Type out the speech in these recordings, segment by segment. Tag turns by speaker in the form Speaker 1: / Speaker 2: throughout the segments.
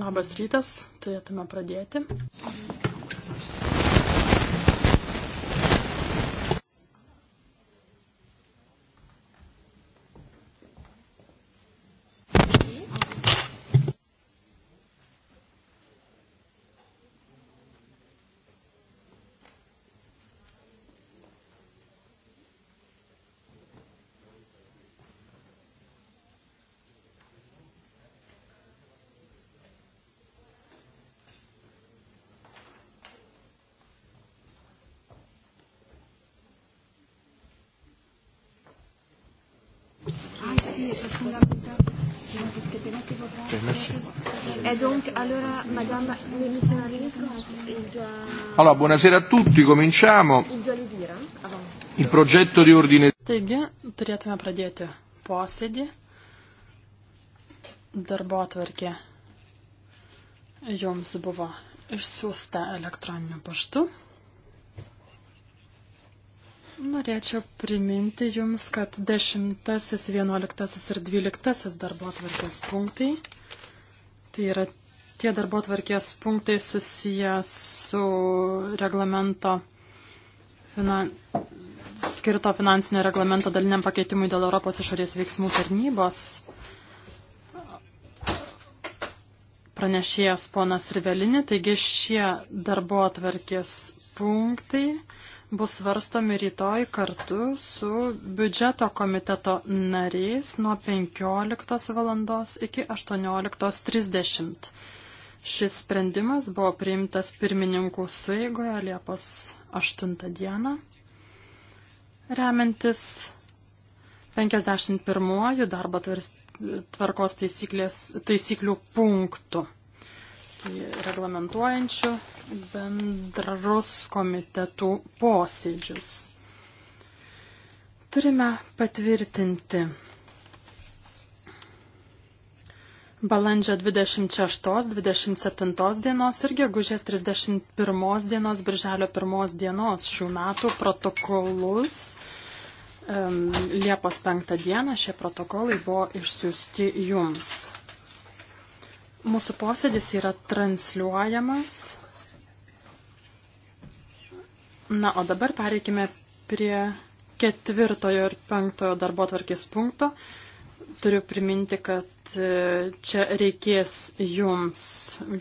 Speaker 1: Labas rytas, turėtume pradėti.
Speaker 2: eso es fundamental. Sí, es que tienes que votar. Tienes, sí. E donc, allora, madame, ministra Riesco, allora, buonasera a tutti, cominciamo. Il progetto di ordine.
Speaker 1: Taigi, turėtume pradėti posėdį. Darbo atvarkė jums buvo išsiųsta elektroniniu paštu. Norėčiau priminti Jums, kad 10, 11 ir 12 darbo atvarkės punktai, tai yra tie darbo atvarkės punktai susiję su reglamento finan... skirto finansinio reglamento daliniam pakeitimui dėl Europos išorės veiksmų tarnybos. Pranešėjas ponas Rivelinė, taigi šie darbo atvarkės punktai bus svarstomi rytoj kartu su biudžeto komiteto nariais nuo 15 val. iki 18.30. Šis sprendimas buvo priimtas pirmininkų sueigoje Liepos 8 dieną, remiantis 51 darbo tvarkos taisyklės, taisyklių punktų reglamentuojančių bendrus komitetų posėdžius. Turime patvirtinti balandžio 26-27 dienos ir gegužės 31 dienos, birželio 1 dienos šių metų protokolus. Liepos 5 dieną šie protokolai buvo išsiųsti jums. Mūsų posėdis yra transliuojamas. Na, o dabar pereikime prie ketvirtojo ir penktojo darbo tvarkės punkto. Turiu priminti, kad e, čia reikės jums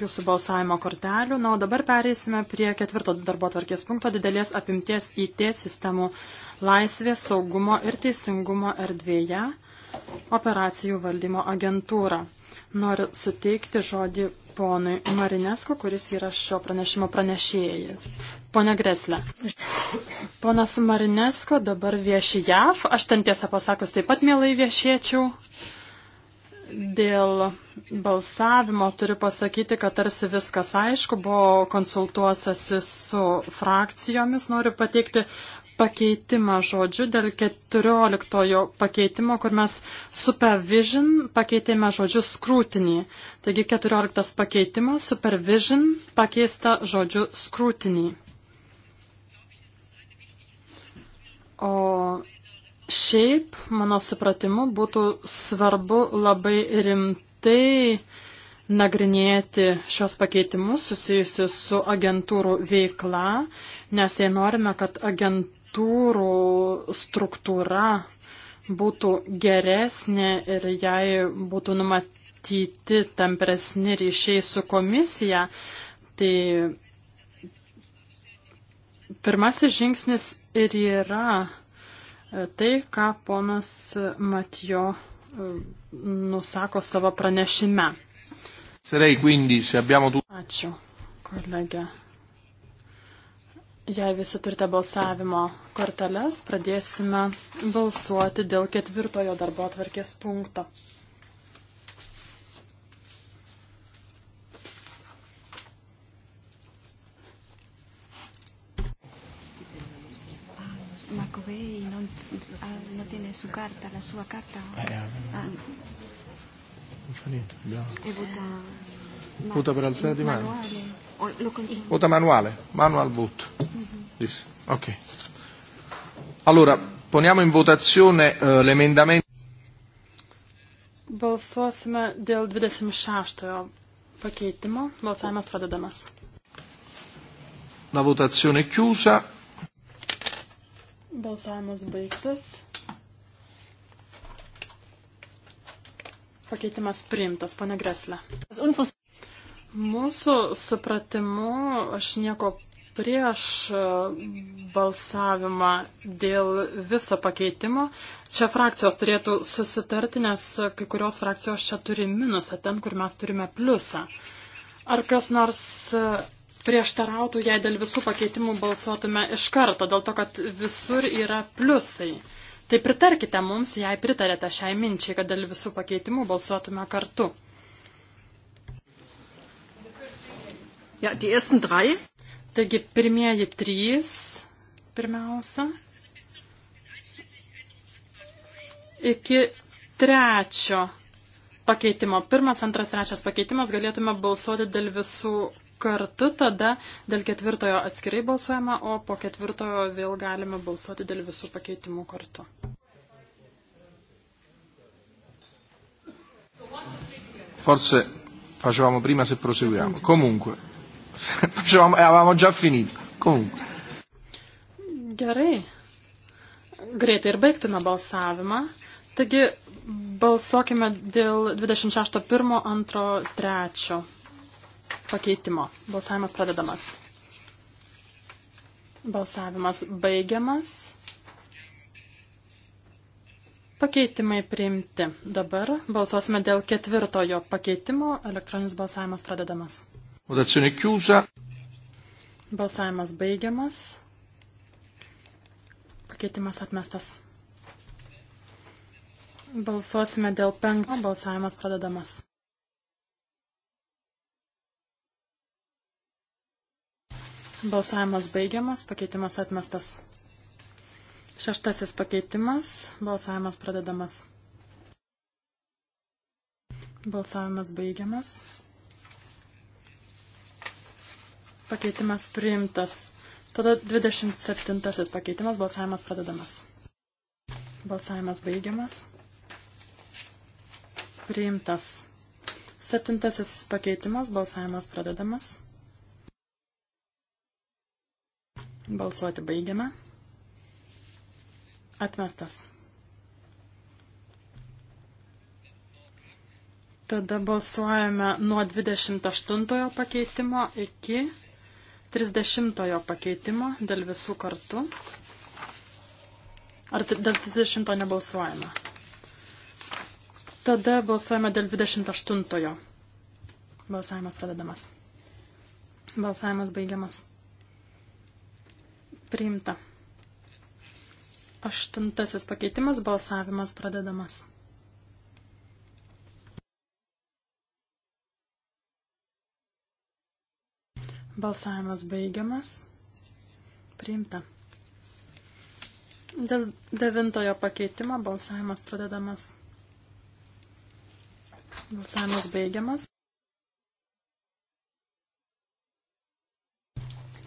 Speaker 1: jūsų balsavimo kortelių. Na, o dabar pereisime prie ketvirto darbo tvarkės punkto didelės apimties IT sistemų laisvės, saugumo ir teisingumo erdvėje operacijų valdymo agentūra. Noriu suteikti žodį ponui Marinesko, kuris yra šio pranešimo pranešėjas. Pone Greslė. Ponas Marinesko dabar vieši JAV. Aš ten tiesą pasakus taip pat mielai viešiečiau. Dėl balsavimo turiu pasakyti, kad tarsi viskas aišku, buvo konsultuosasi su frakcijomis. Noriu pateikti pakeitimą žodžiu dėl 14 pakeitimo, kur mes supervision pakeitėme žodžiu skrūtinį. Taigi 14 pakeitimas supervision pakeista žodžiu skrūtinį. O šiaip, mano supratimu, būtų svarbu labai rimtai nagrinėti šios pakeitimus susijusius su agentūrų veikla, nes jei norime, kad agentūrų agentūrų struktūra būtų geresnė ir jei būtų numatyti tampresni ryšiai su komisija, tai pirmasis žingsnis ir yra e, tai, ką ponas Matijo e, nusako savo pranešime.
Speaker 2: Ačiū,
Speaker 1: kolegė. Jei visi turite balsavimo korteles, pradėsime balsuoti dėl ketvirtojo darbo atvarkės punkto. Macovei non,
Speaker 3: ah, non tiene su carta, la sua carta. Ah, ah. Eh, ah. Non
Speaker 2: fa niente, abbiamo...
Speaker 3: E vota... Ma... Vota per alzare di mano. Manuale. Vota
Speaker 2: manuale, manual vote. Yes. Ok. Allora, poniamo in votazione uh, l'emendamento.
Speaker 1: Balsuosime dėl 26 pakeitimo. Balsavimas pradedamas.
Speaker 2: La votazione è chiusa.
Speaker 1: Balsavimas baigtas. Pakeitimas priimtas, pane Greslė. Mūsų supratimu, aš nieko prieš e, balsavimą dėl viso pakeitimo. Čia frakcijos turėtų susitarti, nes kai kurios frakcijos čia turi minusą ten, kur mes turime pliusą. Ar kas nors e, prieštarautų, jei dėl visų pakeitimų balsuotume iš karto, dėl to, kad visur yra pliusai. Tai pritarkite mums, jei pritarėte šiai minčiai, kad dėl visų pakeitimų balsuotume kartu. Ja, die ersten drei. Taigi pirmieji trys pirmiausia. Iki trečio pakeitimo. Pirmas, antras, trečias pakeitimas galėtume balsuoti dėl visų kartu, tada dėl ketvirtojo atskirai balsuojama, o po ketvirtojo vėl galime balsuoti dėl visų pakeitimų kartu.
Speaker 2: Forse facevamo prima se proseguiamo. Comunque. Facevamo, avevamo già finito. Comunque.
Speaker 1: Gerai. Greitai ir baigtume balsavimą. Taigi balsuokime dėl 26.1, 2, 3 pakeitimo. Balsavimas pradedamas. Balsavimas baigiamas. Pakeitimai priimti. Dabar balsuosime dėl ketvirtojo pakeitimo. Elektroninis balsavimas pradedamas.
Speaker 2: Votazione chiusa.
Speaker 1: Balsavimas baigiamas. Pakeitimas atmestas. Balsuosime dėl penkto. Balsavimas pradedamas. Balsavimas baigiamas. Pakeitimas atmestas. Šeštasis pakeitimas. Balsavimas pradedamas. Balsavimas baigiamas. Pakeitimas priimtas. Tada 27 pakeitimas, balsavimas pradedamas. Balsavimas baigiamas. Priimtas. Septintasis pakeitimas, balsavimas pradedamas. Balsuoti baigiame. Atmestas. Tada balsuojame nuo 28 pakeitimo iki 30 pakeitimo dėl visų kartų. Ar dėl 30 nebalsuojame? Tada balsuojame dėl 28. -ojo. Balsavimas pradedamas. Balsavimas baigiamas. Priimta. Aštuntasis pakeitimas. Balsavimas pradedamas. Balsavimas baigiamas. Priimta. Dėl devintojo pakeitimo balsavimas pradedamas. Balsavimas baigiamas.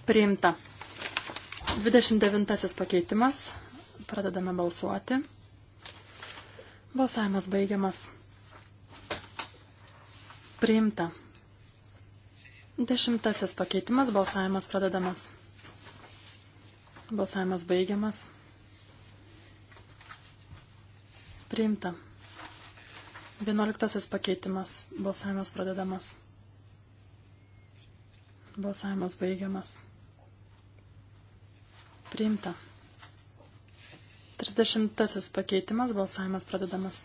Speaker 1: Priimta. 29 pakeitimas. Pradedame balsuoti. Balsavimas baigiamas. Priimta. Dešimtasis pakeitimas, balsavimas pradedamas. Balsavimas baigiamas. Priimta. Vienuoliktasis pakeitimas, balsavimas pradedamas. Balsavimas baigiamas. Priimta. Trisdešimtasis pakeitimas, balsavimas pradedamas.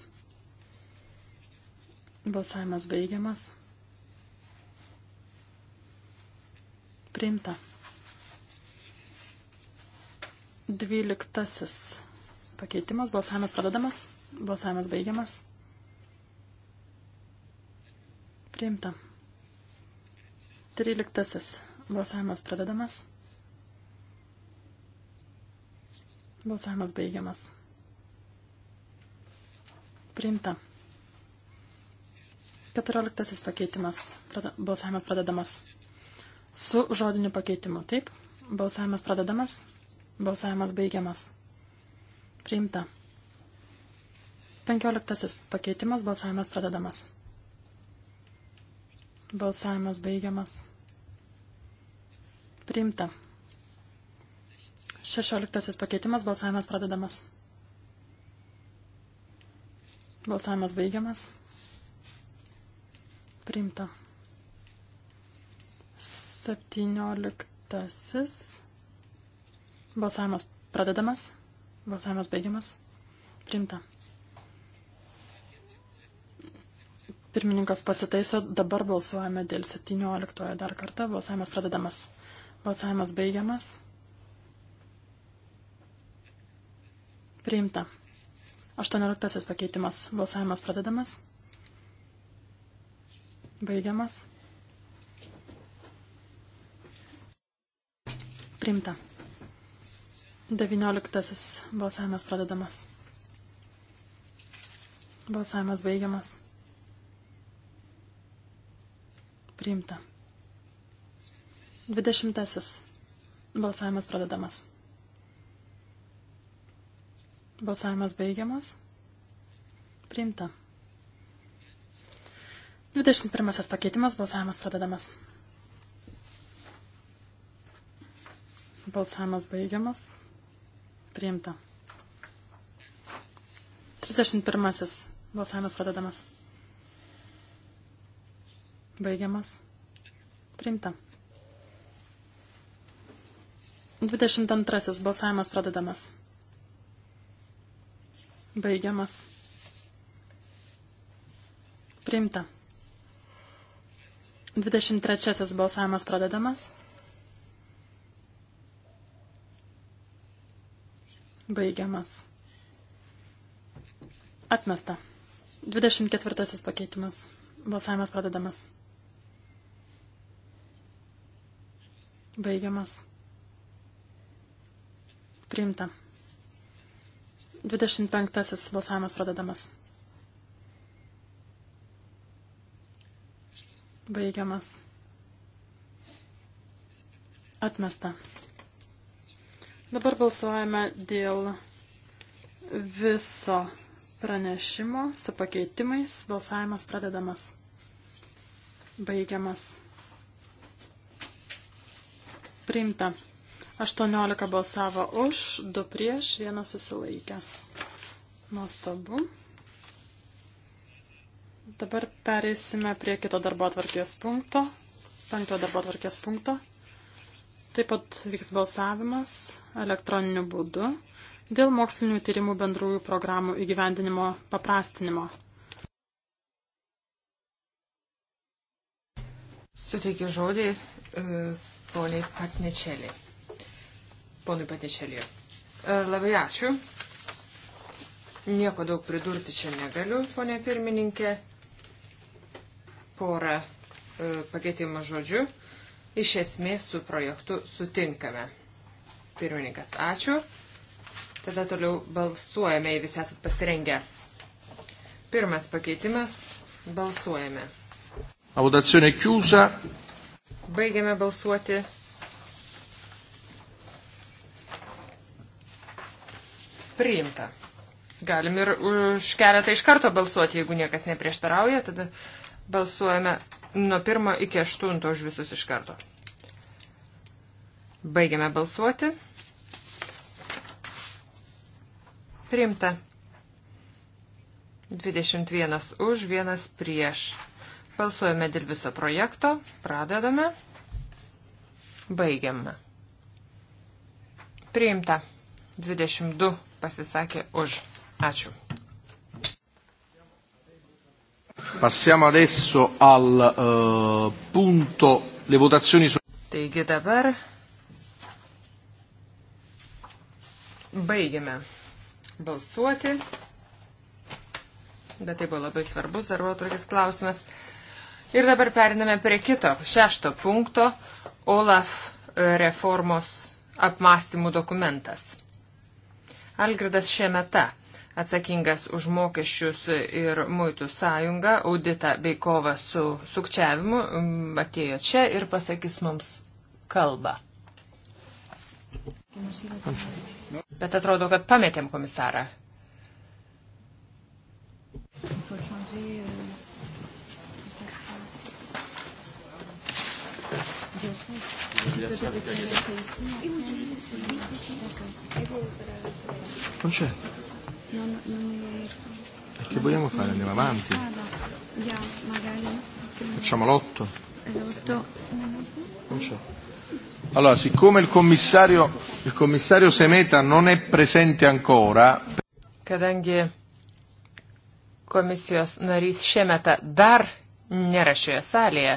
Speaker 1: Balsavimas baigiamas. Priimta. Dvyliktasis pakeitimas. Balsavimas pradedamas. Balsavimas baigiamas. Priimta. Tryliktasis. Balsavimas pradedamas. Balsavimas baigiamas. Priimta. Keturioliktasis pakeitimas. Balsavimas pradedamas su žodiniu pakeitimu. Taip, balsavimas pradedamas, balsavimas baigiamas. Priimta. Penkioliktasis pakeitimas, balsavimas pradedamas. Balsavimas baigiamas. Priimta. Šešioliktasis pakeitimas, balsavimas pradedamas. Balsavimas baigiamas. Priimta. Septynioliktasis. Balsavimas pradedamas. Balsavimas baigiamas. Primta. Pirmininkas pasitaiso, dabar balsuojame dėl 17. Dar kartą balsavimas pradedamas. Balsavimas baigiamas. Priimta. 18. pakeitimas. Balsavimas pradedamas. Baigiamas. Primta. 19. Balsavimas pradedamas. Balsavimas baigiamas. Priimta. 20. Balsavimas pradedamas. Balsavimas baigiamas. Priimta. 21. Pakeitimas. Balsavimas pradedamas. Balsavimas baigiamas. Priimta. 31. Balsavimas pradedamas. Baigiamas. Priimta. 22. Balsavimas pradedamas. Baigiamas. Priimta. 23. Balsavimas pradedamas. Baigiamas. Atmesta. 24 pakeitimas. Balsavimas pradedamas. Baigiamas. Priimta. 25 balsavimas pradedamas. Baigiamas. Atmesta. Dabar balsuojame dėl viso pranešimo su pakeitimais. Balsavimas pradedamas. Baigiamas. Priimta. 18 balsavo už, 2 prieš, 1 susilaikęs. Nuostabu. Dabar pereisime prie kito darbo atvarkės punkto, penkto darbo atvarkės punkto. Taip pat vyks balsavimas elektroniniu būdu dėl mokslinių tyrimų bendrųjų programų įgyvendinimo paprastinimo. Suteikiu žodį e, poniai
Speaker 3: Patnečelį. Ponui Patnečelį. E, labai ačiū. Nieko daug pridurti čia negaliu, ponė pirmininkė. Porą e, pakeitimą žodžiu iš esmės su projektu sutinkame. Pirmininkas, ačiū. Tada toliau balsuojame, jei visi esat pasirengę. Pirmas pakeitimas - balsuojame.
Speaker 2: Audazione chiusa.
Speaker 3: Baigiame balsuoti. Priimta. Galim ir už keletą iš karto balsuoti, jeigu niekas neprieštarauja, tada Balsuojame nuo pirmo iki aštunto už visus iš karto. Baigiame balsuoti. Priimta. 21 už, 1 prieš. Balsuojame dėl viso projekto. Pradedame. Baigiame. Priimta. 22 pasisakė už. Ačiū.
Speaker 2: Passiamo adesso al uh, punto le votazioni su. Taigi dabar
Speaker 3: baigiame balsuoti, bet tai buvo labai svarbus darbotvarkės klausimas. Ir dabar periname prie kito, šešto punkto, OLAF e, reformos apmąstymų dokumentas. Algirdas Šemeta atsakingas už mokesčius ir muitų sąjungą, auditą bei kovą su sukčiavimu, atėjo čia ir pasakys mums kalbą. Bet atrodo, kad pametėm komisarą.
Speaker 2: Bonne chance.
Speaker 4: Non, non
Speaker 2: è... Che vogliamo fare? Andiamo avanti.
Speaker 4: Yeah, magari...
Speaker 2: Facciamo l'otto.
Speaker 1: L'otto.
Speaker 2: Non c'è. Allora, siccome il commissario, il commissario Semeta non è presente ancora.
Speaker 3: Kadangi komisijos narys šiemetą dar nėra šioje salėje,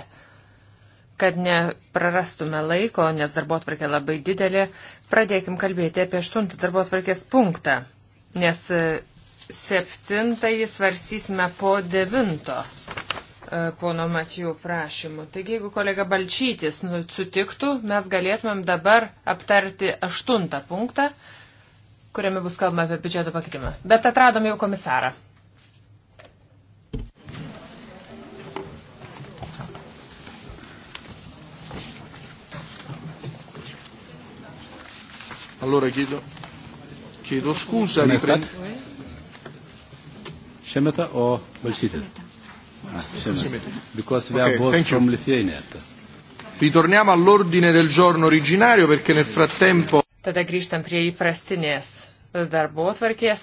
Speaker 3: kad neprarastume laiko, nes darbo atvarkė labai didelė, pradėkim kalbėti apie aštuntą darbo atvarkės punktą nes e, septintąjį svarstysime po devinto e, pono Matijų prašymų. Taigi, jeigu kolega Balčytis nu, sutiktų, mes galėtumėm dabar aptarti aštuntą punktą, kuriame bus kalbama apie biudžeto pakeitimą. Bet atradom jau komisarą.
Speaker 2: Allora chiedo Chiedo scusa, riprendo. Šemeta o Balsytė? Šemeta. Ah, Because we okay, are both from Lithuania. Ritorniamo all'ordine del giorno originario perché nel frattempo.
Speaker 3: Tada grįžtam prie įprastinės darbo tvarkės,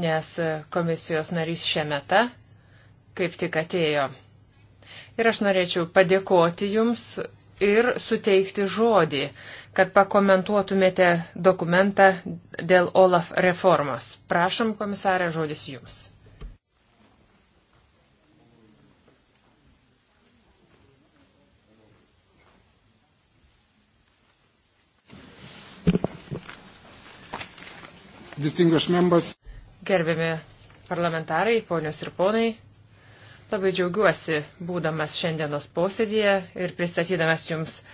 Speaker 3: nes komisijos narys Šemeta kaip tik atėjo. Ir aš norėčiau padėkoti Jums ir suteikti žodį kad pakomentuotumėte dokumentą dėl OLAF reformos. Prašom, komisarė, žodis jums. Gerbiami parlamentarai, ponios ir ponai, labai džiaugiuosi būdamas šiandienos posėdėje ir pristatydamas jums uh,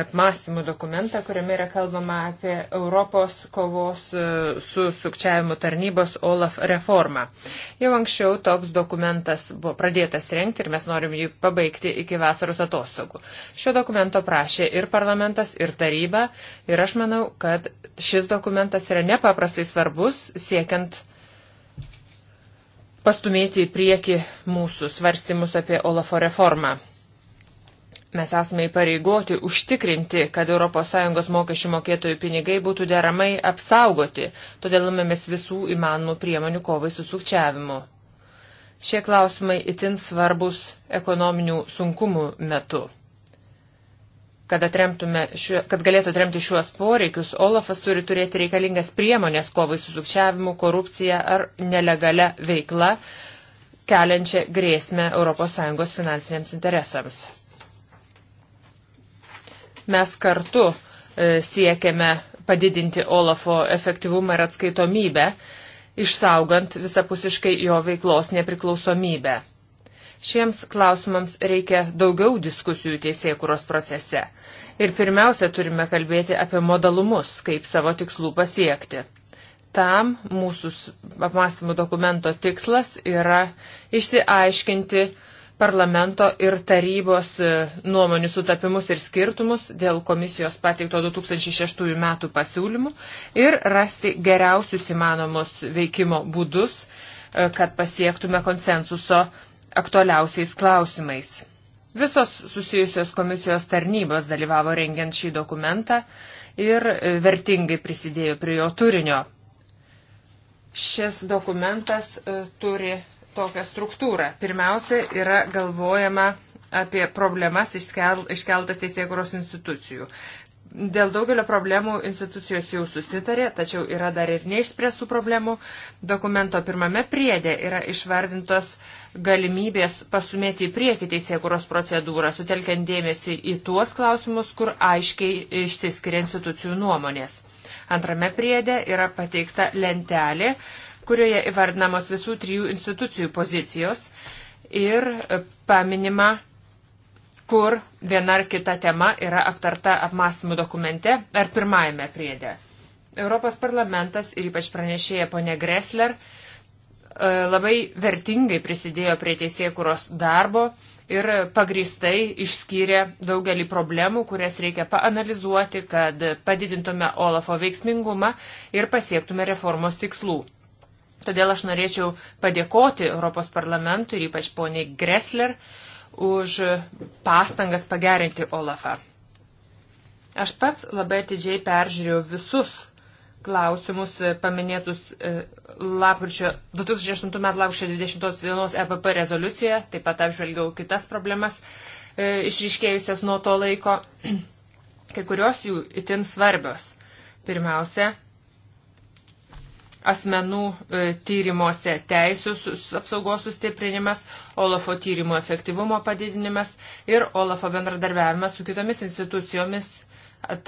Speaker 3: apmąstymų e, dokumentą, kuriame yra kalbama apie Europos kovos e, su sukčiavimu tarnybos OLAF reformą. Jau anksčiau toks dokumentas buvo pradėtas renkti ir mes norim jį pabaigti iki vasaros atostogų. Šio dokumento prašė ir parlamentas, ir taryba ir aš manau, kad šis dokumentas yra nepaprastai svarbus siekiant pastumėti į priekį mūsų svarstymus apie OLAFO reformą. Mes esame įpareigoti užtikrinti, kad ES mokesčių mokėtojų pinigai būtų deramai apsaugoti, todėl ėmėmės visų įmanomų priemonių kovai su sukčiavimu. Šie klausimai itin svarbus ekonominių sunkumų metu. Kad, šiuo, kad galėtų atremti šiuos poreikius, Olafas turi turėti reikalingas priemonės kovai su sukčiavimu, korupcija ar nelegale veikla, keliančia grėsmę ES finansiniams interesams. Mes kartu e, siekiame padidinti Olafo efektyvumą ir atskaitomybę, išsaugant visapusiškai jo veiklos nepriklausomybę. Šiems klausimams reikia daugiau diskusijų teisėkuros procese. Ir pirmiausia, turime kalbėti apie modalumus, kaip savo tikslų pasiekti. Tam mūsų apmąstymų dokumento tikslas yra išsiaiškinti, parlamento ir tarybos e, nuomonių sutapimus ir skirtumus dėl komisijos pateikto 2006 metų pasiūlymų ir rasti geriausius įmanomus veikimo būdus, e, kad pasiektume konsensuso aktualiausiais klausimais. Visos susijusios komisijos tarnybos dalyvavo rengiant šį dokumentą ir e, vertingai prisidėjo prie jo turinio. Šis dokumentas turi tokią struktūrą. Pirmiausia, yra galvojama apie problemas iškel, iškeltas teisėkuros institucijų. Dėl daugelio problemų institucijos jau susitarė, tačiau yra dar ir neišspręstų problemų. Dokumento pirmame priedė yra išvardintos galimybės pasumėti į priekį teisėkuros procedūrą, sutelkiant dėmesį į tuos klausimus, kur aiškiai išsiskiria institucijų nuomonės. Antrame priedė yra pateikta lentelė, kurioje įvardinamos visų trijų institucijų pozicijos ir e, paminima, kur viena ar kita tema yra aptarta apmąstymų dokumente ar pirmajame priedė. Europos parlamentas ir ypač pranešėja ponė Gressler e, labai vertingai prisidėjo prie teisėkuros darbo ir pagristai išskyrė daugelį problemų, kurias reikia paanalizuoti, kad padidintume Olafo veiksmingumą ir pasiektume reformos tikslų. Todėl aš norėčiau padėkoti Europos parlamentui ir ypač poniai Gressler už pastangas pagerinti Olafą. Aš pats labai atidžiai peržiūrėjau visus klausimus paminėtus e, lapkričio 2008 m. lapkričio 20 dienos EPP rezoliucijoje, taip pat apžvelgiau kitas problemas e, išriškėjusias nuo to laiko, kai kurios jų itin svarbios. Pirmiausia, asmenų e, tyrimuose teisės apsaugos sustiprinimas, Olafo tyrimų efektyvumo padidinimas ir Olafo bendradarbiavimas su kitomis institucijomis,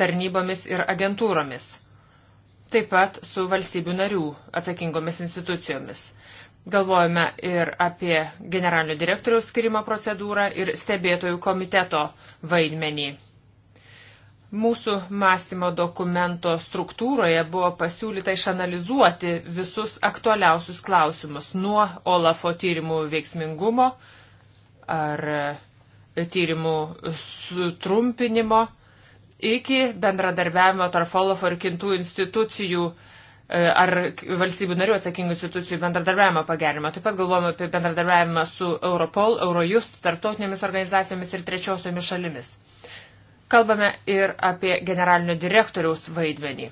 Speaker 3: tarnybomis ir agentūromis. Taip pat su valstybių narių atsakingomis institucijomis. Galvojame ir apie generalinio direktoriaus skirimo procedūrą ir stebėtojų komiteto vaidmenį. Mūsų mąstymo dokumento struktūroje buvo pasiūlyta išanalizuoti visus aktualiausius klausimus nuo Olafo tyrimų veiksmingumo ar e, tyrimų sutrumpinimo iki bendradarbiavimo tarp Olafo ir kintų institucijų e, ar valstybių narių atsakingų institucijų bendradarbiavimo pagerinimą. Taip pat galvojame apie bendradarbiavimą su Europol, Eurojust, tarptautinėmis organizacijomis ir trečiosiomis šalimis. Kalbame ir apie generalinio direktoriaus vaidmenį.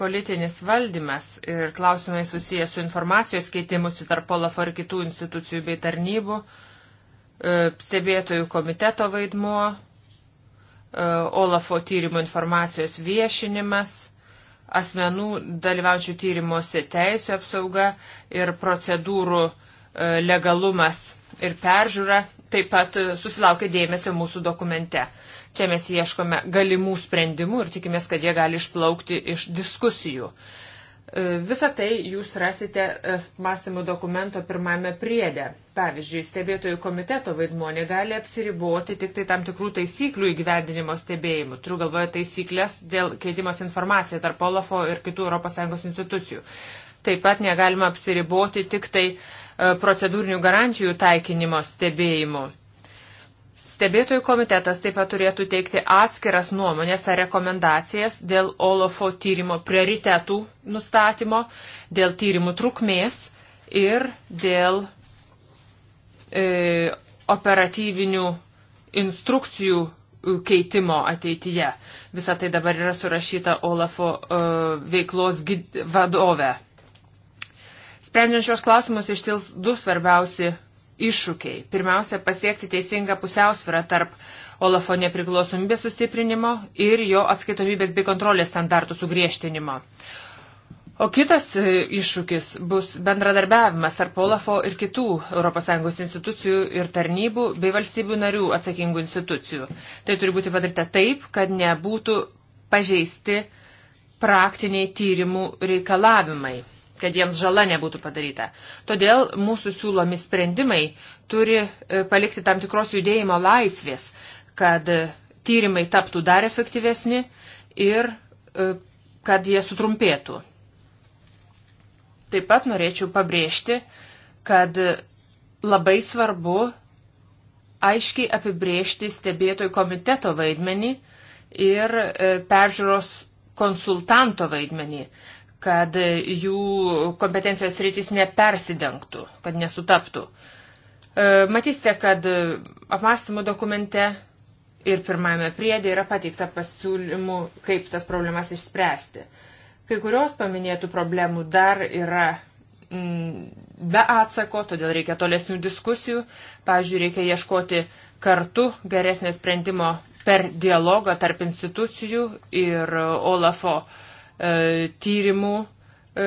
Speaker 3: Politinis valdymas ir klausimai susijęs su informacijos keitimusi tarp Olafo ir kitų institucijų bei tarnybų, e, stebėtojų komiteto vaidmuo, e, Olafo tyrimo informacijos viešinimas asmenų dalyvaujančių tyrimuose teisų apsauga ir procedūrų e, legalumas ir peržiūra taip pat e, susilaukė dėmesio mūsų dokumente. Čia mes ieškome galimų sprendimų ir tikimės, kad jie gali išplaukti iš diskusijų. E, Visą tai jūs rasite e, mąstymų dokumento pirmame priedė. Pavyzdžiui, stebėtojų komiteto vaidmuo negali apsiriboti tik tai tam tikrų taisyklių įgyvendinimo stebėjimų. Turiu galvoje taisyklės dėl keitimos informacija tarp Olafo ir kitų ES institucijų. Taip pat negalima apsiriboti tik tai uh, E, procedūrinių garantijų taikinimo stebėjimu. Stebėtojų komitetas taip pat turėtų teikti atskiras nuomonės ar rekomendacijas dėl Olofo tyrimo prioritetų nustatymo, dėl tyrimų trukmės ir dėl e, operatyvinių instrukcijų e, keitimo ateityje. Visą tai dabar yra surašyta Olafo e, veiklos gid, vadove Sprendžiant šios klausimus ištils du svarbiausi iššūkiai. Pirmiausia, pasiekti teisingą pusiausvyrą tarp Olafo nepriklausomybės sustiprinimo ir jo atskaitomybės bei kontrolės standartų sugriežtinimo. O kitas e, iššūkis bus bendradarbiavimas tarp Olafo ir kitų ES institucijų ir tarnybų bei valstybių narių atsakingų institucijų. Tai turi būti padaryta taip, kad nebūtų pažeisti praktiniai tyrimų reikalavimai kad jiems žala nebūtų padaryta. Todėl mūsų siūlomi sprendimai turi e, palikti tam tikros judėjimo laisvės, kad e, tyrimai taptų dar efektyvesni ir e, kad jie sutrumpėtų. Taip pat norėčiau pabrėžti, kad labai svarbu aiškiai apibriežti stebėtojų komiteto vaidmenį ir peržiūros konsultanto vaidmenį kad jų kompetencijos rytis nepersidengtų, kad nesutaptų. E, matysite, kad apmąstymų dokumente ir pirmame priedė yra pateikta pasiūlymų, kaip tas problemas išspręsti. Kai kurios paminėtų problemų dar yra m, mm, be atsako, todėl reikia tolesnių diskusijų. Pavyzdžiui, reikia ieškoti kartu geresnio sprendimo per dialogą tarp institucijų ir Olafo uh, E, tyrimų e,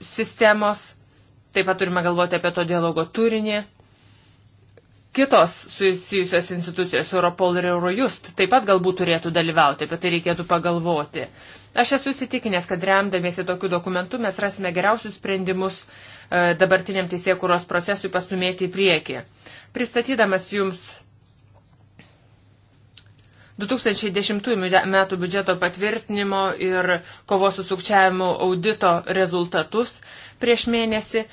Speaker 3: sistemos. Taip pat turime galvoti apie to dialogo turinį. Kitos susijusios institucijos, Europol ir Eurojust, taip pat galbūt turėtų dalyvauti, apie tai reikėtų pagalvoti. Aš esu įsitikinęs, kad remdamiesi tokiu dokumentu mes rasime geriausius sprendimus e, dabartiniam teisėkuros procesui pastumėti į priekį. Pristatydamas jums 2010 metų biudžeto patvirtinimo ir kovos su sukčiavimu audito rezultatus prieš mėnesį,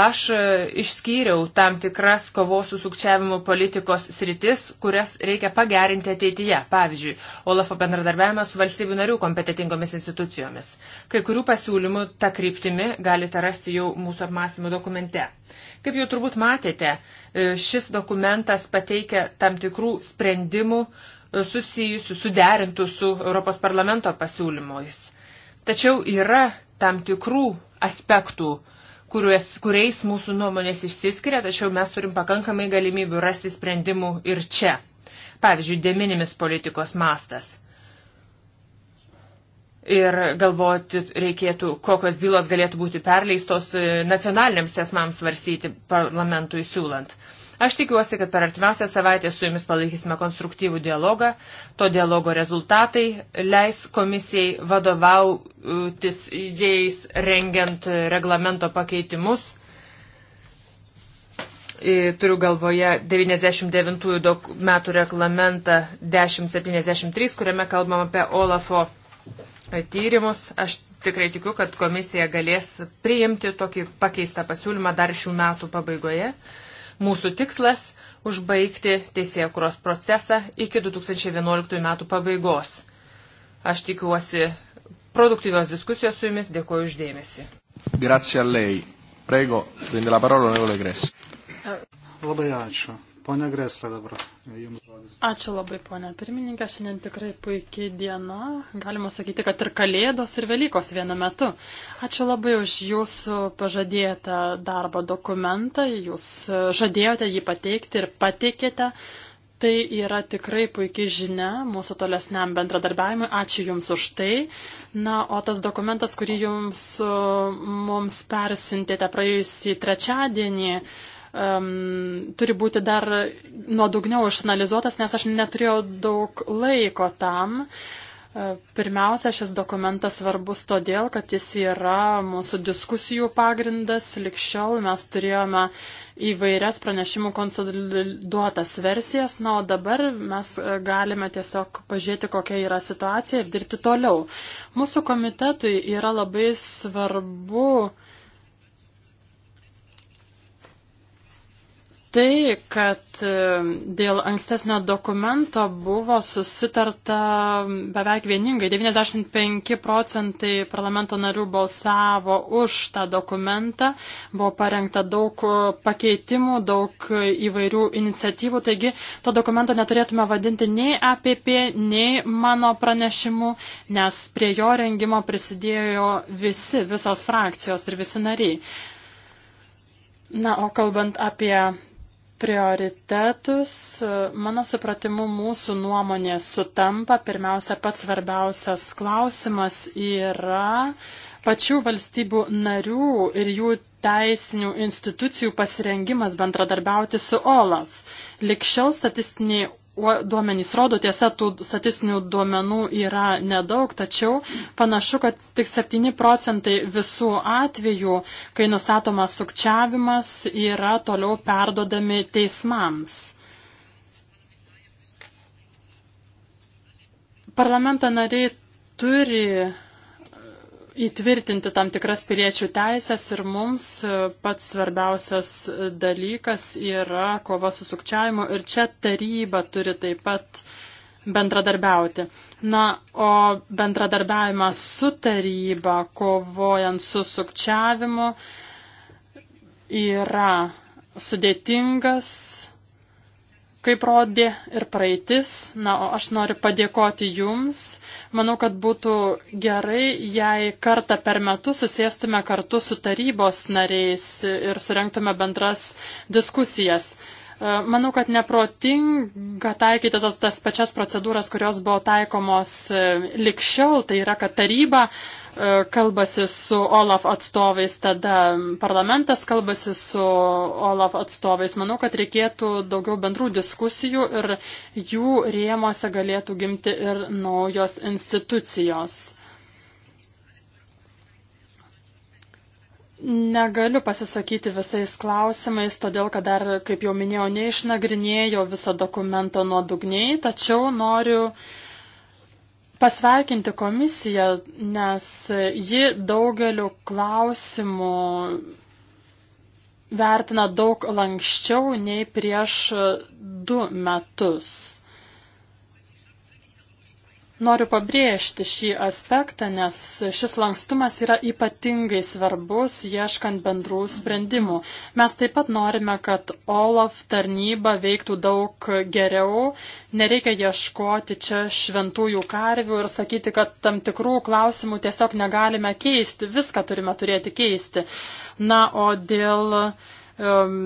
Speaker 3: aš e, išskyriau tam tikras kovos su sukčiavimu politikos sritis, kurias reikia pagerinti ateityje. Pavyzdžiui, Olafo bendradarbiavimą su valstybių narių kompetitingomis institucijomis. Kai kurių pasiūlymų tą kryptimį galite rasti jau mūsų apmąstymo dokumente. Kaip jau turbūt matėte, e, šis dokumentas pateikia tam tikrų sprendimų, susijusių, suderintų su Europos parlamento pasiūlymais. Tačiau yra tam tikrų aspektų, kuriuos, kuriais mūsų nuomonės išsiskiria, tačiau mes turim pakankamai galimybių rasti sprendimų ir čia. Pavyzdžiui, deminimis politikos mastas. Ir galvoti reikėtų, kokios bylos galėtų būti perleistos e, nacionaliniams esmams svarstyti parlamentui siūlant. Aš tikiuosi, kad per artimiausią savaitę su jumis palaikysime konstruktyvų dialogą. To dialogo rezultatai leis komisijai vadovautis jais rengiant reglamento pakeitimus. Turiu galvoje 99 metų reglamentą 1073, kuriame kalbam apie Olafo tyrimus. Aš tikrai tikiu, kad komisija galės priimti tokį pakeistą pasiūlymą dar šių metų pabaigoje. Mūsų tikslas - užbaigti teisėkuros procesą iki 2011 metų pabaigos. Aš tikiuosi produktyvios diskusijos su jumis,
Speaker 5: dėkuoju uždėmesi.
Speaker 2: Grazie a lei. Prego, prende la parola onorevole Gress.
Speaker 5: Labai ačiū. Pone Greslė dabar, jums
Speaker 1: žodis. Ačiū labai, ponė pirmininkė. Šiandien tikrai puikiai diena. Galima sakyti, kad ir Kalėdos, ir Velykos vienu metu. Ačiū labai už jūsų pažadėtą darbo dokumentą. Jūs žadėjote jį pateikti ir pateikėte. Tai yra tikrai puikiai žinia mūsų tolesniam bendradarbiavimui. Ačiū Jums už tai. Na, o tas dokumentas, kurį Jums mums persintėte praėjusį trečiadienį, uh, um, turi būti dar nuodugniau išanalizuotas, nes aš neturėjau daug laiko tam. Uh, pirmiausia, šis dokumentas svarbus todėl, kad jis yra mūsų diskusijų pagrindas. Likščiol mes turėjome įvairias pranešimų konsoliduotas versijas, na, o dabar mes uh, galime tiesiog pažiūrėti, kokia yra situacija ir dirbti toliau. Mūsų komitetui yra labai svarbu uh, tai, kad e, dėl ankstesnio dokumento buvo susitarta beveik vieningai. 95 procentai parlamento narių balsavo už tą dokumentą, buvo parengta daug pakeitimų, daug įvairių iniciatyvų, taigi to dokumento neturėtume vadinti nei APP, nei mano pranešimu, nes prie jo rengimo prisidėjo visi, visos frakcijos ir visi nariai. Na, o kalbant apie prioritetus. Mano supratimu, mūsų nuomonė sutampa. Pirmiausia, pats svarbiausias klausimas yra pačių valstybių narių ir jų teisinių institucijų pasirengimas bendradarbiauti su OLAF. Likščiau statistiniai duomenys rodo, tiesa, tų statistinių duomenų yra nedaug, tačiau panašu, kad tik 7 procentai visų atvejų, kai nustatomas sukčiavimas, yra toliau perdodami teismams. Parlamento nariai turi įtvirtinti tam tikras piliečių teisės ir mums e, pats svarbiausias e, dalykas yra kova su sukčiavimu ir čia taryba turi taip pat bendradarbiauti. Na, o bendradarbiavimas su taryba, kovojant su sukčiavimu, yra sudėtingas, kaip rodė ir praeitis. Na, o aš noriu padėkoti Jums. Manau, kad būtų gerai, jei kartą per metus susėstume kartu su tarybos nariais ir surenktume bendras diskusijas. E, manau, kad neprotinga taikyti tas, tas pačias procedūras, kurios buvo taikomos e, likščiau, tai yra, kad taryba kalbasi su Olaf atstovais, tada parlamentas kalbasi su Olaf atstovais. Manau, kad reikėtų daugiau bendrų diskusijų ir jų rėmose galėtų gimti ir naujos institucijos. Negaliu pasisakyti visais klausimais, todėl kad dar, kaip jau minėjau, neišnagrinėjau visą dokumento nuodugniai, tačiau noriu uh, pasveikinti komisiją, nes ji daugeliu klausimų vertina daug lankščiau nei prieš du metus. Noriu pabrėžti šį aspektą, nes šis lankstumas yra ypatingai svarbus, ieškant bendrų sprendimų. Mes taip pat norime, kad OLAF tarnyba veiktų daug geriau. Nereikia ieškoti čia šventųjų karvių ir sakyti, kad tam tikrų klausimų tiesiog negalime keisti. Viską turime turėti keisti. Na, o dėl. Um,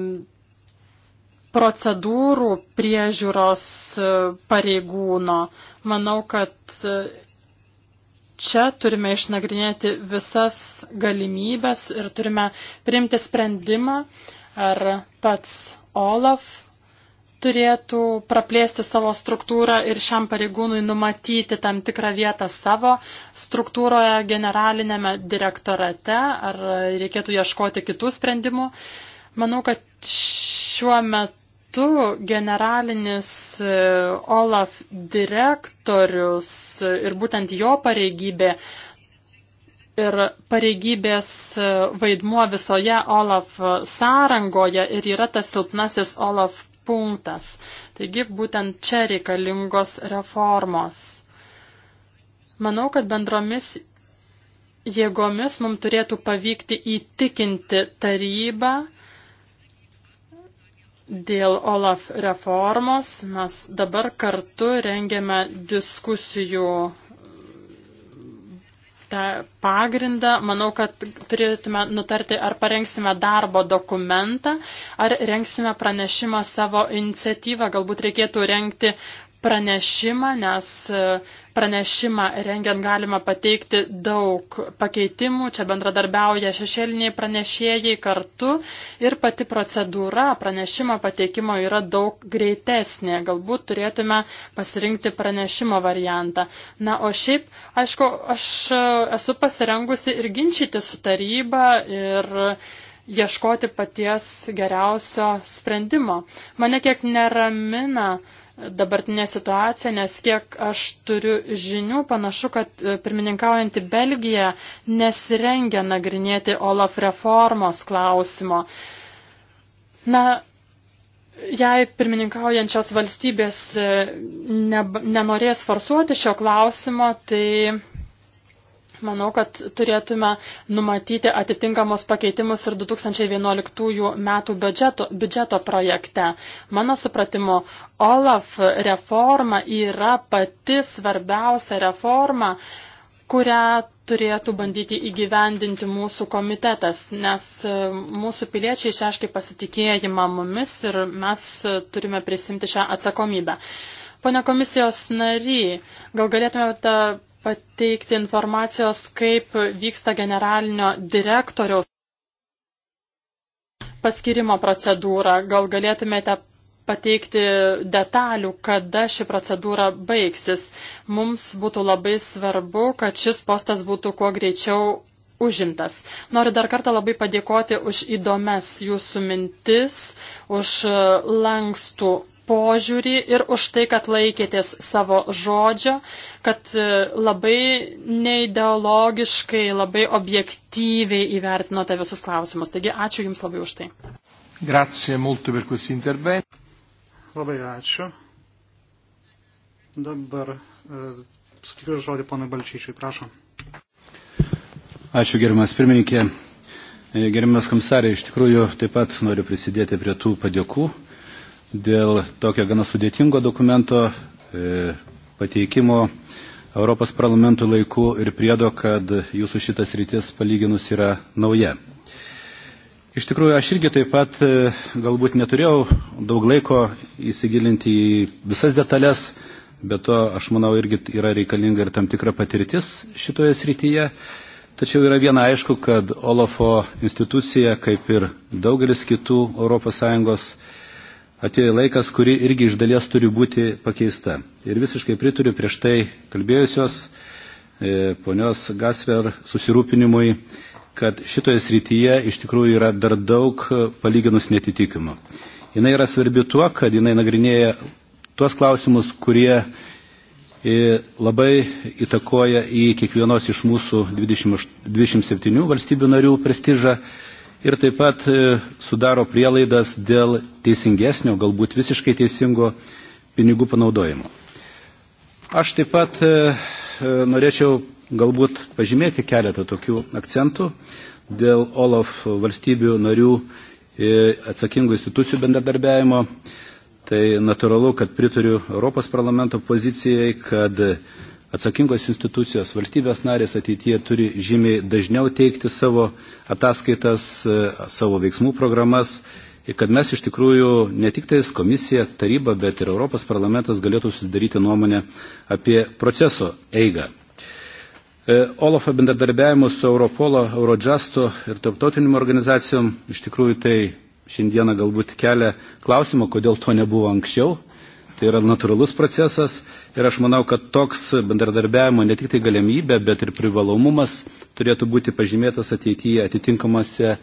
Speaker 1: procedūrų priežiūros e, pareigūno. Manau, kad e, čia turime išnagrinėti visas galimybės ir turime priimti sprendimą, ar pats Olaf turėtų praplėsti savo struktūrą ir šiam pareigūnui numatyti tam tikrą vietą savo struktūroje generalinėme direktorate, ar reikėtų ieškoti kitų sprendimų. Manau, kad šiuo metu metu generalinis e, Olaf direktorius ir būtent jo pareigybė ir pareigybės e, vaidmuo visoje Olaf sąrangoje ir yra tas silpnasis Olaf punktas. Taigi būtent čia reikalingos reformos. Manau, kad bendromis jėgomis mums turėtų pavykti įtikinti tarybą dėl OLAF reformos. Mes dabar kartu rengiame diskusijų tą pagrindą, manau, kad turėtume nutarti, ar parengsime darbo dokumentą, ar rengsime pranešimą savo iniciatyvą. Galbūt reikėtų rengti pranešimą, nes Pranešimą rengiant galima pateikti daug pakeitimų, čia bendradarbiauja šešėliniai pranešėjai kartu ir pati procedūra pranešimo pateikimo yra daug greitesnė. Galbūt turėtume pasirinkti pranešimo variantą. Na, o šiaip, aišku, aš esu pasirengusi ir ginčyti su taryba ir ieškoti paties geriausio sprendimo. Mane kiek neramina dabartinę situaciją, nes kiek aš turiu žinių, panašu, kad e, pirmininkaujanti Belgija nesirengia nagrinėti Olaf reformos klausimo. Na, jei pirmininkaujančios valstybės e, ne, nenorės forsuoti šio klausimo, tai Manau, kad turėtume numatyti atitinkamus pakeitimus ir 2011 metų biudžeto, biudžeto projekte. Mano supratimu, OLAF reforma yra pati svarbiausia reforma, kurią turėtų bandyti įgyvendinti mūsų komitetas, nes e, mūsų piliečiai išreiškia pasitikėjimą mumis ir mes turime prisimti šią atsakomybę. Pone komisijos nary, gal galėtumėte pateikti informacijos, kaip vyksta generalinio direktoriaus paskirimo procedūra. Gal galėtumėte pateikti detalių, kada ši procedūra baigsis. Mums būtų labai svarbu, kad šis postas būtų kuo greičiau užimtas. Noriu dar kartą labai padėkoti už įdomias jūsų mintis, už lankstų požiūrį ir už tai, kad laikėtės savo žodžio, kad e, labai neideologiškai, labai objektyviai įvertinote visus klausimus. Taigi ačiū Jums labai už tai.
Speaker 2: Grazie molto per questo intervento.
Speaker 5: Labai ačiū. Dabar uh, e, sutikiu žodį ponui Balčyčiui, prašom.
Speaker 2: Ačiū
Speaker 4: gerimas pirmininkė. E, gerimas komisarė, iš tikrųjų taip pat noriu prisidėti prie tų padėkų. Uh, dėl tokio gana sudėtingo dokumento e, pateikimo Europos parlamentų laikų ir priedo, kad jūsų šitas rytis palyginus yra nauja. Iš tikrųjų, aš irgi taip pat e, galbūt neturėjau daug laiko įsigilinti į visas detalės, bet to, aš manau, irgi yra reikalinga ir tam tikra patirtis šitoje srityje. Tačiau yra viena aišku, kad Olafo institucija, kaip ir daugelis kitų ES atėjo laikas, kuri irgi iš dalies turi būti pakeista. Ir visiškai prituriu prieš tai kalbėjusios e, ponios Gasler susirūpinimui, kad šitoje srityje iš tikrųjų yra dar daug palyginus netitikimo. Jis yra svarbi tuo, kad jinai nagrinėja tuos klausimus, kurie e, labai įtakoja į kiekvienos iš mūsų 20, 27 valstybių narių prestižą ir taip pat e, sudaro prielaidas dėl teisingesnio, galbūt visiškai teisingo pinigų panaudojimo. Aš taip pat e, e, norėčiau galbūt pažymėti keletą tokių akcentų dėl OLAF valstybių narių atsakingų institucijų bendradarbiavimo. Tai natūralu, kad pritariu Europos parlamento pozicijai, kad atsakingos institucijos valstybės narės ateityje turi žymiai dažniau teikti savo ataskaitas, e, savo veiksmų programas ir kad mes iš tikrųjų ne tik tais komisija, taryba, bet ir Europos parlamentas galėtų susidaryti nuomonę apie proceso eigą. E, Olafo bendradarbiavimu su Europolo, Eurojusto ir tarptautinim organizacijom iš tikrųjų tai šiandieną galbūt kelia klausimą, kodėl to nebuvo anksčiau Tai yra natūralus procesas ir aš manau, kad toks bendradarbiavimo ne tik tai galimybė, bet ir privalomumas turėtų būti pažymėtas ateityje atitinkamuose e,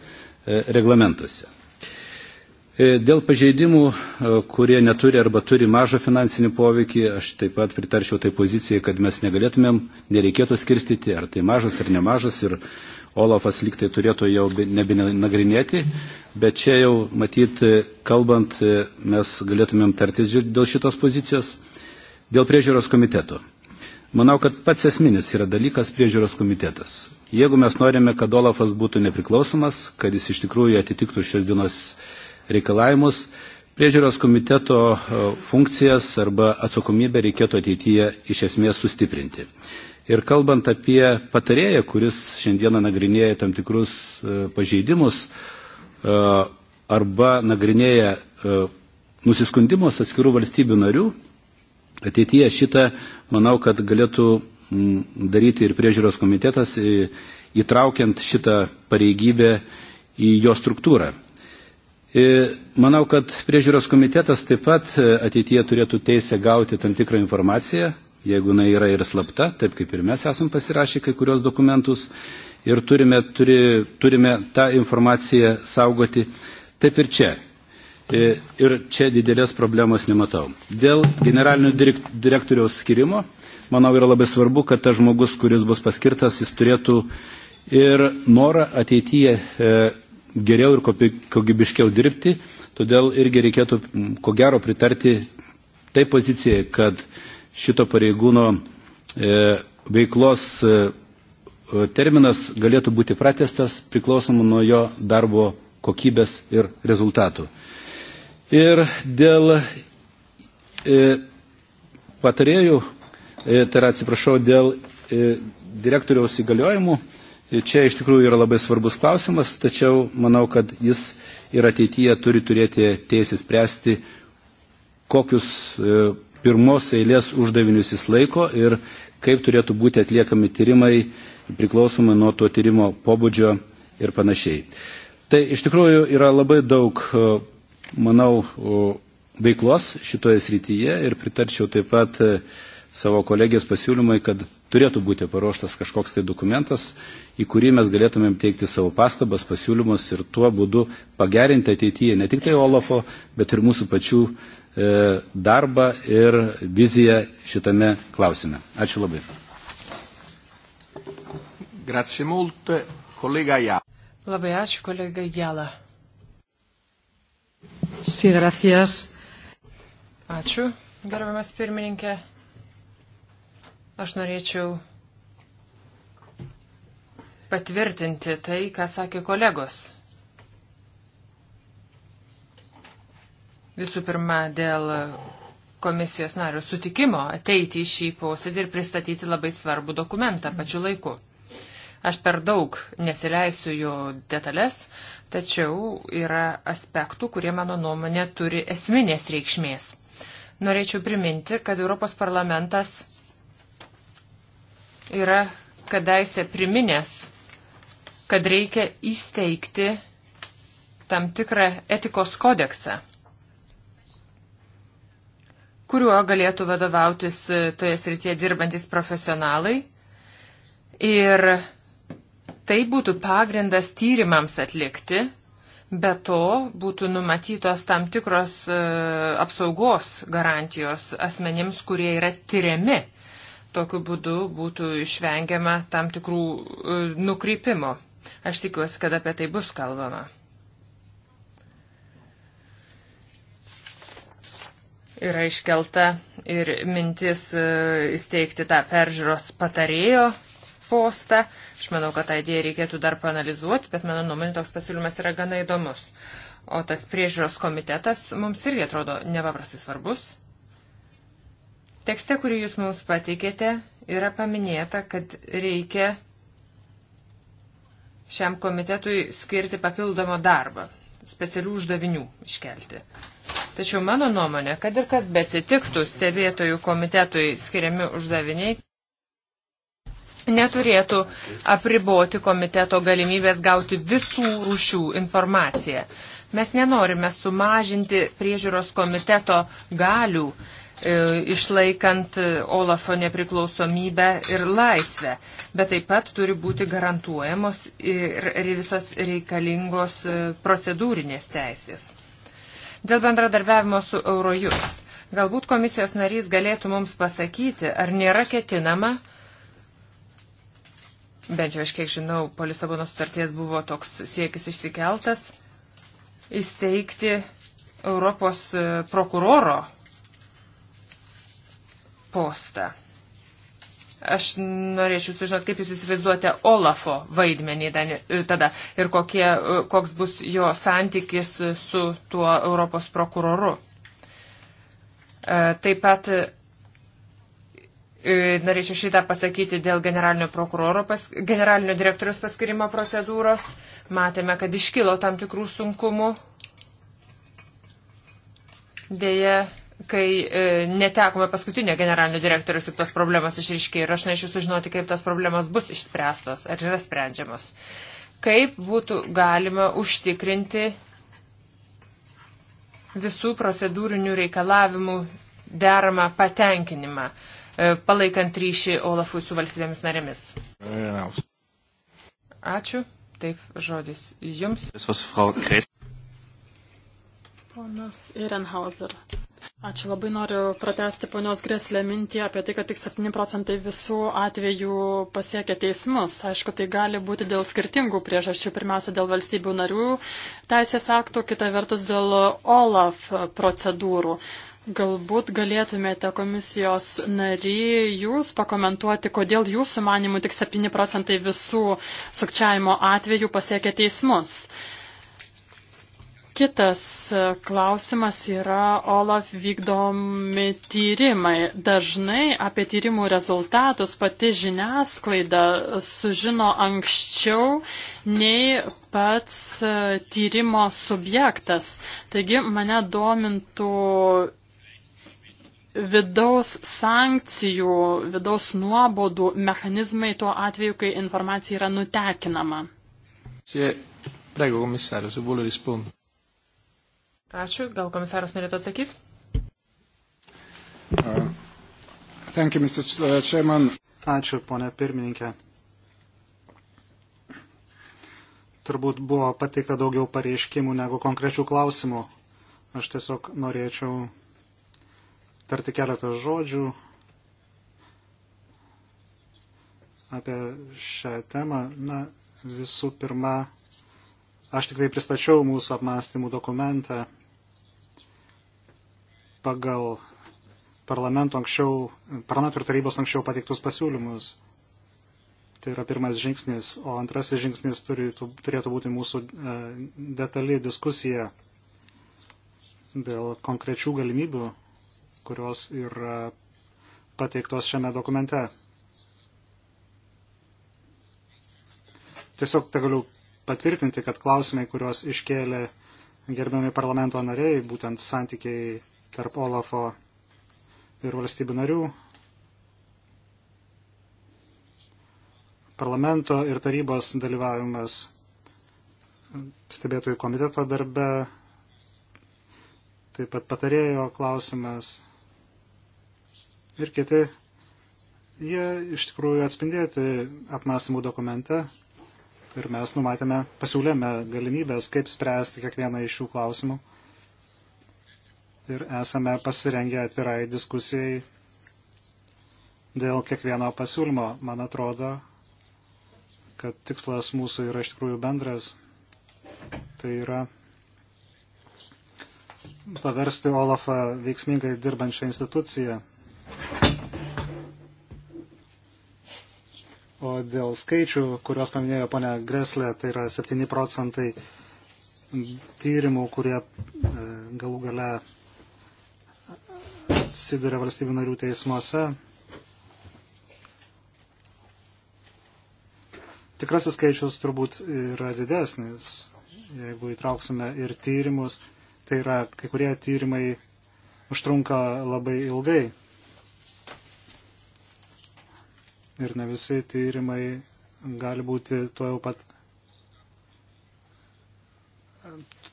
Speaker 4: reglamentuose. E, dėl pažeidimų, e, kurie neturi arba turi mažą finansinį poveikį, aš taip pat pritarčiau tai pozicijai, kad mes negalėtumėm, nereikėtų skirstyti, ar tai mažas ar nemažas. Ir Olafas liktai turėtų jau nebenagrinėti, bet čia jau matyt, e, kalbant, e, mes galėtumėm tartis dėl šitos pozicijos, dėl priežiūros komiteto. Manau, kad pats esminis yra dalykas priežiūros komitetas. Jeigu mes norime, kad Olafas būtų nepriklausomas, kad jis iš tikrųjų atitiktų šios dienos reikalavimus, priežiūros komiteto e, funkcijas arba atsakomybę reikėtų ateityje iš esmės sustiprinti. Ir kalbant apie patarėją, kuris šiandieną nagrinėja tam tikrus e, pažeidimus e, arba nagrinėja e, nusiskundimus atskirų valstybių narių, ateityje šitą, manau, kad galėtų daryti ir priežiūros komitetas, įtraukiant šitą pareigybę į jo struktūrą. Manau, kad priežiūros komitetas taip pat ateityje turėtų teisę gauti tam tikrą informaciją jeigu jinai yra ir slapta, taip kaip ir mes esam pasirašę kai kurios dokumentus ir turime, turi, turime tą informaciją saugoti, taip ir čia. E, ir čia didelės problemos nematau. Dėl generalinio direktoriaus skirimo, manau, yra labai svarbu, kad tas žmogus, kuris bus paskirtas, jis turėtų ir norą ateityje e, geriau ir kokybiškiau dirbti, todėl irgi reikėtų ko gero pritarti tai pozicijai, kad šito pareigūno e, veiklos e, terminas galėtų būti pratestas priklausomai nuo jo darbo kokybės ir rezultatų. Ir dėl e, patarėjų, tai yra atsiprašau, dėl direktoriaus įgaliojimų, čia iš tikrųjų yra labai svarbus klausimas, tačiau manau, kad jis ir ateityje turi turėti teisę spręsti, kokius pirmos eilės uždavinius jis laiko ir kaip turėtų būti atliekami tyrimai priklausomai nuo to tyrimo pobūdžio ir panašiai. Tai iš tikrųjų yra labai daug, e, manau, veiklos šitoje srityje ir pritarčiau taip pat e, savo kolegės pasiūlymai, kad turėtų būti paruoštas kažkoks tai dokumentas, į kurį mes galėtumėm teikti savo pastabas, pasiūlymus ir tuo būdu pagerinti ateityje ne tik tai Olafo, bet ir mūsų pačių E, darbą ir viziją šitame
Speaker 2: klausime. Ačiū labai. Grazie molte, kolega Jala.
Speaker 3: Labai ačiū, kolega Jala.
Speaker 2: Sí,
Speaker 1: gracias.
Speaker 3: Ačiū, gerbiamas pirmininkė. Aš norėčiau patvirtinti tai, ką sakė kolegos. Visų pirma, dėl komisijos nario sutikimo ateiti į šį posėdį ir pristatyti labai svarbų dokumentą pačiu laiku. Aš per daug nesileisiu jo detalės, tačiau yra aspektų, kurie mano nuomonė turi esminės reikšmės. Norėčiau priminti, kad Europos parlamentas yra kadaise priminęs, kad reikia įsteigti tam tikrą etikos kodeksą kuriuo galėtų vadovautis e, toje srityje dirbantis profesionalai. Ir tai būtų pagrindas tyrimams atlikti, be to būtų numatytos tam tikros e, apsaugos garantijos asmenims, kurie yra tyriami. Tokiu būdu būtų išvengiama tam tikrų e, nukrypimo. Aš tikiuosi, kad apie tai bus kalbama. Yra iškelta ir mintis e, įsteigti tą peržiūros patarėjo postą. Aš manau, kad tą idėją reikėtų dar panalizuoti, bet mano nuomonė toks pasiūlymas yra gana įdomus. O tas priežiūros komitetas mums irgi atrodo nepaprastai svarbus. Tekste, kurį jūs mums pateikėte, yra paminėta, kad reikia šiam komitetui skirti papildomą darbą, specialių uždavinių iškelti. Tačiau mano nuomonė, kad ir kas betsitiktų, stebėtojų komitetui skiriami uždaviniai neturėtų apriboti komiteto galimybės gauti visų rušių informaciją. Mes nenorime sumažinti priežiūros komiteto galių, e, išlaikant Olafo nepriklausomybę ir laisvę, bet taip pat turi būti garantuojamos ir visos reikalingos e, procedūrinės teisės. Dėl bendradarbiavimo su Eurojust. Galbūt komisijos narys galėtų mums pasakyti, ar nėra ketinama, bent jau aš kiek žinau, po Lisabono sutarties buvo toks siekis išsikeltas, įsteigti Europos e, prokuroro postą. Aš norėčiau sužinoti, kaip jūs įsivaizduojate Olafo vaidmenį e, tada ir kokie, e, koks bus jo santykis su tuo Europos prokuroru. E, taip pat norėčiau šitą pasakyti dėl generalinio, pas, generalinio direktorius paskirimo procedūros. Matėme, kad iškilo tam tikrų sunkumų. Deja, kai e, netekome paskutinio generalinio direktorius, kaip tos problemos išriškėjo ir aš norėčiau sužinoti, kaip tos problemos bus išspręstos ar yra sprendžiamos. Kaip būtų galima užtikrinti visų procedūrinių reikalavimų deramą patenkinimą, e, palaikant ryšį Olafui su valstybėmis narėmis? Ačiū. Taip, žodis jums.
Speaker 1: Ponas Ehrenhauser. Ačiū labai noriu pratesti ponios Greslė mintį apie tai, kad tik 7 procentai visų atvejų pasiekia teismus. Aišku, tai gali būti dėl skirtingų priežasčių. Pirmiausia, dėl valstybių narių teisės aktų, kita vertus dėl OLAF procedūrų. Galbūt galėtumėte komisijos nary jūs pakomentuoti, kodėl jūsų manimų tik 7 procentai visų sukčiavimo atvejų pasiekia teismus. Uh, Kitas e, klausimas yra OLAF vykdomi tyrimai. Dažnai apie tyrimų rezultatus pati žiniasklaida sužino anksčiau nei pats e, tyrimo subjektas. Taigi mane domintų vidaus sankcijų, vidaus nuobodų mechanizmai tuo atveju, kai informacija yra nutekinama.
Speaker 2: Prego, komisario, se vuole rispondere.
Speaker 1: Ačiū. Gal
Speaker 3: komisaras norėtų atsakyti?
Speaker 5: Uh, thank you, Mr. Uh, Chairman. Ačiū, ponė pirmininkė. Turbūt buvo pateikta daugiau pareiškimų negu konkrečių klausimų. Aš tiesiog norėčiau tarti keletą žodžių apie šią temą. Na, visų pirma, aš tik tai pristačiau mūsų apmąstymų dokumentą pagal parlamento anksčiau, parlamento ir tarybos anksčiau pateiktus pasiūlymus. Tai yra pirmas žingsnis, o antrasis žingsnis turėtų, turėtų būti mūsų e, detali diskusija dėl konkrečių galimybių, kurios yra pateiktos šiame dokumente. Tiesiog te galiu patvirtinti, kad klausimai, kuriuos iškėlė gerbiami parlamento nariai, būtent santykiai tarp Olafo ir valstybių narių, parlamento ir tarybos dalyvavimas stebėtojų komiteto darbe, taip pat patarėjo klausimas ir kiti, jie iš tikrųjų atspindėti apmąstymų dokumente ir mes numatėme, pasiūlėme galimybės, kaip spręsti kiekvieną iš šių klausimų ir esame pasirengę atvirai diskusijai dėl kiekvieno pasiūlymo. Man atrodo, kad tikslas mūsų yra iš tikrųjų bendras. Tai yra paversti Olafą veiksmingai dirbančią instituciją. O dėl skaičių, kuriuos paminėjo ponia Greslė, tai yra 7 procentai tyrimų, kurie e, galų gale atsiduria valstybių narių teismuose. Tikrasis skaičius turbūt yra didesnis, jeigu įtrauksime ir tyrimus. Tai yra, kai kurie tyrimai užtrunka labai ilgai. Ir ne visi tyrimai gali būti tuo jau pat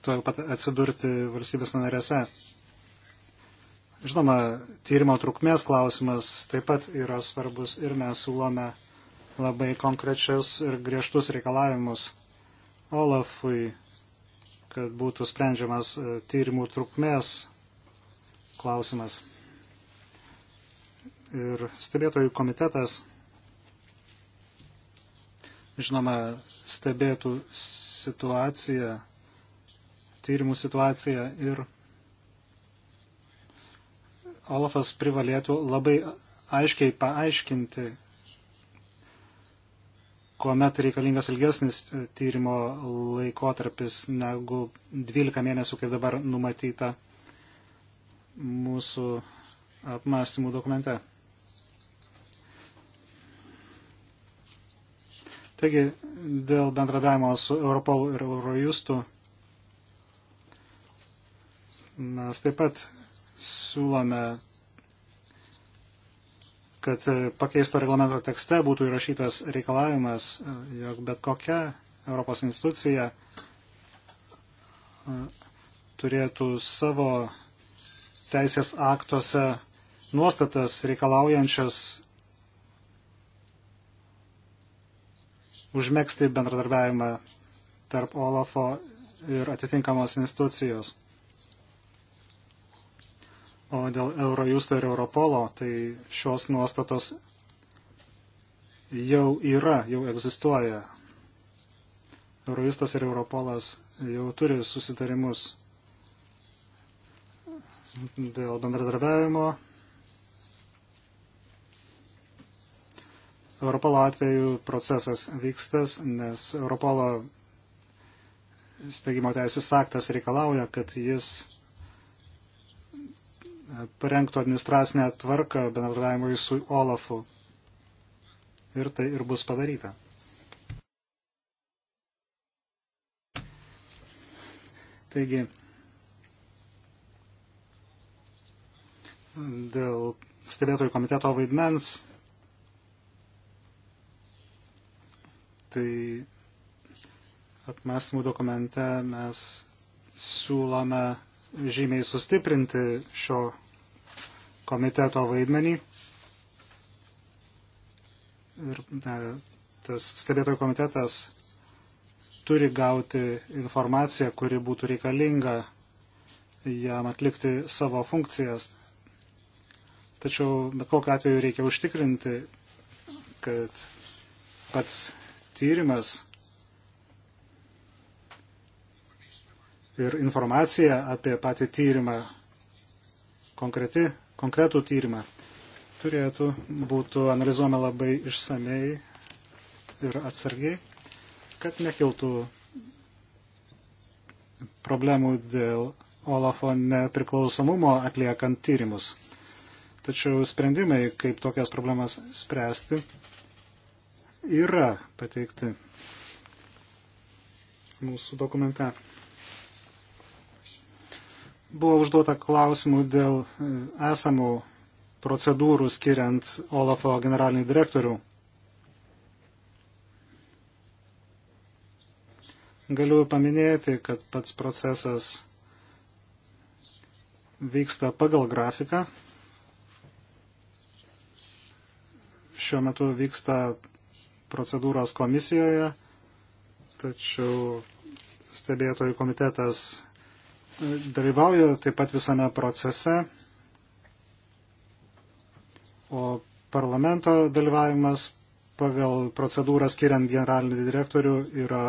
Speaker 5: tuo pat atsidurti valstybės narėse. Žinoma, tyrimo trukmės klausimas taip pat yra svarbus ir mes siūlome labai konkrečius ir griežtus reikalavimus Olafui, kad būtų sprendžiamas e, tyrimų trukmės klausimas. Ir stebėtojų komitetas, žinoma, stebėtų situaciją, tyrimų situaciją ir Olafas privalėtų labai aiškiai paaiškinti, kuomet reikalingas ilgesnis tyrimo laikotarpis negu 12 mėnesių, kaip dabar numatyta mūsų apmąstymų dokumente. Taigi, dėl bendradavimo su Europol ir Eurojustu mes taip pat siūlome, kad pakeisto reglamento tekste būtų įrašytas reikalavimas, jog bet kokia Europos institucija e, turėtų savo teisės aktuose nuostatas reikalaujančias užmėgsti bendradarbiavimą tarp OLAFO ir atitinkamos institucijos. O dėl Eurojusto ir Europolo, tai šios nuostatos jau yra, jau egzistuoja. Eurojustas ir Europolas jau turi susitarimus dėl bendradarbiavimo. Europolo atveju procesas vykstas, nes Europolo steigimo teisės aktas reikalauja, kad jis parengtų administracinę tvarką bendradarbiavimui su Olafu. Ir tai ir bus padaryta. Taigi, dėl stebėtojų komiteto vaidmens, tai apmastymų dokumente mes siūlome žymiai sustiprinti šio komiteto vaidmenį. Ir ne, tas stebėtojų komitetas turi gauti informaciją, kuri būtų reikalinga jam atlikti savo funkcijas. Tačiau bet kokiu atveju reikia užtikrinti, kad pats tyrimas ir informacija apie patį tyrimą, konkreti, konkretų tyrimą, turėtų būtų analizuojama labai išsamei ir atsargiai, kad nekiltų problemų dėl Olafo nepriklausomumo atliekant tyrimus. Tačiau sprendimai, kaip tokias problemas spręsti, yra pateikti mūsų dokumente. Buvo užduota klausimų dėl e, esamų procedūrų skiriant Olafo generalinį direktorių. Galiu paminėti, kad pats procesas vyksta pagal grafiką. Šiuo metu vyksta procedūros komisijoje, tačiau stebėtojų komitetas dalyvauja taip pat visame procese, o parlamento dalyvavimas pagal procedūrą skiriant generalinį direktorių yra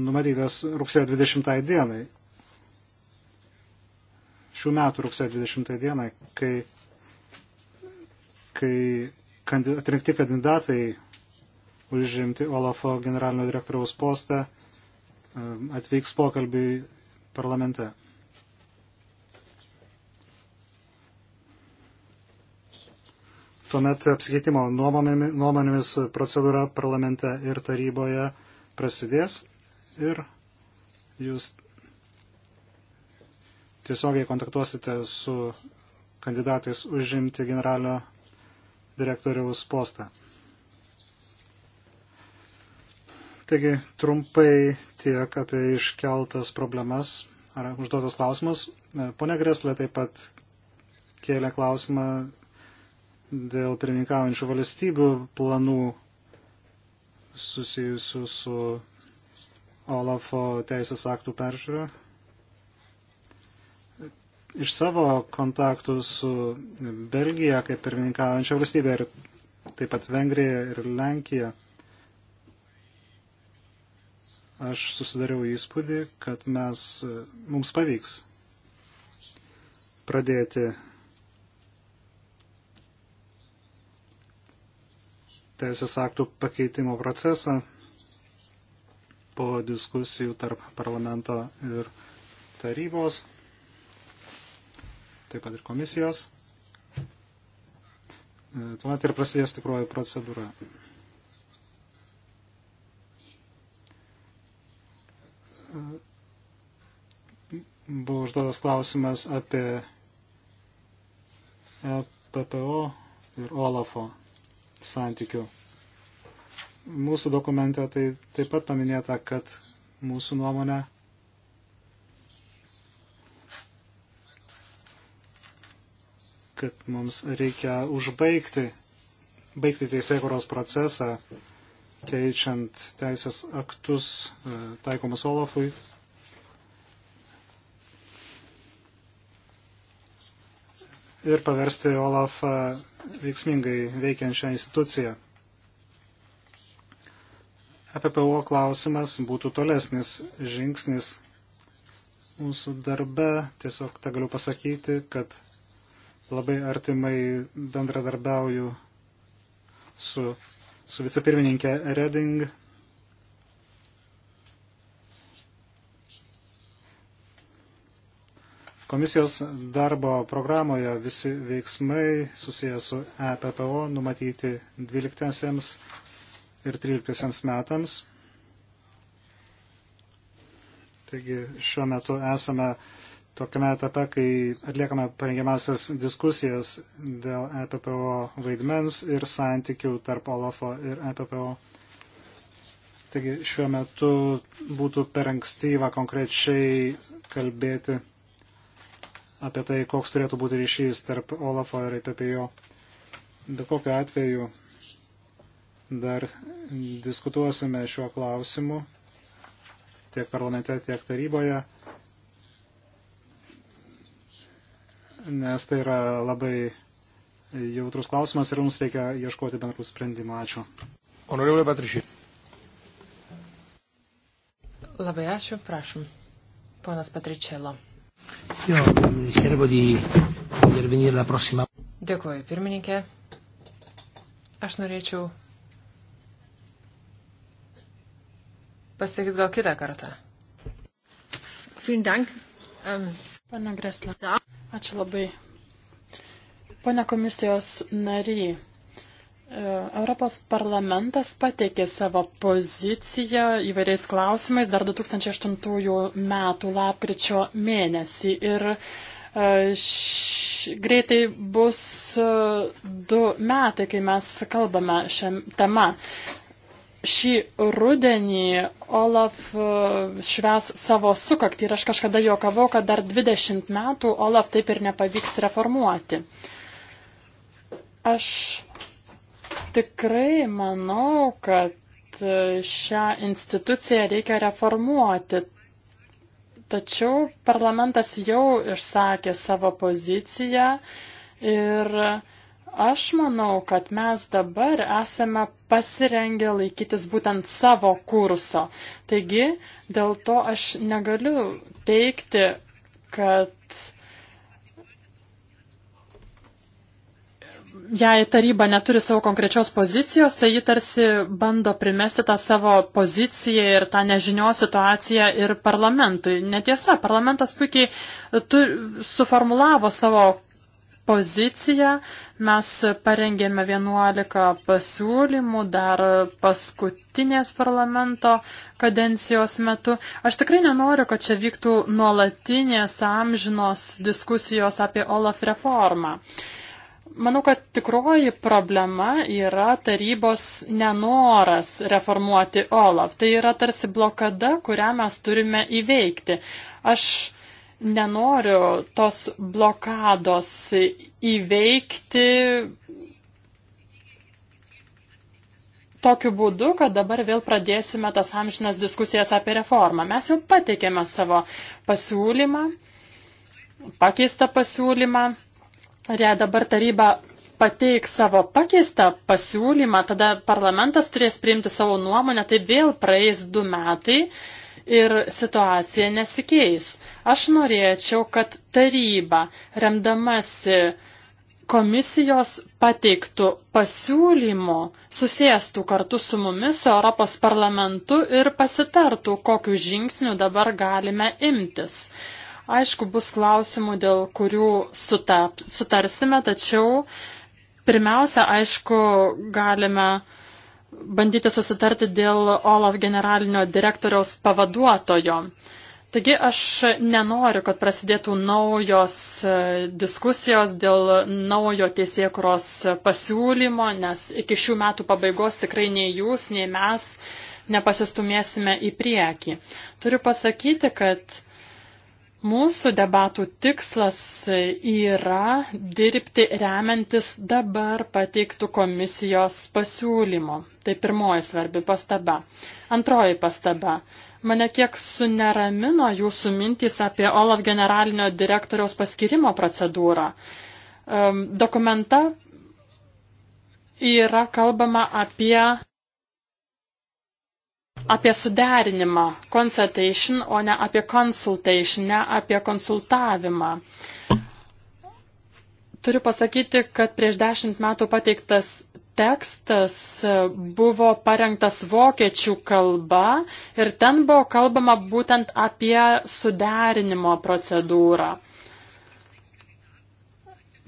Speaker 5: numatytas rugsėjo 20 dienai. Šių metų rugsėjo 20 dienai, kai, kai atrinkti kandidatai užimti Olafo generalinio direktoriaus postą e, atvyks pokalbiui parlamente. Tuomet apsikeitimo nuomonėmis procedūra parlamente ir taryboje prasidės ir jūs tiesiogiai kontaktuosite su kandidatais užimti generalinio direktoriaus postą. Taigi trumpai tiek apie iškeltas problemas ar užduotas klausimas. E, Pone Greslė taip pat kėlė klausimą dėl pirmininkaujančių valstybių planų susijusių su Olafo teisės aktų peržiūra. Iš savo kontaktų su Belgija kaip pirmininkaujančia valstybė ir taip pat Vengrija ir Lenkija aš susidariau įspūdį, kad mes, mums pavyks pradėti teisės aktų pakeitimo procesą po diskusijų tarp parlamento ir tarybos, taip pat ir komisijos. Tuomet ir prasidės tikroji procedūra. buvo užduotas klausimas apie e PPO ir OLAFO santykių. Mūsų dokumente tai taip pat paminėta, kad mūsų nuomonė kad mums reikia užbaigti, baigti teisėkuros procesą keičiant teisės aktus e, taikomus Olafui. Ir paversti Olafą veiksmingai veikiančią instituciją. EPPO klausimas būtų tolesnis žingsnis mūsų darbe. Tiesiog tą galiu pasakyti, kad labai artimai bendradarbiauju su su vicepirmininkė Reding. Komisijos darbo programoje visi veiksmai susiję su EPPO numatyti 12 ir 13 metams. Taigi šiuo metu esame uh, tokiame etape, kai atliekame parengiamasias diskusijas dėl EPPO vaidmens ir santykių tarp OLAFO ir EPPO. Taigi šiuo metu būtų per ankstyva konkrečiai kalbėti apie tai, koks turėtų būti ryšys tarp OLAFO ir EPPO. Bet kokiu atveju dar diskutuosime šiuo klausimu tiek parlamente, tiek taryboje nes tai yra labai jautrus klausimas ir mums reikia ieškoti bendrų sprendimų. Ačiū. Honorable Patrišė.
Speaker 3: Labai ačiū, prašom. Ponas Patričelo. Dėkuoju, pirmininkė. Aš norėčiau pasakyti gal kitą kartą.
Speaker 1: Vielen Dank. Um, Pana Gresla. Ačiū labai. Pone komisijos nariai, e, Europos parlamentas pateikė savo poziciją įvairiais klausimais dar 2008 metų lapkričio mėnesį ir e, š, greitai bus e, du metai, kai mes kalbame šią temą šį rudenį Olaf e, šves savo sukaktį ir aš kažkada juokavau, kad dar 20 metų Olaf taip ir nepavyks reformuoti. Aš tikrai manau, kad e, šią instituciją reikia reformuoti. Tačiau parlamentas jau išsakė savo poziciją ir Aš manau, kad mes dabar esame pasirengę laikytis būtent savo kurso. Taigi, dėl to aš negaliu teikti, kad jei taryba neturi savo konkrečios pozicijos, tai ji tarsi bando primesti tą savo poziciją ir tą nežinios situaciją ir parlamentui. Netiesa, parlamentas puikiai tu, suformulavo savo poziciją. Mes parengėme 11 pasiūlymų dar paskutinės parlamento kadencijos metu. Aš tikrai nenoriu, kad čia vyktų nuolatinės amžinos diskusijos apie OLAF reformą. Manau, kad tikroji problema yra tarybos nenoras reformuoti OLAF. Tai yra tarsi blokada, kurią mes turime įveikti. Aš nenoriu tos blokados įveikti tokiu būdu, kad dabar vėl pradėsime tas amžinas diskusijas apie reformą. Mes jau pateikėme savo pasiūlymą, pakeistą pasiūlymą. Ir jei dabar taryba pateiks savo pakeistą pasiūlymą, tada parlamentas turės priimti savo nuomonę, tai vėl praeis du metai ir situacija nesikeis. Aš norėčiau, kad taryba, remdamasi komisijos pateiktų pasiūlymų, susėstų kartu su mumis, su Europos parlamentu ir pasitartų, kokiu žingsniu dabar galime imtis. Aišku, bus klausimų, dėl kurių sutap, sutarsime, tačiau pirmiausia, aišku, galime uh, bandyti susitarti dėl OLAF generalinio direktoriaus pavaduotojo. Taigi aš nenoriu, kad prasidėtų naujos e, diskusijos dėl naujo tiesiekros pasiūlymo, nes iki šių metų pabaigos tikrai nei jūs, nei mes nepasistumėsime į priekį. Turiu pasakyti, kad Mūsų debatų tikslas yra dirbti remiantis dabar pateiktų komisijos pasiūlymo. Tai pirmoji svarbi pastaba. Antroji pastaba. Mane kiek suneramino jūsų mintys apie OLAF generalinio direktoriaus paskirimo procedūrą. Dokumente yra kalbama apie apie suderinimą, consultation, o ne apie consultation, ne apie konsultavimą. Turiu pasakyti, kad prieš dešimt metų pateiktas tekstas buvo parengtas vokiečių kalba ir ten buvo kalbama būtent apie suderinimo procedūrą.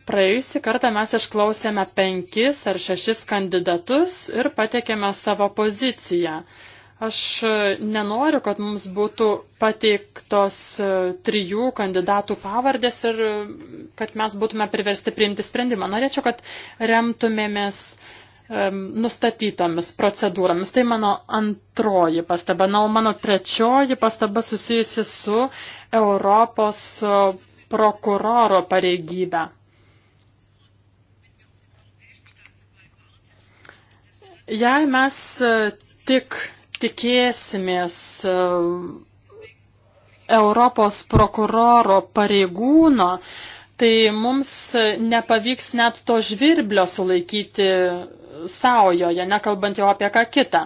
Speaker 1: Praėjusį kartą mes išklausėme penkis ar šešis kandidatus ir patekėme savo poziciją. Aš e, nenoriu, kad mums būtų pateiktos e, trijų kandidatų pavardės ir e, kad mes būtume priversti priimti sprendimą. Norėčiau, kad remtumėmės nustatytomis procedūromis. Tai mano antroji pastaba. Na, o mano trečioji pastaba susijusi su Europos prokuroro pareigybė. Jei mes tik tikėsimės e, Europos prokuroro pareigūno, tai mums nepavyks net to žvirblio sulaikyti saujoje, nekalbant jau apie ką kitą.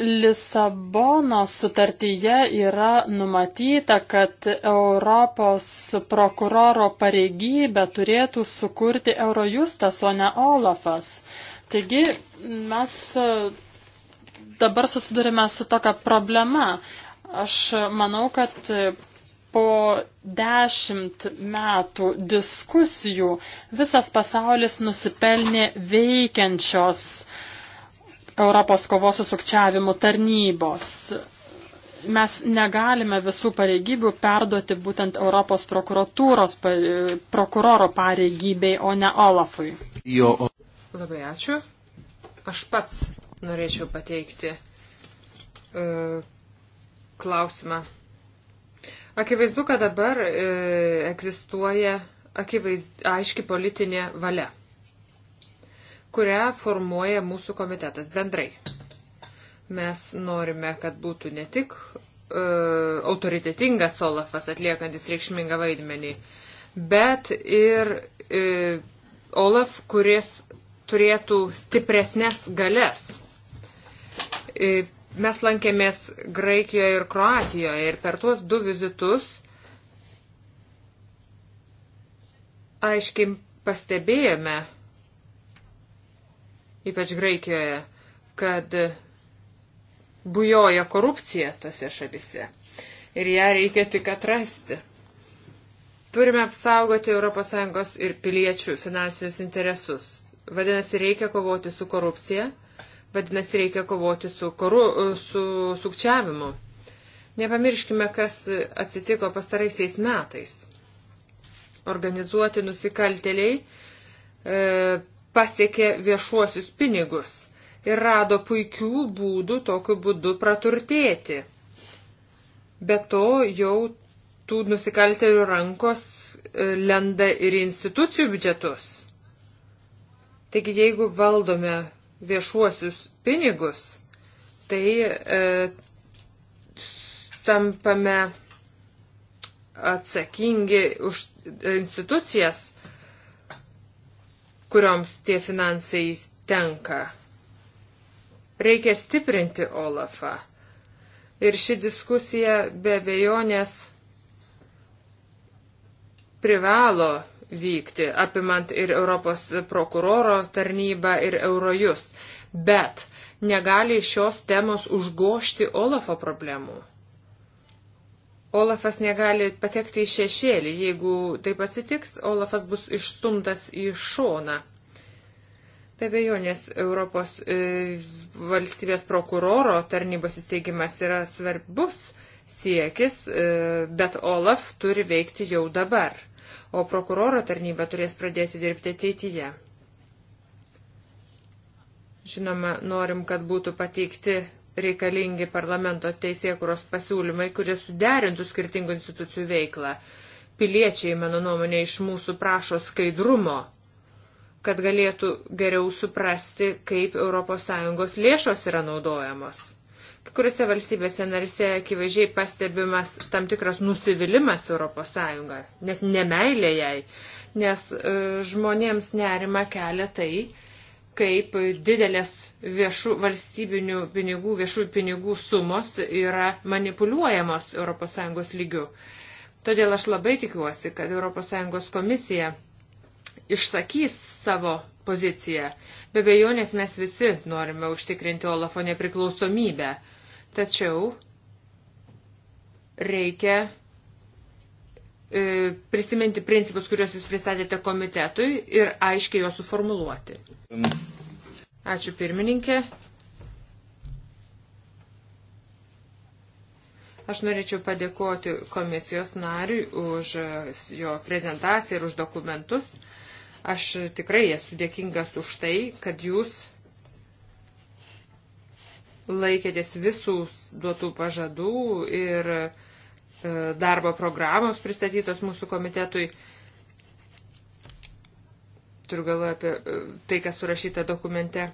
Speaker 1: Lisabonos sutartyje yra numatyta, kad Europos prokuroro pareigybę turėtų sukurti Eurojustas, o ne Olafas. Taigi mes e, dabar susidurime su tokia problema. Aš manau, kad po dešimt metų diskusijų visas pasaulis nusipelnė veikiančios Europos kovos su sukčiavimu tarnybos. Mes negalime visų pareigybių perduoti būtent Europos prokuratūros prokuroro pareigybei, o ne Olafui. Jo. Labai ačiū. Aš pats norėčiau pateikti
Speaker 3: e, klausimą. Akivaizdu, kad dabar e, egzistuoja akivaiz, aiški politinė valia, kurią formuoja mūsų komitetas bendrai. Mes norime, kad būtų ne tik e, autoritetingas Olafas atliekantis reikšmingą vaidmenį, bet ir e, Olaf, kuris turėtų stipresnės galės. E, mes lankėmės Graikijoje ir Kroatijoje ir per tuos du vizitus aiškiai pastebėjome, ypač Graikijoje, kad bujoja korupcija tose šalise ir ją reikia tik atrasti. Turime apsaugoti ES ir piliečių finansinius interesus. Vadinasi, reikia kovoti su korupcija, vadinasi, reikia kovoti su, koru, su sukčiavimu. Nepamirškime, kas atsitiko pastaraisiais metais. Organizuoti nusikalteliai e, pasiekė viešuosius pinigus ir rado puikių būdų tokiu būdu praturtėti. Be to jau tų nusikaltelių rankos e, lenda ir institucijų biudžetus. Taigi jeigu valdome viešuosius pinigus, tai e, tampame atsakingi už institucijas, kurioms tie finansai tenka. Reikia stiprinti Olafą. Ir ši diskusija be bejonės privalo vykti, apimant ir Europos prokuroro tarnybą, ir Eurojus. Bet negali šios temos užgošti Olafo problemų. Olafas negali patekti į šešėlį. Jeigu taip atsitiks, Olafas bus išstumtas į šoną. Be abejonės, Europos e, valstybės prokuroro tarnybos įsteigimas yra svarbus siekis, e, bet Olaf turi veikti jau dabar o prokuroro tarnyba turės pradėti dirbti ateityje. Žinoma, norim, kad būtų pateikti reikalingi parlamento teisėkuros pasiūlymai, kurie suderintų skirtingų institucijų veiklą. Piliečiai, mano nuomonė, iš mūsų prašo skaidrumo, kad galėtų geriau suprasti, kaip ES lėšos yra naudojamos. Kai kuriuose valstybėse narise akivaizdžiai pastebimas tam tikras nusivylimas ES, net nemailė jai, nes e, žmonėms nerima kelia tai, kaip didelės viešų valstybinių pinigų, viešų pinigų sumos yra manipuliuojamos ES lygių. Todėl aš labai tikiuosi, kad ES komisija išsakys savo poziciją. Be bejonės mes visi norime užtikrinti Olafo nepriklausomybę, tačiau reikia e, prisiminti principus, kuriuos jūs pristatėte komitetui ir aiškiai juos suformuluoti. Um. Ačiū pirmininkė. Aš norėčiau padėkoti komisijos nariui už jo prezentaciją ir už dokumentus. Uh, Aš tikrai esu dėkingas už tai, kad jūs laikėtės visų duotų pažadų ir e, darbo programos pristatytos mūsų komitetui. Turiu galvoje apie e, tai, kas surašyta dokumente.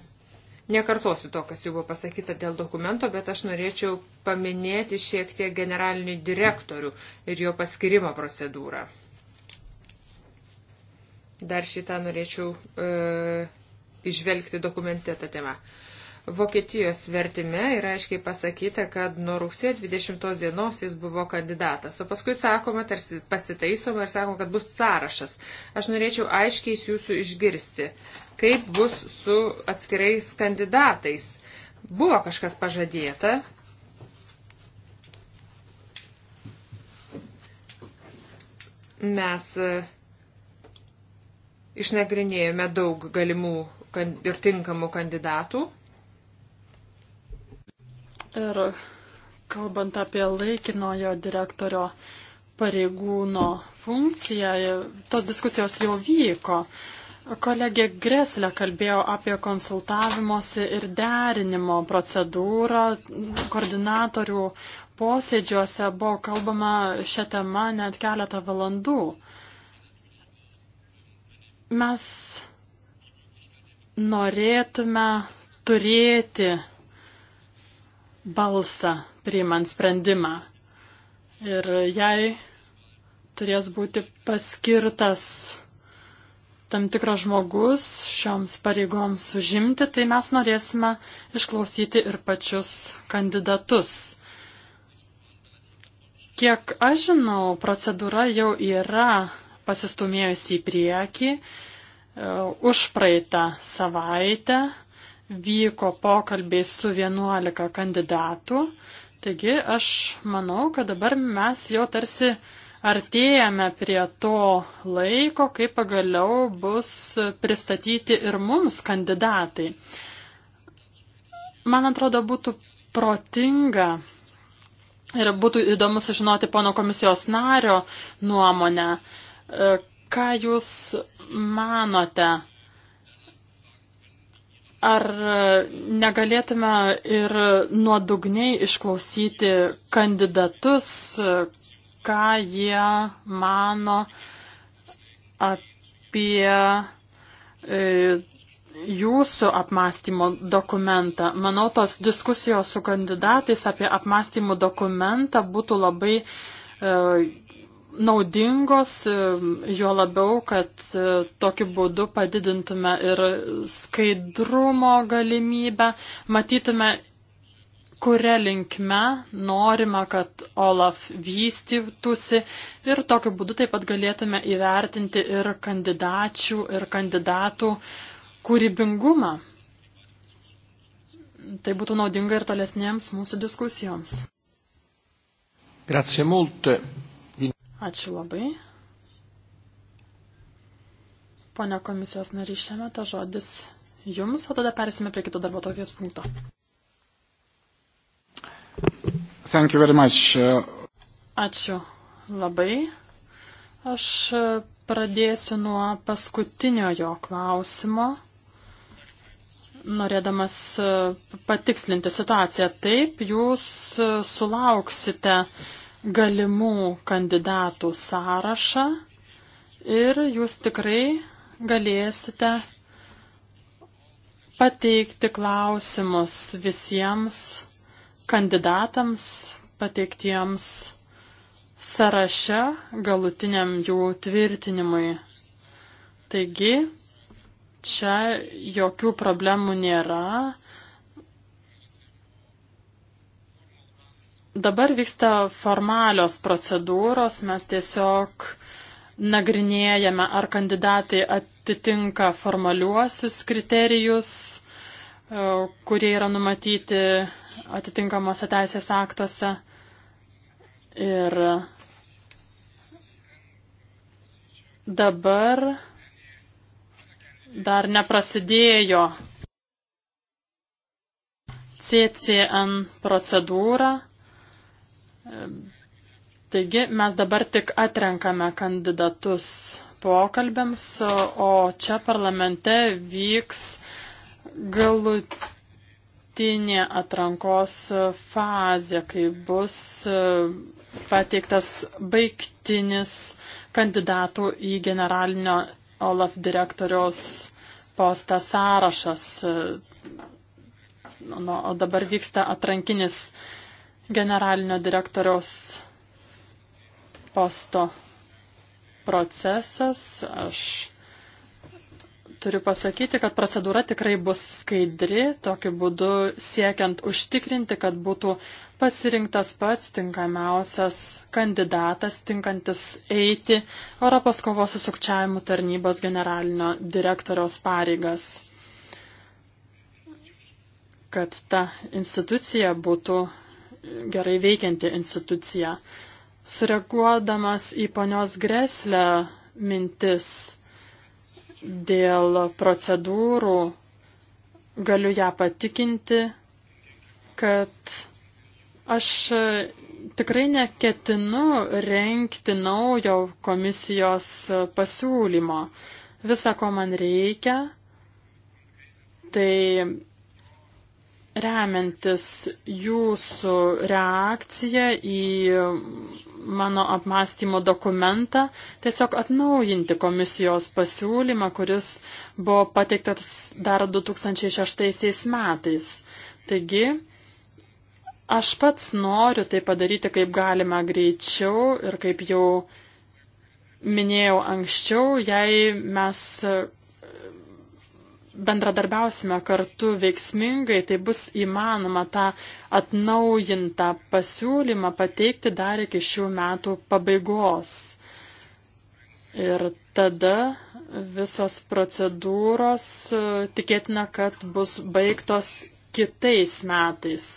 Speaker 3: Nekartosiu to, kas jau buvo pasakyta dėl dokumento, bet aš norėčiau paminėti šiek tiek generalinį direktorių ir jo paskirimo procedūrą. Dar šitą norėčiau e, išvelgti dokumente tą temą. Vokietijos vertime yra aiškiai pasakyta, kad nuo rugsėjo 20 dienos jis buvo kandidatas, o paskui sakoma, tarsi pasitaisoma ir sakoma, kad bus sąrašas. Aš norėčiau aiškiai jūsų išgirsti, kaip bus su atskirais kandidatais. Buvo kažkas pažadėta, mes e, Išnagrinėjome daug galimų ir tinkamų kandidatų.
Speaker 1: Ir kalbant apie laikinojo direktorio pareigūno funkciją, tos diskusijos jau vyko. Kolegė Greslė kalbėjo apie konsultavimosi ir derinimo procedūrą. Koordinatorių posėdžiuose buvo kalbama šią temą net keletą valandų. Mes norėtume turėti balsą priimant sprendimą. Ir jai turės būti paskirtas tam tikras žmogus šioms pareigoms užimti, tai mes norėsime išklausyti ir pačius kandidatus. Kiek aš žinau, procedūra jau yra pasistumėjusi į priekį. E, už praeitą savaitę vyko pokalbiai su 11 kandidatų. Taigi aš manau, kad dabar mes jau tarsi artėjame prie to laiko, kai pagaliau bus pristatyti ir mums kandidatai. Man atrodo, būtų protinga ir būtų įdomu sužinoti pono komisijos nario nuomonę. Uh, E, ką Jūs manote? Ar negalėtume ir nuodugniai išklausyti kandidatus, ką jie mano apie e, jūsų apmąstymo dokumentą. Manau, tos diskusijos su kandidatais apie apmąstymų dokumentą būtų labai e, naudingos, jo labiau, kad e, tokiu būdu padidintume ir skaidrumo galimybę, matytume, kuria linkme norima, kad Olaf vystytųsi ir tokiu būdu taip pat galėtume įvertinti ir kandidačių ir kandidatų kūrybingumą. Tai būtų naudinga ir tolesnėms mūsų diskusijoms.
Speaker 2: Grazie molte.
Speaker 1: Ačiū labai. Pone komisijos nariai, šiame ta žodis jums, o tada persime prie kito darbo tokies punkto.
Speaker 5: Thank you very much. Uh,
Speaker 1: Ačiū labai. Aš uh, pradėsiu nuo paskutiniojo klausimo, norėdamas uh, patikslinti situaciją. Taip, jūs sulauksite uh, galimų kandidatų sąrašą ir jūs tikrai galėsite pateikti klausimus visiems kandidatams pateiktiems sąraše galutiniam jų tvirtinimui. Taigi, čia jokių problemų nėra Dabar vyksta formalios procedūros, mes tiesiog nagrinėjame, ar kandidatai atitinka formaliuosius kriterijus, e, kurie yra numatyti atitinkamuose teisės aktuose. Ir dabar dar neprasidėjo CCN procedūra. Taigi mes dabar tik atrenkame kandidatus pokalbėms, o čia parlamente vyks galutinė atrankos fazė, kai bus e, pateiktas baigtinis kandidatų į generalinio OLAF direktoriaus postą sąrašas. E, nu, o dabar vyksta atrankinis generalinio direktoriaus posto procesas. Aš turiu pasakyti, kad procedūra tikrai bus skaidri, tokiu būdu siekiant užtikrinti, kad būtų pasirinktas pats tinkamiausias kandidatas, tinkantis eiti Europos kovos su sukčiavimu tarnybos generalinio direktoriaus pareigas kad ta institucija būtų gerai veikianti institucija. Sureaguodamas į ponios greslę mintis dėl procedūrų, galiu ją patikinti, kad aš tikrai neketinu renkti naujo komisijos pasiūlymo. Visa, ko man reikia, tai remiantis jūsų reakciją į mano apmąstymo dokumentą, tiesiog atnaujinti komisijos pasiūlymą, kuris buvo pateiktas dar 2006 metais. Taigi, aš pats noriu tai padaryti kaip galima greičiau ir kaip jau minėjau anksčiau, jei mes bendradarbiausime kartu veiksmingai, tai bus įmanoma tą atnaujintą pasiūlymą pateikti dar iki šių metų pabaigos. Ir tada visos procedūros e, tikėtina, kad bus baigtos kitais metais.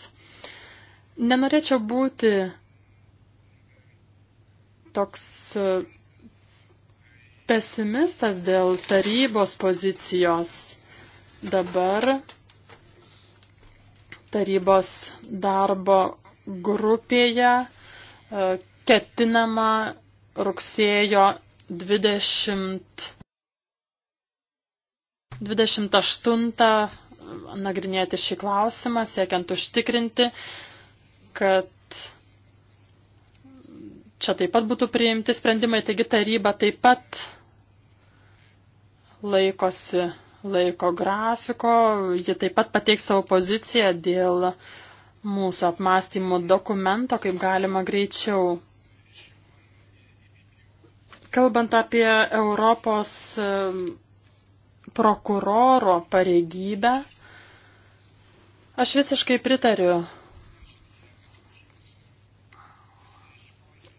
Speaker 1: Nenorėčiau būti toks e, pesimistas dėl tarybos pozicijos. Dabar tarybos darbo grupėje e, ketinama rugsėjo 20, 28 nagrinėti šį klausimą, siekiant užtikrinti, kad čia taip pat būtų priimti sprendimai, taigi taryba taip pat laikosi laiko grafiko. Ji taip pat pateiks savo poziciją dėl mūsų apmąstymų dokumento, kaip galima greičiau. Kalbant apie Europos prokuroro pareigybę, aš visiškai pritariu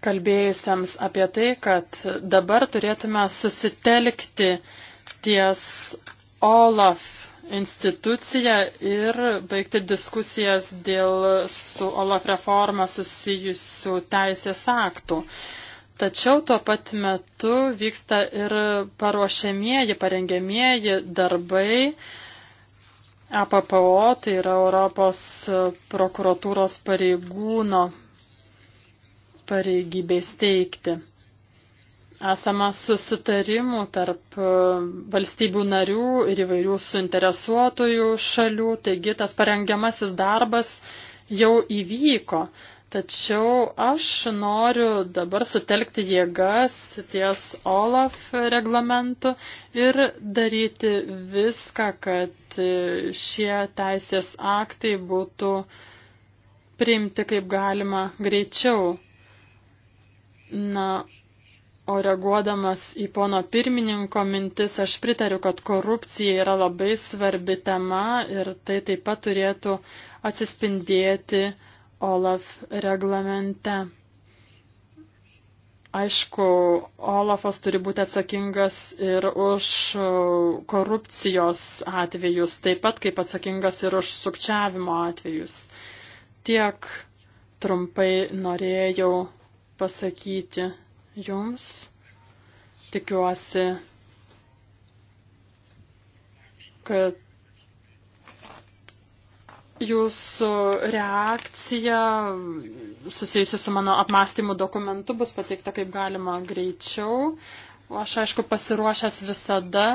Speaker 1: kalbėjusiems apie tai, kad dabar turėtume susitelkti ties OLAF instituciją ir baigti diskusijas dėl su OLAF reforma susijusių teisės aktų. Tačiau tuo pat metu vyksta ir paruošiamieji, parengiamieji darbai APPO, tai yra Europos prokuratūros pareigūno pareigybės teikti. Esama susitarimų tarp e, valstybių narių ir įvairių suinteresuotųjų šalių, taigi tas parengiamasis darbas jau įvyko. Tačiau aš noriu dabar sutelkti jėgas ties OLAF reglamentu ir daryti viską, kad šie teisės aktai būtų priimti kaip galima greičiau. Na, O reaguodamas į pono pirmininko mintis, aš pritariu, kad korupcija yra labai svarbi tema ir tai taip pat turėtų atsispindėti OLAF reglamente. Aišku, Olafas turi būti atsakingas ir už korupcijos atvejus, taip pat kaip atsakingas ir už sukčiavimo atvejus. Tiek trumpai norėjau pasakyti jums. Tikiuosi, kad jūsų reakcija susijusi su mano apmąstymų dokumentu bus pateikta kaip galima greičiau. O aš, aišku, pasiruošęs visada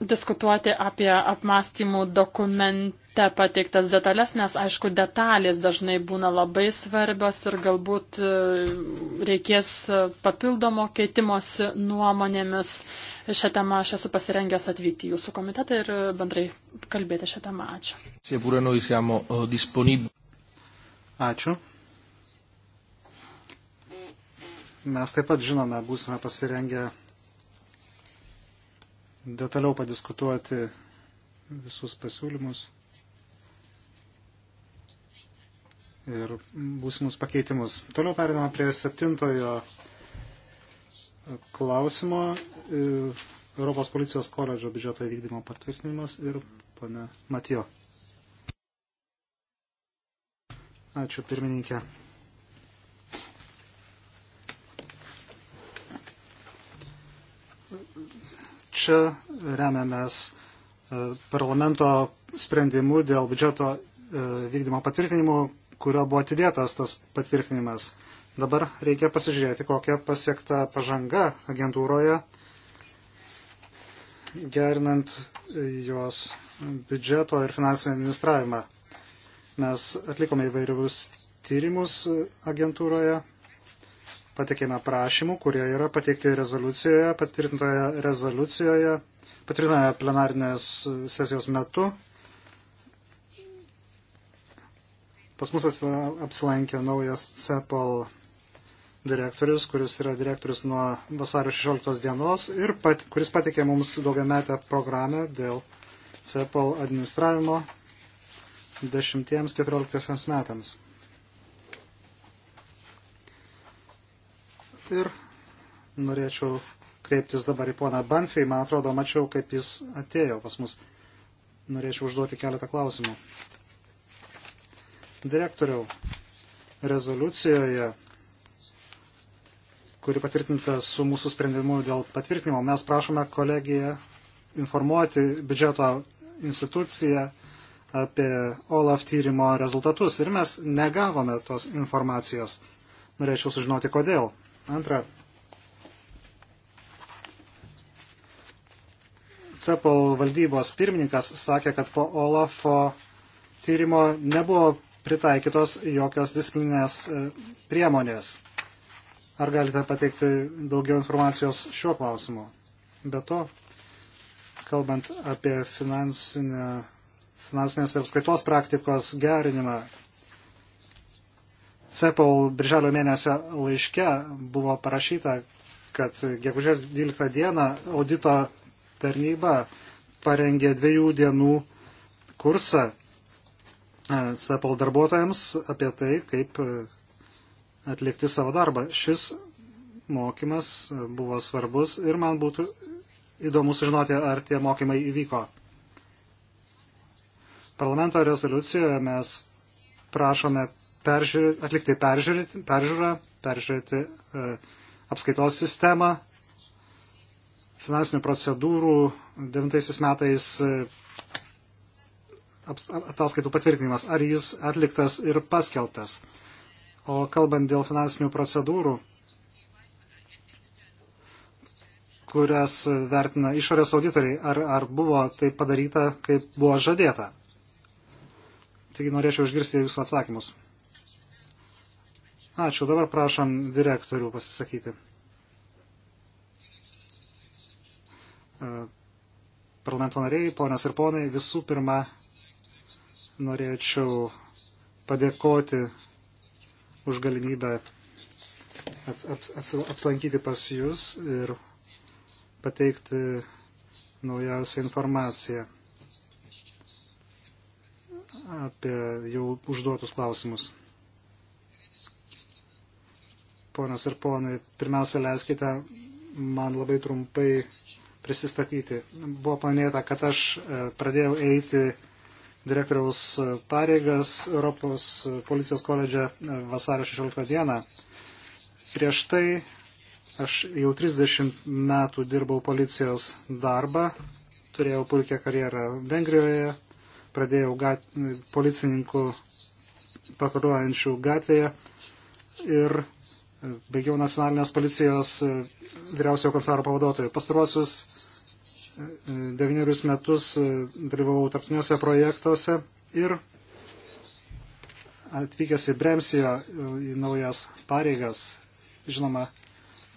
Speaker 1: diskutuoti apie apmąstymų dokumentą rašte pateiktas detalės, nes aišku, detalės dažnai būna labai svarbios ir galbūt e, reikės papildomo keitimosi nuomonėmis. Šią temą aš esu pasirengęs atvykti į jūsų komitetą ir bendrai kalbėti šią temą. Ačiū.
Speaker 5: Ačiū. Mes taip pat žinome, būsime pasirengę detaliau padiskutuoti visus pasiūlymus. ir būsimus pakeitimus. Toliau perinama prie septintojo klausimo. E, Europos policijos koledžo biudžeto įvykdymo patvirtinimas ir pane Matijo. Ačiū pirmininkė. Čia remiamės e, parlamento sprendimu dėl biudžeto e, vykdymo patvirtinimų kurio buvo atidėtas tas patvirtinimas. Dabar reikia pasižiūrėti, kokia pasiekta pažanga agentūroje, gerinant jos biudžeto ir finansinį administravimą. Mes atlikome įvairius tyrimus agentūroje, patikėme prašymų, kurie yra pateikti rezoliucijoje, patvirtintoje rezoliucijoje, patvirtintoje plenarinės sesijos metu Pas mus apsilankė naujas CEPOL direktorius, kuris yra direktorius nuo vasario 16 dienos ir pat, kuris patikė mums daugiametę programą dėl CEPOL administravimo 10-14 metams. Ir norėčiau kreiptis dabar į poną Banfį. Man atrodo, mačiau, kaip jis atėjo pas mus. Norėčiau užduoti keletą klausimų. Direktoriau, rezoliucijoje, kuri patvirtinta su mūsų sprendimu dėl patvirtinimo, mes prašome kolegiją informuoti biudžeto instituciją apie OLAF tyrimo rezultatus ir mes negavome tos informacijos. Norėčiau sužinoti, kodėl. Antra. CEPOL valdybos pirmininkas sakė, kad po OLAFO tyrimo nebuvo pritaikytos jokios disciplinės e, priemonės. Ar galite pateikti daugiau informacijos šiuo klausimu? Be to, kalbant apie finansinę, finansinės apskaitos praktikos gerinimą, CEPOL birželio mėnesio laiške buvo parašyta, kad gegužės 12 dieną audito tarnyba parengė dviejų dienų kursą CEPL e, darbuotojams apie tai, kaip e, atlikti savo darbą. Šis mokymas e, buvo svarbus ir man būtų įdomu sužinoti, ar tie mokymai įvyko. Parlamento rezoliucijoje mes prašome peržiūrė, atlikti peržiūrėti, peržiūrą, peržiūrėti e, apskaitos sistemą. Finansinių procedūrų 9 metais ataskaitų patvirtinimas, ar jis atliktas ir paskeltas. O kalbant dėl finansinių procedūrų, kurias vertina išorės auditoriai, ar, ar buvo tai padaryta, kaip buvo žadėta. Taigi norėčiau išgirsti jūsų atsakymus. Ačiū, dabar prašom direktorių pasisakyti. E, parlamento nariai, ponios ir ponai, visų pirma, norėčiau padėkoti už galimybę apsilankyti pas Jūs ir pateikti naujausią informaciją apie jau užduotus klausimus. Ponas ir ponai, pirmiausia, leiskite man labai trumpai prisistatyti. Buvo paminėta, kad aš e, pradėjau eiti direktoriaus pareigas Europos policijos koledže vasario 16 dieną. Prieš tai aš jau 30 metų dirbau policijos darbą, turėjau puikią karjerą Vengrijoje, pradėjau gat, policininkų patruliuojančių gatvėje ir baigiau nacionalinės policijos vyriausiojo komisaro pavaduotojų. Pastaruosius devynerius metus e, dalyvavau tarptiniuose projektuose ir atvykęs į Bremsiją e, į naujas pareigas, žinoma,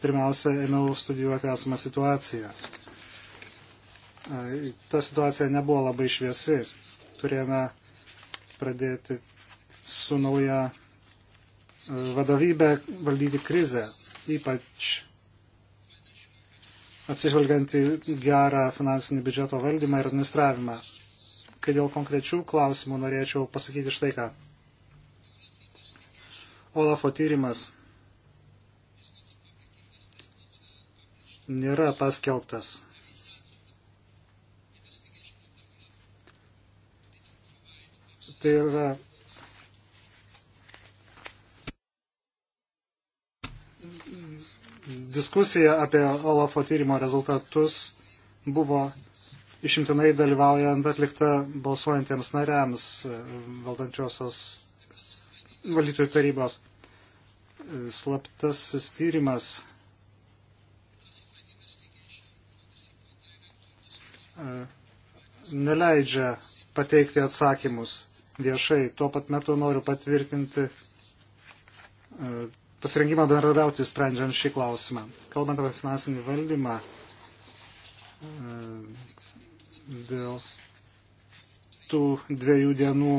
Speaker 5: pirmiausia, ėmiau studijuoti esamą situaciją. E, ta situacija nebuvo labai šviesi. Turėjome pradėti su nauja vadovybė valdyti krizę, ypač atsižvelgiant į gerą finansinį biudžeto valdymą ir administravimą. Kai dėl konkrečių klausimų norėčiau pasakyti štai ką. Olafo tyrimas nėra paskelbtas. Tai yra diskusija apie Olafo tyrimo rezultatus buvo išimtinai dalyvaujant atlikta balsuojantiems nariams e, valdančiosios valytojų tarybos. E, slaptasis tyrimas e, neleidžia pateikti atsakymus viešai. Tuo pat metu noriu patvirtinti pasirengimą bendradarbiauti sprendžiant šį klausimą. Kalbant apie finansinį valdymą, e, dėl tų dviejų dienų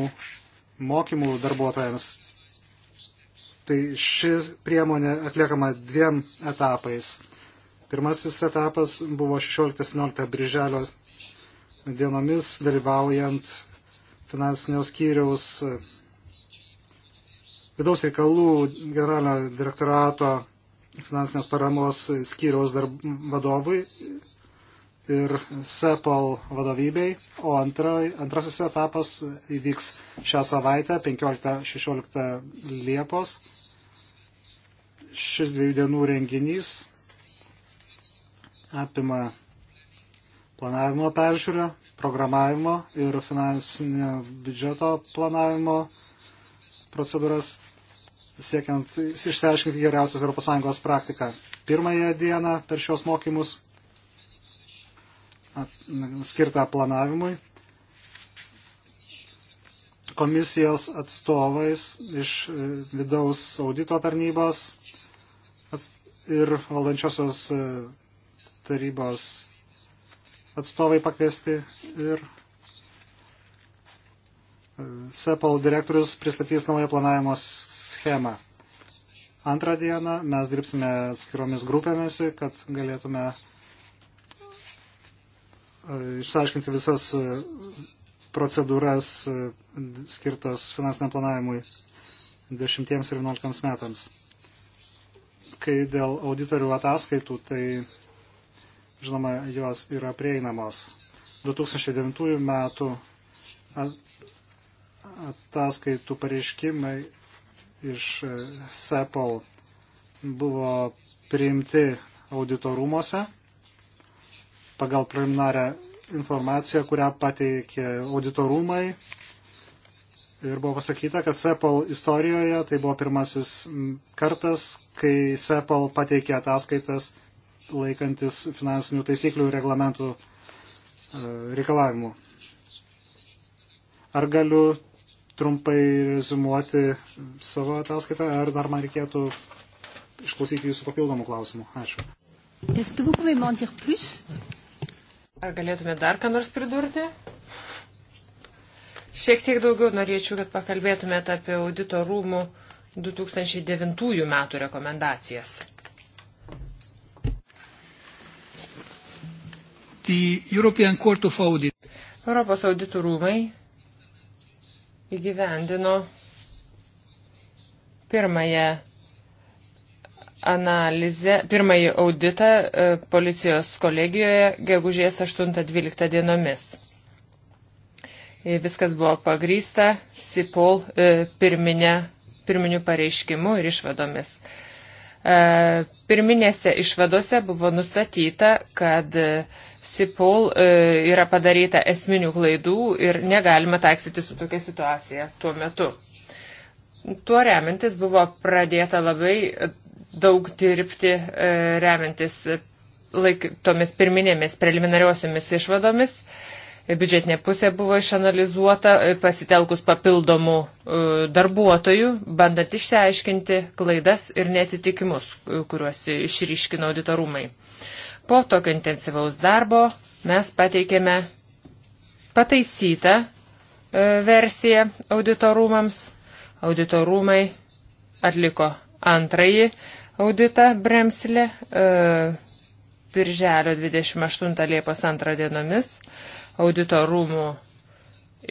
Speaker 5: mokymų darbuotojams, tai ši priemonė atliekama dviem etapais. Pirmasis etapas buvo 16-17 birželio dienomis dalyvaujant finansinio skyriaus vidaus reikalų generalinio direktorato finansinės paramos skyriaus darb, vadovui ir SEPOL vadovybei, o antra, antrasis etapas įvyks šią savaitę, 15-16 Liepos. Šis dviejų dienų renginys apima planavimo peržiūrą, programavimo ir finansinio biudžeto planavimo procedūras, siekiant išsiaiškinti geriausias ES praktiką. Pirmąją dieną per šios mokymus skirtą planavimui komisijos atstovais iš e, vidaus audito tarnybos ir valdančiosios e, tarybos atstovai pakviesti ir SEPAL direktorius pristatys naują planavimo schemą. Antrą dieną mes dirbsime atskiromis grupėmis, kad galėtume e, išsiaiškinti visas e, procedūras e, skirtos finansiniam planavimui 10 ir 11 metams. Kai dėl auditorių ataskaitų, tai žinoma, jos yra prieinamos. 2009 metų ataskaitų pareiškimai iš e, SEPOL buvo priimti auditorumuose pagal preliminarę informaciją, kurią pateikė auditorumai. Ir buvo pasakyta, kad SEPOL istorijoje tai buvo pirmasis kartas, kai SEPOL pateikė ataskaitas laikantis finansinių taisyklių ir reglamentų e, reikalavimų. Ar galiu trumpai rezumuoti savo ataskaitą, ar dar man reikėtų išklausyti jūsų papildomų klausimų? Ačiū.
Speaker 3: Ar galėtume dar ką nors pridurti? Šiek tiek daugiau norėčiau, kad pakalbėtumėte apie audito rūmų 2009 metų rekomendacijas. Europos auditų rūmai įgyvendino pirmąją analizę, pirmąjį auditą e, policijos kolegijoje gegužės 8-12 dienomis. E, viskas buvo pagrysta SIPOL e, pirminė, pirminių pareiškimų ir išvadomis. Pirminėse išvadose buvo nustatyta, kad SIPOL e, yra padaryta esminių klaidų ir negalima taiksyti su tokia situacija tuo metu. Tuo remintis buvo pradėta labai daug dirbti, e, remintis laik, tomis pirminėmis preliminariosiomis išvadomis. Biudžetinė pusė buvo išanalizuota e, pasitelkus papildomų darbuotojų, bandant išsiaiškinti klaidas ir netitikimus, kuriuos išryškino auditorumai. Po tokio intensyvaus darbo mes pateikėme pataisytą e, versiją auditorumams. Auditorumai atliko antrąjį auditą Bremslė e, birželio 28 Liepos 2 dienomis. Auditorumų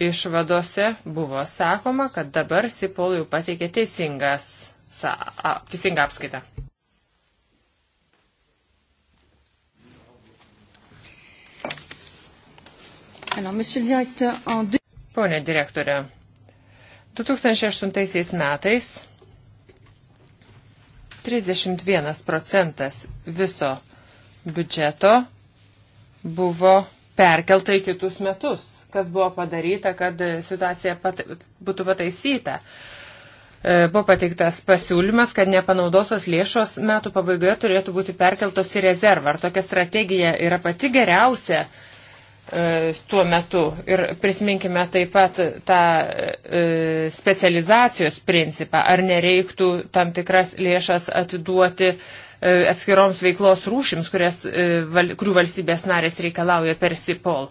Speaker 3: išvadose buvo sakoma, kad dabar Sipol jau pateikė teisingas, sa, a, teisingą apskaitą. Pone direktorė, 2008 metais 31 procentas viso biudžeto buvo perkelta į kitus metus, kas buvo padaryta, kad situacija pat, būtų pataisyta e, buvo pateiktas pasiūlymas, kad nepanaudotos lėšos metų pabaigoje turėtų būti perkeltos į rezervą. Ar tokia strategija yra pati geriausia E, tuo metu. Ir prisiminkime taip pat tą e, specializacijos principą, ar nereiktų tam tikras lėšas atiduoti e, atskiroms veiklos rūšims, kurias, kurių valstybės narės reikalauja per SIPOL.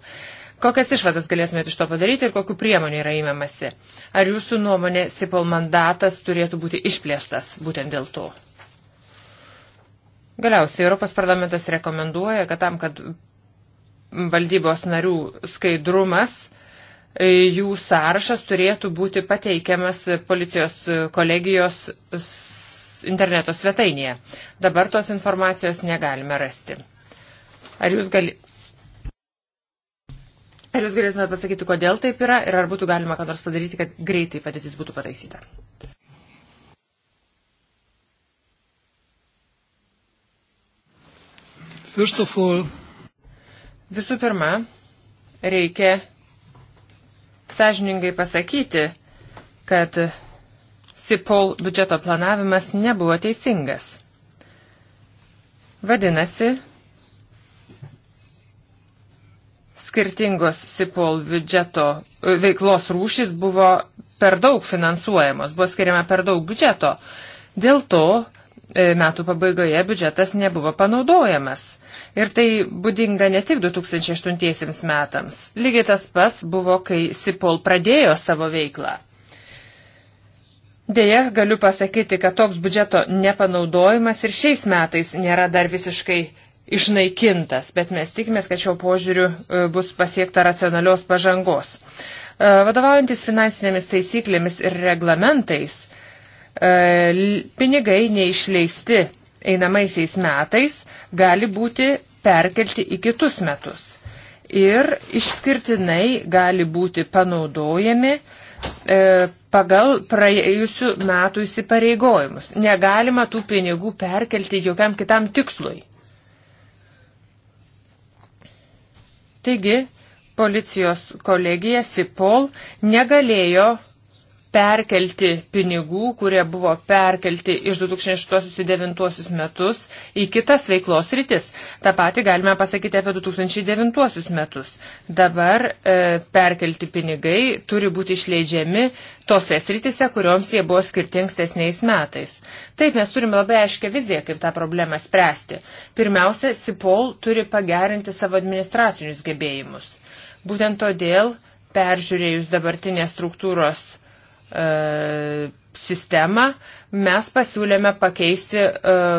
Speaker 3: Kokias išvadas galėtumėte iš to padaryti ir kokiu priemonių yra įmamasi? Ar jūsų nuomonė SIPOL mandatas turėtų būti išplėstas būtent dėl to? Galiausiai Europos parlamentas rekomenduoja, kad tam, kad valdybos narių skaidrumas, e, jų sąrašas turėtų būti pateikiamas policijos kolegijos interneto svetainėje. Dabar tos informacijos negalime rasti. Ar jūs, gali... ar jūs galėtumėte pasakyti, kodėl taip yra ir ar būtų galima ką nors padaryti, kad greitai padėtis būtų pataisyta? First of all, Visų pirma, reikia sąžiningai pasakyti, kad SIPOL biudžeto planavimas nebuvo teisingas. Vadinasi, skirtingos SIPOL biudžeto e, veiklos rūšis buvo per daug finansuojamos, buvo skiriama per daug biudžeto. Dėl to e, metų pabaigoje biudžetas nebuvo panaudojamas. Ir tai būdinga ne tik 2008 metams. Lygiai tas pats buvo, kai Sipol pradėjo savo veiklą. Deja, galiu pasakyti, kad toks biudžeto nepanaudojimas ir šiais metais nėra dar visiškai išnaikintas, bet mes tikimės, kad šio požiūriu e, bus pasiekta racionalios pažangos. E, vadovaujantis finansinėmis taisyklėmis ir reglamentais, e, pinigai neišleisti einamaisiais metais gali būti perkelti į kitus metus. Ir išskirtinai gali būti panaudojami e, pagal praėjusių metų įsipareigojimus. Negalima tų pinigų perkelti jokiam kitam tikslui. Taigi, policijos kolegija Sipol negalėjo perkelti pinigų, kurie buvo perkelti iš 2008-2009 metus į kitas veiklos rytis. Ta pati galime pasakyti apie 2009 metus. Dabar e, perkelti pinigai turi būti išleidžiami tose sritise, kurioms jie buvo skirti ankstesniais metais. Taip, mes turime labai aiškę viziją, kaip tą problemą spręsti. Pirmiausia, SIPOL turi pagerinti savo administracinius gebėjimus. Būtent todėl, peržiūrėjus dabartinės struktūros E, sistemą mes pasiūlėme pakeisti e,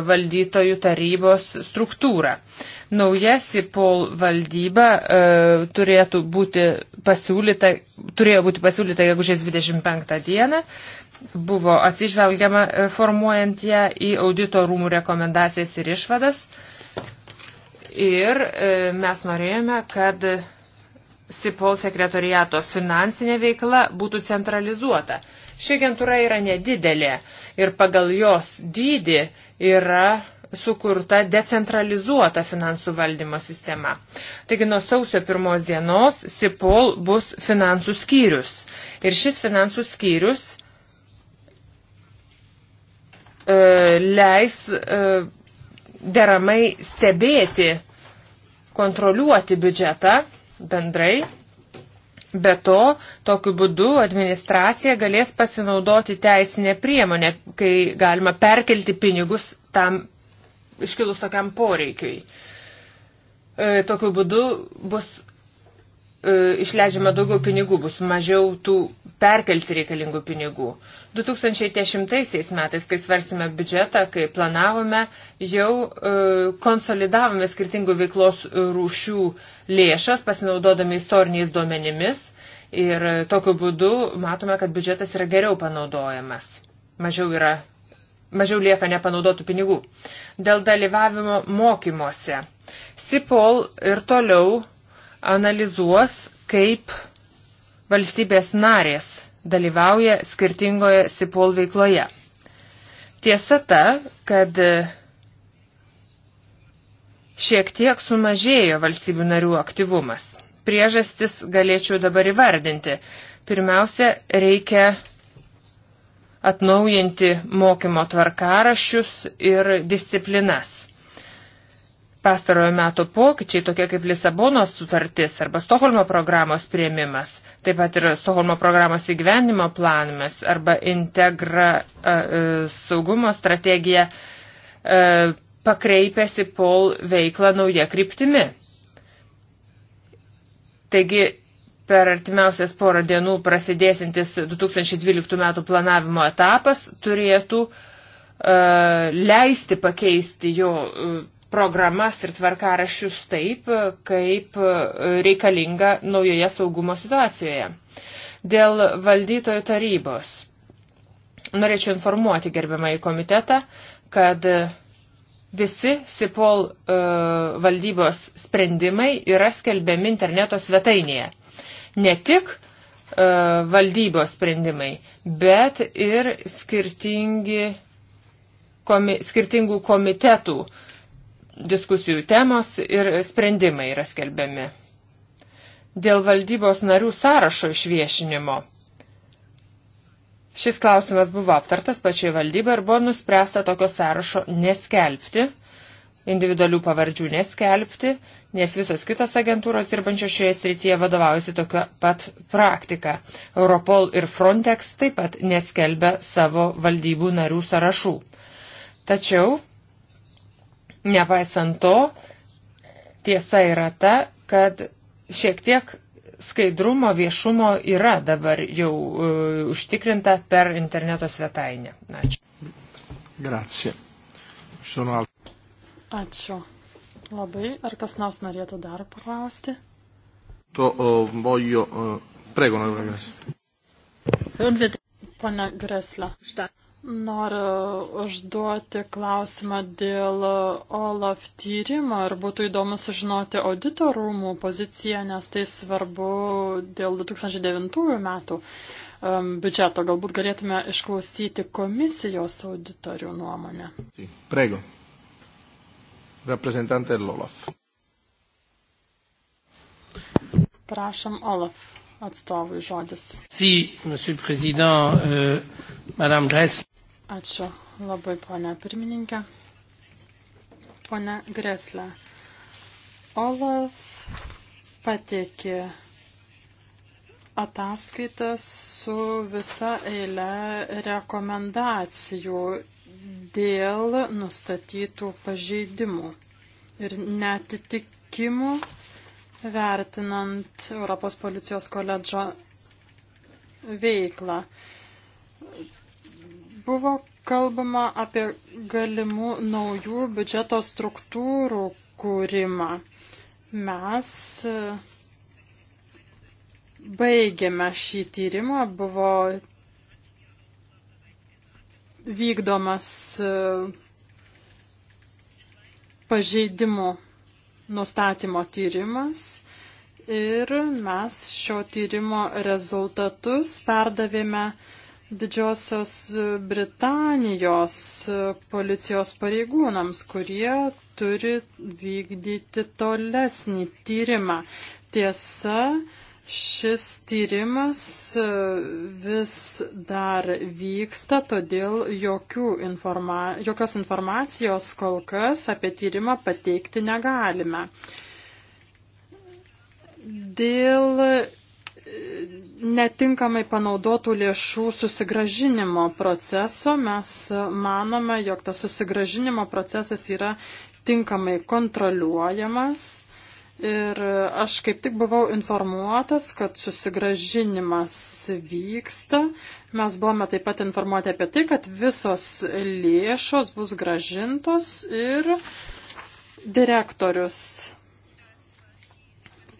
Speaker 3: valdytojų tarybos struktūrą. Nauja SIPOL valdyba e, turėtų būti pasiūlyta, turėjo būti pasiūlyta gegužės 25 dieną. Buvo atsižvelgiama formuojant ją į audito rūmų rekomendacijas ir išvadas. Ir mes norėjome, kad SIPOL sekretoriato finansinė veikla būtų centralizuota. Ši agentūra yra nedidelė ir pagal jos dydį yra sukurta decentralizuota finansų valdymo sistema. Taigi nuo sausio pirmos dienos SIPOL bus finansų skyrius. Ir šis finansų skyrius e, leis e, deramai stebėti, kontroliuoti biudžetą bendrai. Be to, tokiu būdu administracija galės pasinaudoti teisinę priemonę, kai galima perkelti pinigus tam iškilus tokiam poreikiui. E, tokiu būdu bus E, išleidžiama daugiau pinigų, bus mažiau tų perkelti reikalingų pinigų. 2010 metais, kai svarsime biudžetą, kai planavome, jau e, konsolidavome skirtingų veiklos rūšių lėšas, pasinaudodami istoriniais duomenimis ir tokiu būdu matome, kad biudžetas yra geriau panaudojamas. Mažiau yra. Mažiau lieka nepanaudotų pinigų. Dėl dalyvavimo mokymuose. SIPOL ir toliau analizuos, kaip valstybės narės dalyvauja skirtingoje SIPOL veikloje. Tiesa ta, kad šiek tiek sumažėjo valstybių narių aktyvumas. Priežastis galėčiau dabar įvardinti. Pirmiausia, reikia atnaujinti mokymo tvarkarašius ir disciplinas pastarojo meto pokyčiai, tokie kaip Lisabonos sutartis arba Stoholmo programos prieimimas, taip pat ir Stoholmo programos įgyvenimo planimas arba integra uh, saugumo strategija uh, pakreipėsi pol veiklą nauja kryptimi. Taigi per artimiausias porą dienų prasidėsintis 2012 metų planavimo etapas turėtų uh, leisti pakeisti jo uh, programas ir tvarkarašius taip, kaip e, reikalinga naujoje saugumo situacijoje. Dėl valdytojų tarybos. Norėčiau informuoti gerbiamą į komitetą, kad visi SIPOL uh, valdybos sprendimai yra skelbiami interneto svetainėje. Ne tik uh, valdybos sprendimai, bet ir skirtingi, komi, skirtingų komitetų uh, diskusijų temos ir sprendimai yra skelbiami. Dėl valdybos narių sąrašo išviešinimo. Šis klausimas buvo aptartas pačiai valdybai ir buvo nuspręsta tokio sąrašo neskelbti, individualių pavardžių neskelbti, nes visos kitos agentūros dirbančios šioje srityje vadovaujasi tokia pat praktika. Europol ir Frontex taip pat neskelbia savo valdybų narių sąrašų. Tačiau Nepaisant to, tiesa yra ta, kad šiek tiek skaidrumo, viešumo yra dabar jau uh, užtikrinta per interneto svetainę.
Speaker 2: Ačiū. Grazie. Žinau.
Speaker 1: Ačiū. Labai. Ar kas nors norėtų dar paklausti?
Speaker 2: To o, voglio. O, prego, norėtų.
Speaker 1: Pone Greslė. Noriu užduoti klausimą dėl OLAF tyrimo ir būtų įdomu sužinoti audito rūmų poziciją, nes tai svarbu dėl 2009 metų um, biudžeto. Galbūt galėtume išklausyti komisijos auditorių nuomonę.
Speaker 2: Prego. Reprezentantė OLAF.
Speaker 1: Prašom, OLAF atstovui žodis.
Speaker 2: Si, monsieur le président,
Speaker 1: euh,
Speaker 3: madame Gressler.
Speaker 1: Ačiū labai, ponia pirmininkė. Pone Greslė, Olaf pateikė ataskaitą su visa eile rekomendacijų dėl nustatytų pažeidimų ir netitikimų vertinant Europos policijos koledžo veiklą. Buvo kalbama apie galimų naujų biudžeto struktūrų kūrimą. Mes e, baigėme šį tyrimą, buvo vykdomas e, pažeidimų nustatymo tyrimas ir mes šio tyrimo rezultatus perdavėme uh, Didžiosios Britanijos policijos pareigūnams, kurie turi vykdyti tolesnį tyrimą. Tiesa, Šis tyrimas e, vis dar vyksta, todėl informa jokios informacijos kol kas apie tyrimą pateikti negalime. Dėl netinkamai panaudotų lėšų susigražinimo proceso. Mes manome, jog tas susigražinimo procesas yra tinkamai kontroliuojamas. Ir aš kaip tik buvau informuotas, kad susigražinimas vyksta. Mes buvome taip pat informuoti apie tai, kad visos lėšos bus gražintos ir direktorius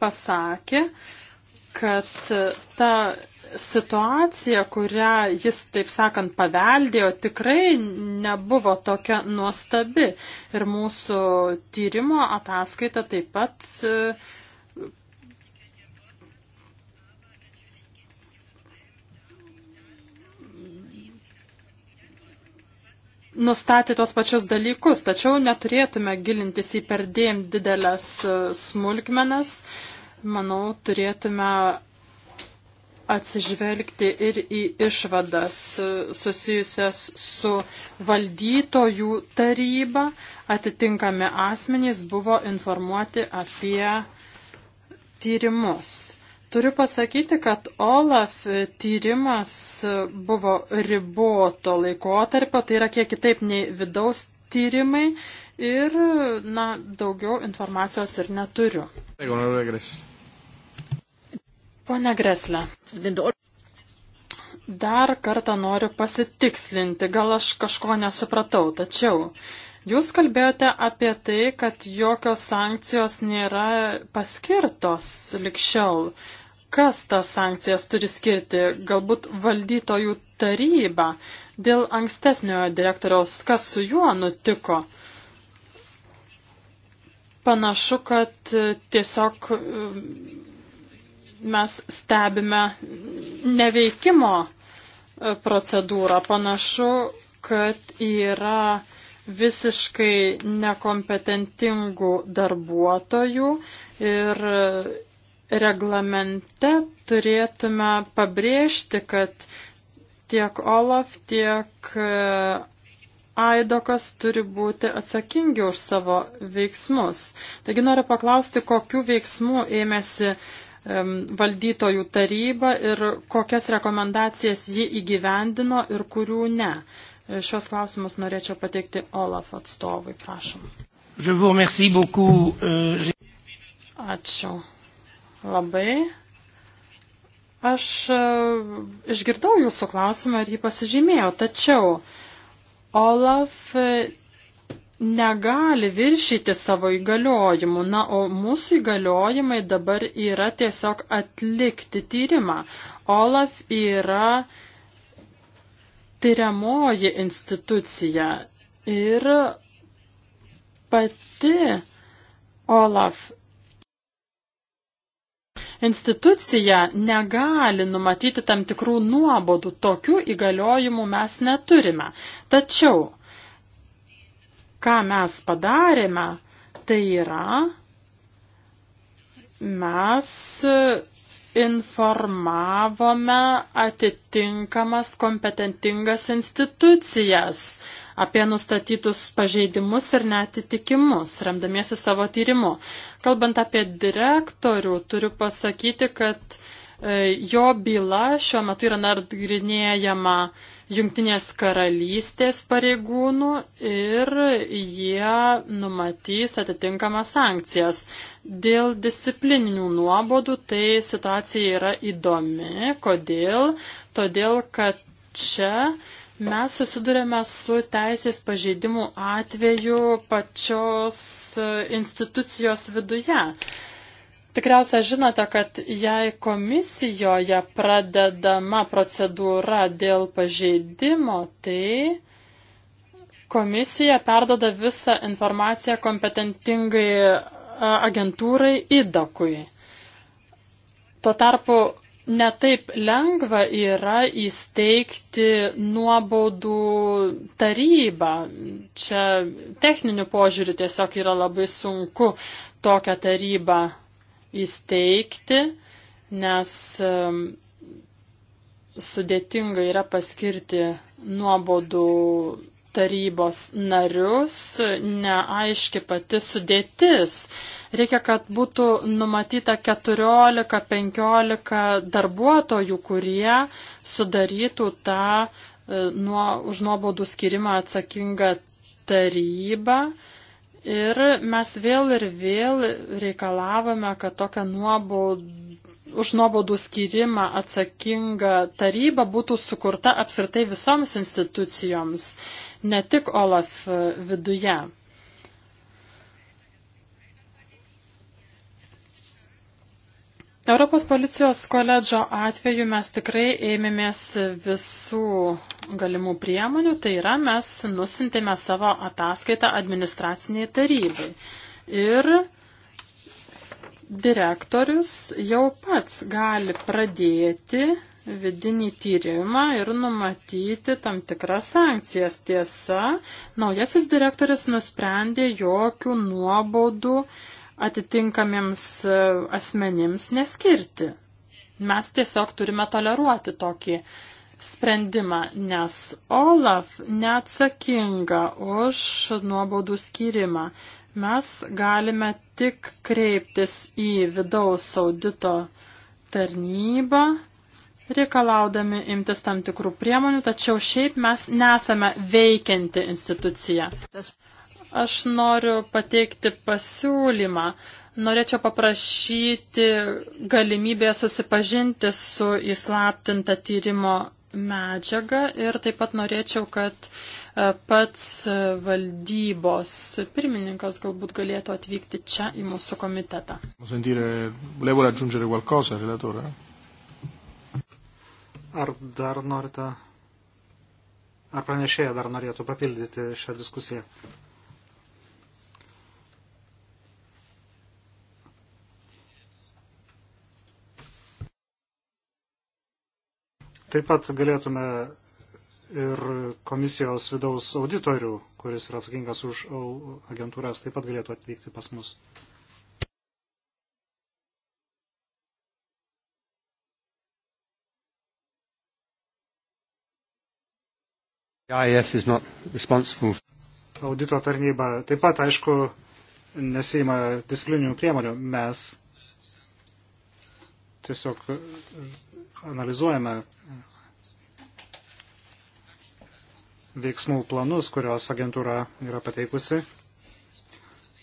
Speaker 1: pasakė, kad ta situacija, kurią jis, taip sakant, paveldėjo, tikrai nebuvo tokia nuostabi. Ir mūsų tyrimo ataskaita taip pat e, nustatė tos pačius dalykus, tačiau neturėtume gilintis į perdėm didelės e, smulkmenas. Uh, manau, turėtume atsižvelgti ir į išvadas susijusias su valdytojų taryba. Atitinkami asmenys buvo informuoti apie tyrimus. Turiu pasakyti, kad OLAF tyrimas buvo riboto laikotarpio, tai yra kiek kitaip nei vidaus tyrimai ir, na, daugiau informacijos ir neturiu.
Speaker 2: Jeigu noriu regresį.
Speaker 1: Pone Greslė. Dar kartą noriu pasitikslinti, gal aš kažko nesupratau, tačiau jūs kalbėjote apie tai, kad jokios sankcijos nėra paskirtos likščiau. Kas tas sankcijas turi skirti? Galbūt valdytojų taryba dėl ankstesniojo direktoriaus, kas su juo nutiko? Panašu, kad tiesiog mes stebime neveikimo e, procedūrą. Panašu, kad yra visiškai nekompetentingų darbuotojų ir e, reglamente turėtume pabrėžti, kad tiek Olaf, tiek e, Aidokas turi būti atsakingi už savo veiksmus. Taigi noriu paklausti, kokiu veiksmu ėmėsi valdytojų taryba ir kokias rekomendacijas ji įgyvendino ir kurių ne. E, šios klausimus norėčiau pateikti Olaf atstovui, prašom. Euh, Ačiū labai. Aš e, išgirdau jūsų klausimą ir jį pasižymėjau, tačiau Olaf e, negali viršyti savo įgaliojimų. Na, o mūsų įgaliojimai dabar yra tiesiog atlikti tyrimą. Olaf yra tyriamoji institucija ir pati Olaf institucija negali numatyti tam tikrų nuobodų, tokių įgaliojimų mes neturime. Tačiau ką mes padarėme, tai yra mes informavome atitinkamas kompetentingas institucijas apie nustatytus pažeidimus ir netitikimus, remdamiesi savo tyrimu. Kalbant apie direktorių, turiu pasakyti, kad e, jo byla šiuo metu yra nagrinėjama uh, Jungtinės karalystės pareigūnų ir jie numatys atitinkamas sankcijas. Dėl disciplininių nuobodų tai situacija yra įdomi. Kodėl? Todėl, kad čia mes susidurėme su teisės pažeidimų atveju pačios institucijos viduje. Tikriausiai žinote, kad jei komisijoje pradedama procedūra dėl pažeidimo, tai komisija perdoda visą informaciją kompetentingai agentūrai įdakui. Tuo tarpu netaip lengva yra įsteigti nuobaudų tarybą. Čia techniniu požiūriu tiesiog yra labai sunku tokią tarybą įsteigti, nes sudėtinga yra paskirti nuobodų tarybos narius, neaiški pati sudėtis. Reikia, kad būtų numatyta 14-15 darbuotojų, kurie sudarytų tą e, nuo, už nuobodų skirimą atsakingą tarybą. Ir mes vėl ir vėl reikalavome, kad tokia nuobauda už nuobaudų skirimą atsakinga taryba būtų sukurta apskritai visoms institucijoms, ne tik OLAF viduje. Europos policijos koledžo atveju mes tikrai ėmėmės visų galimų priemonių, tai yra mes nusintėme savo ataskaitą administraciniai tarybai. Ir direktorius jau pats gali pradėti vidinį tyrimą ir numatyti tam tikras sankcijas. Tiesa, naujasis direktorius nusprendė jokių nuobaudų uh, atitinkamiems e, asmenims neskirti. Mes tiesiog turime toleruoti tokį sprendimą, nes Olaf neatsakinga už nuobaudų skyrimą. Mes galime tik kreiptis į vidaus audito tarnybą, reikalaudami imtis tam tikrų priemonių, tačiau šiaip mes nesame veikianti institucija. Aš noriu pateikti pasiūlymą. Norėčiau paprašyti galimybę susipažinti su įslaptinta tyrimo medžiaga ir taip pat norėčiau, kad e, pats valdybos pirmininkas galbūt galėtų atvykti čia į mūsų komitetą.
Speaker 2: Eh, eh.
Speaker 5: Ar dar norite, ar pranešėja dar norėtų papildyti šią diskusiją? Taip pat galėtume ir komisijos vidaus auditorių, kuris yra atsakingas už agentūras, taip pat galėtų atvykti pas mus. Audito tarnyba taip pat, aišku, nesima disciplininių priemonių. Mes tiesiog analizuojame veiksmų planus, kurios agentūra yra pateikusi,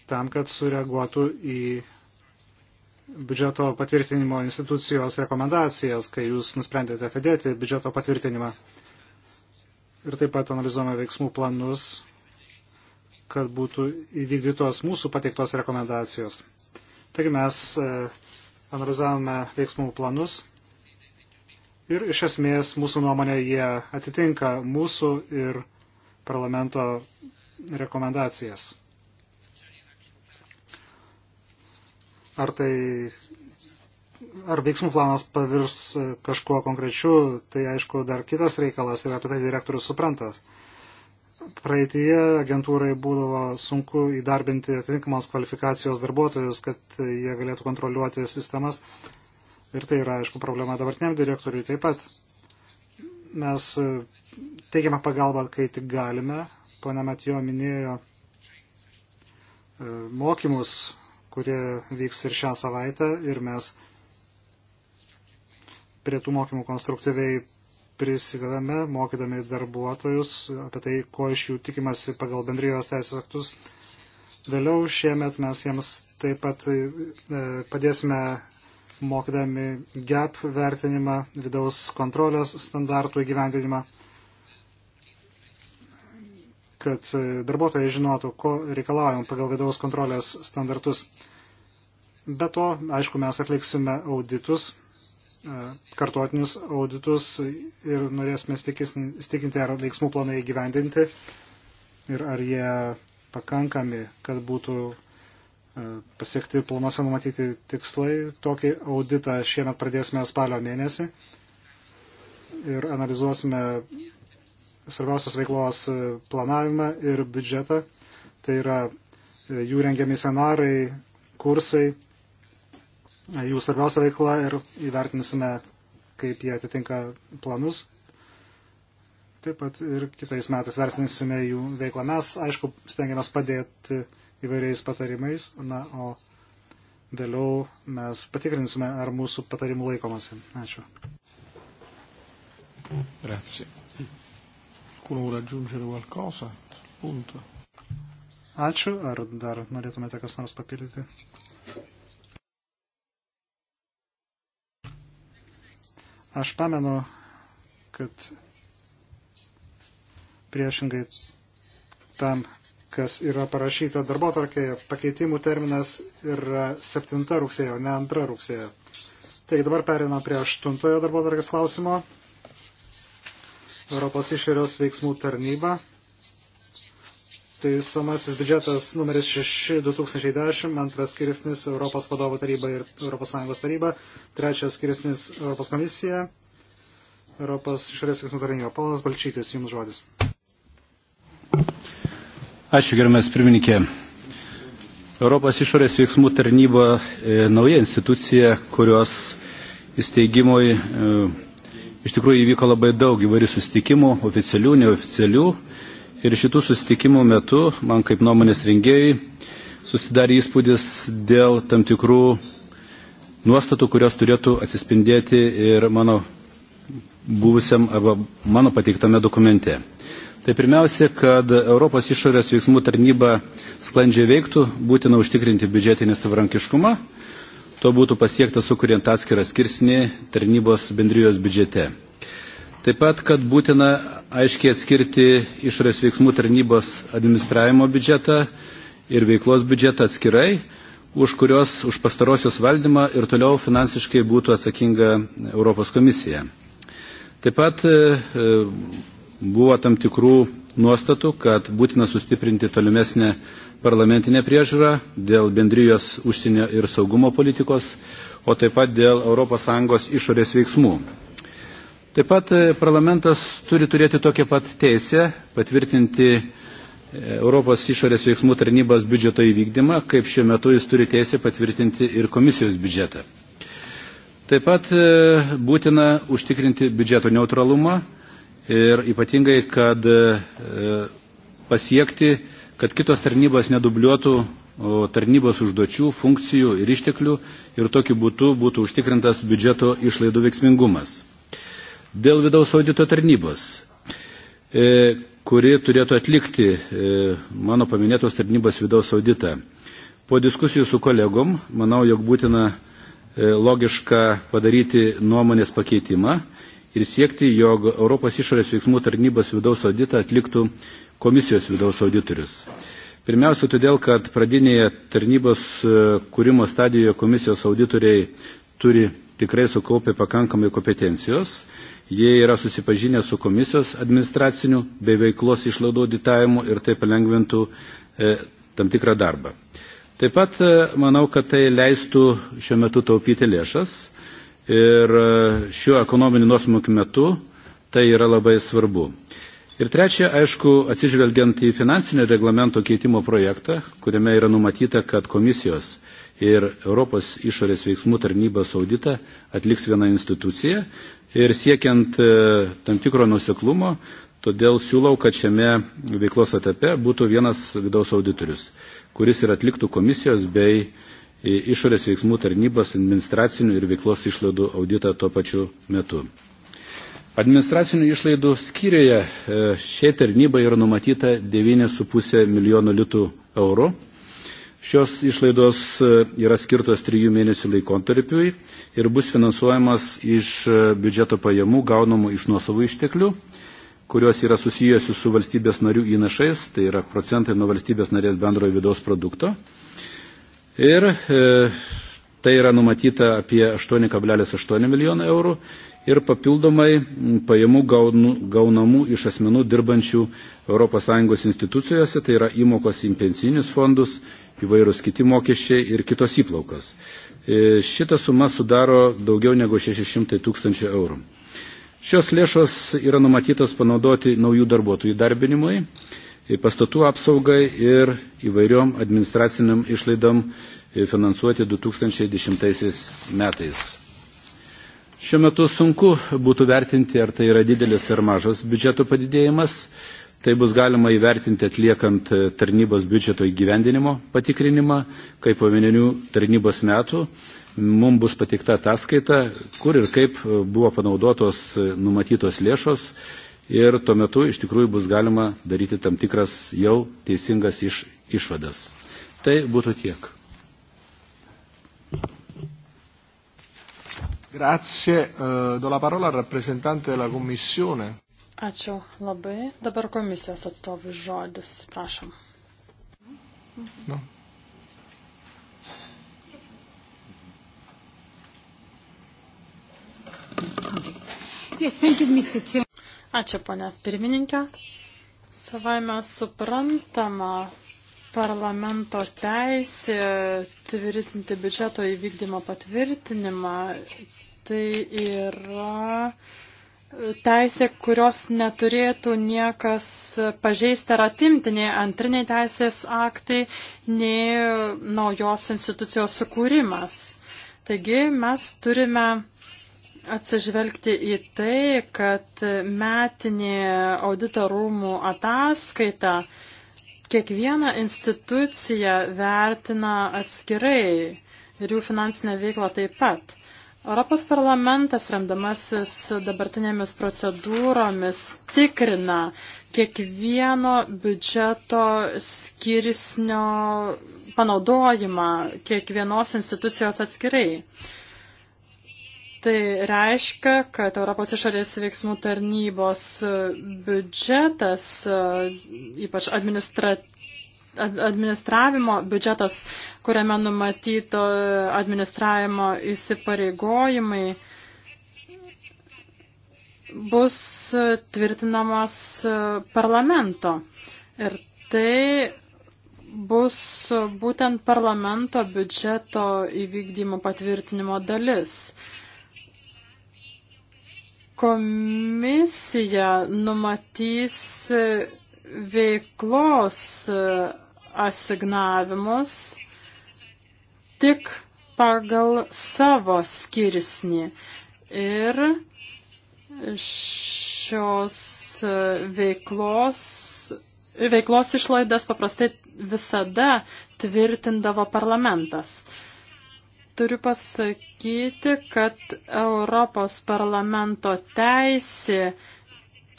Speaker 5: tam, kad sureaguotų į biudžeto patvirtinimo institucijos rekomendacijas, kai jūs nusprendėte atidėti biudžeto patvirtinimą. Ir taip pat analizuojame veiksmų planus, kad būtų įvykdytos mūsų pateiktos rekomendacijos. Taigi mes e, analizavome veiksmų planus ir iš esmės mūsų nuomonė jie atitinka mūsų ir parlamento rekomendacijas. Ar tai, ar veiksmų planas pavirs kažkuo konkrečiu, tai aišku dar kitas reikalas ir apie tai direktorius supranta. Praeitie agentūrai būdavo sunku įdarbinti atitinkamos kvalifikacijos darbuotojus, kad jie galėtų kontroliuoti sistemas. Ir tai yra, aišku, problema dabartiniam direktoriui taip pat. Mes e, teikiame pagalbą, kai tik galime. Pone Matijo minėjo e, mokymus, kurie vyks ir šią savaitę ir mes prie tų mokymų konstruktyviai prisidedame, mokydami darbuotojus apie tai, ko iš jų tikimasi pagal bendrijos teisės aktus. Vėliau šiemet mes jiems taip pat e, padėsime mokydami GAP vertinimą, vidaus kontrolės standartų įgyvendinimą, kad e, darbuotojai žinotų, ko reikalaujam pagal vidaus kontrolės standartus. Be to, aišku, mes atliksime auditus, e, kartotinius auditus ir norėsime stikinti, ar veiksmų planai įgyvendinti ir ar jie pakankami, kad būtų pasiekti planuose numatyti tikslai. Tokį auditą šiemet pradėsime spalio mėnesį ir analizuosime svarbiausios veiklos planavimą ir biudžetą. Tai yra e, jų rengiami senarai, kursai, e, jų svarbiausia veikla ir įvertinsime, kaip jie atitinka planus. Taip pat ir kitais metais vertinsime jų veiklą. Mes, aišku, stengiamės padėti įvairiais patarimais, na, o vėliau mes patikrinsime, ar mūsų patarimų laikomasi. Ačiū. Grazie. Qualcuno vuole aggiungere qualcosa? Punto. Ačiū. Ar dar norėtumėte kas nors papildyti? Aš pamenu, kad priešingai tam, kas yra parašyta darbo tarkėje. Pakeitimų terminas yra 7 rugsėjo, ne 2 rugsėjo. Taigi dabar perinam prie 8 darbo tarkės klausimo. Europos išėrios veiksmų tarnyba. Tai somasis biudžetas numeris 6 2010, antras skirsnis Europos vadovų taryba ir ES taryba, trečias skirsnis Europos komisija, Europos išorės veiksmų taryba. Ponas Balčytis, jums žodis.
Speaker 4: Ačiū, gerbiamas pirmininkė. Europos išorės veiksmų tarnyba e, nauja institucija, kurios įsteigimui e, iš tikrųjų įvyko labai daug įvairių susitikimų, oficialių, neoficialių. Ir šitų susitikimų metu, man kaip nuomonės rengėjai, susidarė įspūdis dėl tam tikrų nuostatų, kurios turėtų atsispindėti ir mano buvusiam arba mano pateiktame dokumente. Tai pirmiausia, kad Europos išorės veiksmų tarnyba sklandžiai veiktų, būtina užtikrinti biudžetinį savarankiškumą. To būtų pasiekta sukuriant atskirą skirsnį tarnybos bendrijos biudžete. Taip pat, kad būtina aiškiai atskirti išorės veiksmų tarnybos administravimo biudžetą ir veiklos biudžetą atskirai, už kurios už pastarosios valdymą ir toliau finansiškai būtų atsakinga Europos komisija. Taip pat e, e, buvo tam tikrų nuostatų, kad būtina sustiprinti tolimesnę parlamentinę priežiūrą dėl bendrijos užsienio ir saugumo politikos, o taip pat dėl ES išorės veiksmų. Taip pat e, parlamentas turi turėti tokią pat teisę patvirtinti e, Europos išorės veiksmų tarnybos biudžeto įvykdymą, kaip šiuo metu jis turi teisę patvirtinti ir komisijos biudžetą. Taip pat e, būtina užtikrinti biudžeto neutralumą ir ypatingai, kad e, pasiekti, kad kitos tarnybos nedubliuotų tarnybos užduočių, funkcijų ir išteklių ir tokiu būtų būtų užtikrintas biudžeto išlaidų veiksmingumas. Dėl vidaus audito tarnybos, e, kuri turėtų atlikti e, mano paminėtos tarnybos vidaus auditą. Po diskusijų su kolegom, manau, jog būtina logiška padaryti nuomonės pakeitimą ir siekti, jog Europos išorės veiksmų tarnybos vidaus auditą atliktų komisijos vidaus auditorius. Pirmiausia, todėl, kad pradinėje tarnybos e, kūrimo stadijoje komisijos auditoriai turi tikrai sukaupę pakankamai kompetencijos. Jie yra susipažinę su komisijos administraciniu bei veiklos išlaidų auditavimu ir tai palengvintų e, tam tikrą darbą. Taip pat e, manau, kad tai leistų šiuo metu taupyti lėšas ir e, šiuo ekonominiu nuosmukiu metu tai yra labai svarbu. Ir trečia, aišku, atsižvelgiant į finansinio reglamento keitimo projektą, kuriame yra numatyta, kad komisijos ir Europos išorės veiksmų tarnybos auditą atliks viena institucija ir siekiant e, tam tikro nuseklumo, todėl siūlau, kad šiame veiklos etape būtų vienas vidaus auditorius, kuris ir atliktų komisijos bei išorės veiksmų tarnybos administracinių ir veiklos išlaidų auditą tuo pačiu metu. Administracinių išlaidų skyriuje e, šiai tarnybai yra numatyta 9,5 milijono litų eurų. Šios išlaidos e, yra skirtos trijų mėnesių laikotarpiui ir bus finansuojamas iš e, biudžeto pajamų gaunamų iš nuosavų išteklių, kurios yra susijusios su valstybės narių įnašais, tai yra procentai nuo valstybės narės bendrojo vidaus produkto. Ir e, tai yra numatyta apie 8,8 milijoną eurų ir papildomai pajamų gaunamų iš asmenų dirbančių ES institucijose, tai yra įmokos į pensinius fondus, įvairūs kiti mokesčiai ir kitos įplaukos. E, šita suma sudaro daugiau negu 600 tūkstančių eurų. Šios lėšos yra numatytos panaudoti naujų darbuotojų darbinimui pastatų apsaugai ir įvairiom administraciniam išlaidom e, finansuoti 2010 metais. Šiuo metu sunku būtų vertinti, ar tai yra didelis ar mažas biudžeto padidėjimas. Tai bus galima įvertinti atliekant e, tarnybos biudžeto įgyvendinimo patikrinimą, kaip po vienerių tarnybos metų mums bus patikta ataskaita, kur ir kaip e, buvo panaudotos numatytos lėšos ir tuo metu iš tikrųjų bus galima daryti tam tikras jau teisingas iš, išvadas. Tai būtų tiek.
Speaker 2: Grazie. Uh, do la parola al rappresentante della Commissione.
Speaker 1: Ačiū labai. Dabar komisijos atstovų žodis. Prašom. No. Yes, thank you, Mr. Chair. Ačiū, ponė pirmininkė. Savaime suprantama, parlamento teisė tvirtinti biudžeto įvykdymo patvirtinimą, tai yra teisė, kurios neturėtų niekas pažeisti ar atimti, nei antriniai teisės aktai, nei naujos institucijos sukūrimas. Taigi mes turime atsižvelgti į tai, kad metinė audito rūmų ataskaita kiekvieną instituciją vertina atskirai ir jų finansinę veiklą taip pat. Europos parlamentas, remdamasis dabartinėmis procedūromis, tikrina kiekvieno biudžeto skirsnio panaudojimą kiekvienos institucijos atskirai. Tai reiškia, kad Europos išorės veiksmų tarnybos e, biudžetas, e, ypač administratyvus, administravimo biudžetas, kuriame numatyto e, administravimo įsipareigojimai, bus tvirtinamas parlamento. Ir tai bus būtent parlamento biudžeto įvykdymo patvirtinimo dalis. Komisija numatys e, veiklos e, asignavimus tik pagal savo skirsnį ir šios e, veiklos, veiklos išlaidas paprastai visada tvirtindavo parlamentas. Turiu pasakyti, kad Europos parlamento teisė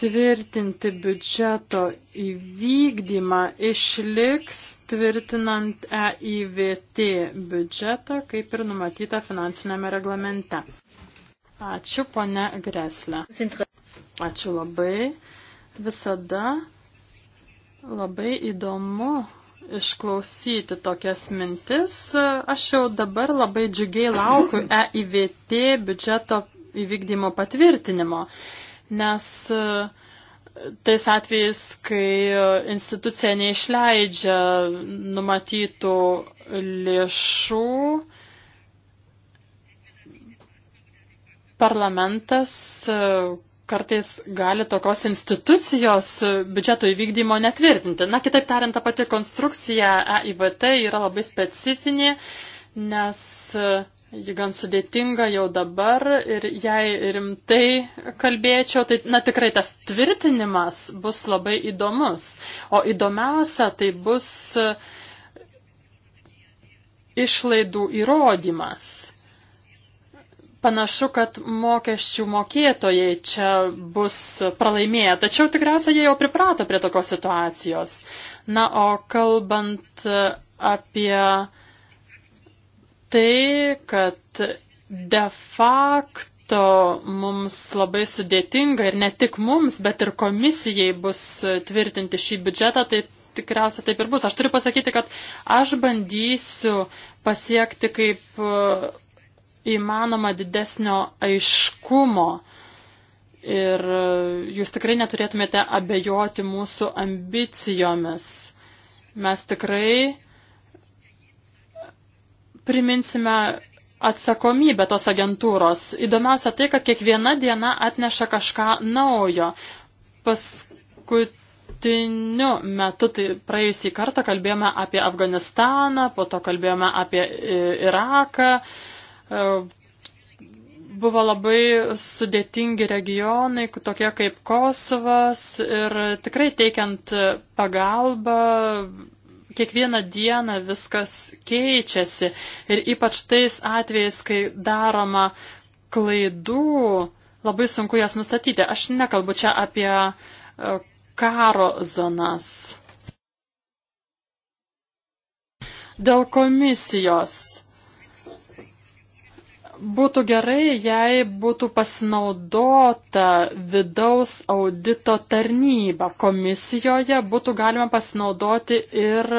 Speaker 1: tvirtinti biudžeto įvykdymą išliks tvirtinant EIVT biudžetą, kaip ir numatyta finansinėme reglamente. Ačiū, ponė Greslė. Ačiū labai. Visada labai įdomu išklausyti tokias mintis. Aš jau dabar labai džiugiai laukiu EIVT biudžeto įvykdymo patvirtinimo, nes e, tais atvejais, kai institucija neišleidžia numatytų lėšų, parlamentas e, kartais gali tokios institucijos biudžeto įvykdymo netvirtinti. Na, kitaip tariant, ta pati konstrukcija EIVT yra labai specifinė, nes e, ji gan sudėtinga jau dabar ir jei rimtai kalbėčiau, tai na, tikrai tas tvirtinimas bus labai įdomus. O įdomiausia tai bus e, išlaidų įrodymas. Panašu, kad mokesčių mokėtojai čia bus pralaimėję, tačiau tikriausiai jie jau priprato prie tokios situacijos. Na, o kalbant apie tai, kad de facto mums labai sudėtinga ir ne tik mums, bet ir komisijai bus tvirtinti šį biudžetą, tai tikriausiai taip ir bus. Aš turiu pasakyti, kad aš bandysiu pasiekti kaip įmanoma didesnio aiškumo. Ir e, jūs tikrai neturėtumėte abejoti mūsų ambicijomis. Mes tikrai priminsime atsakomybę tos agentūros. Įdomiausia tai, kad kiekviena diena atneša kažką naujo. Paskutiniu metu, tai praėjusį kartą kalbėjome apie Afganistaną, po to kalbėjome apie e, Iraką. Ir E, buvo labai sudėtingi regionai, tokie kaip Kosovas ir tikrai teikiant pagalbą. Kiekvieną dieną viskas keičiasi ir ypač tais atvejais, kai daroma klaidų, labai sunku jas nustatyti. Aš nekalbu čia apie e, karo zonas. Dėl komisijos Būtų gerai, jei būtų pasinaudota vidaus audito tarnyba. Komisijoje būtų galima pasinaudoti ir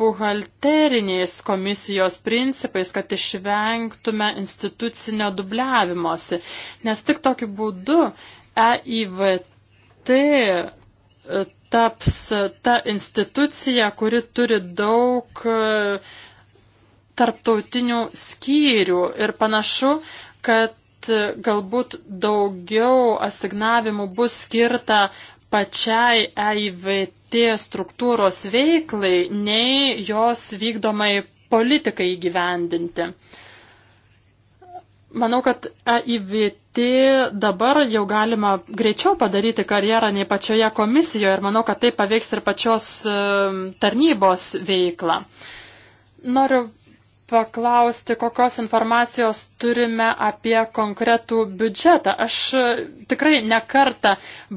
Speaker 1: buhalteriniais komisijos principais, kad išvengtume institucinio dubliavimuose. Nes tik tokiu būdu EIVT e, taps ta institucija, kuri turi daug e, tarptautinių skyrių ir panašu, kad galbūt daugiau asignavimų bus skirta pačiai EIVT struktūros veiklai, nei jos vykdomai politikai įgyvendinti. Manau, kad EIVT dabar jau galima greičiau padaryti karjerą nei pačioje komisijoje ir manau, kad tai paveiks ir pačios tarnybos veiklą. Noriu paklausti, kokios informacijos turime apie konkretų biudžetą. Aš e, tikrai nekartą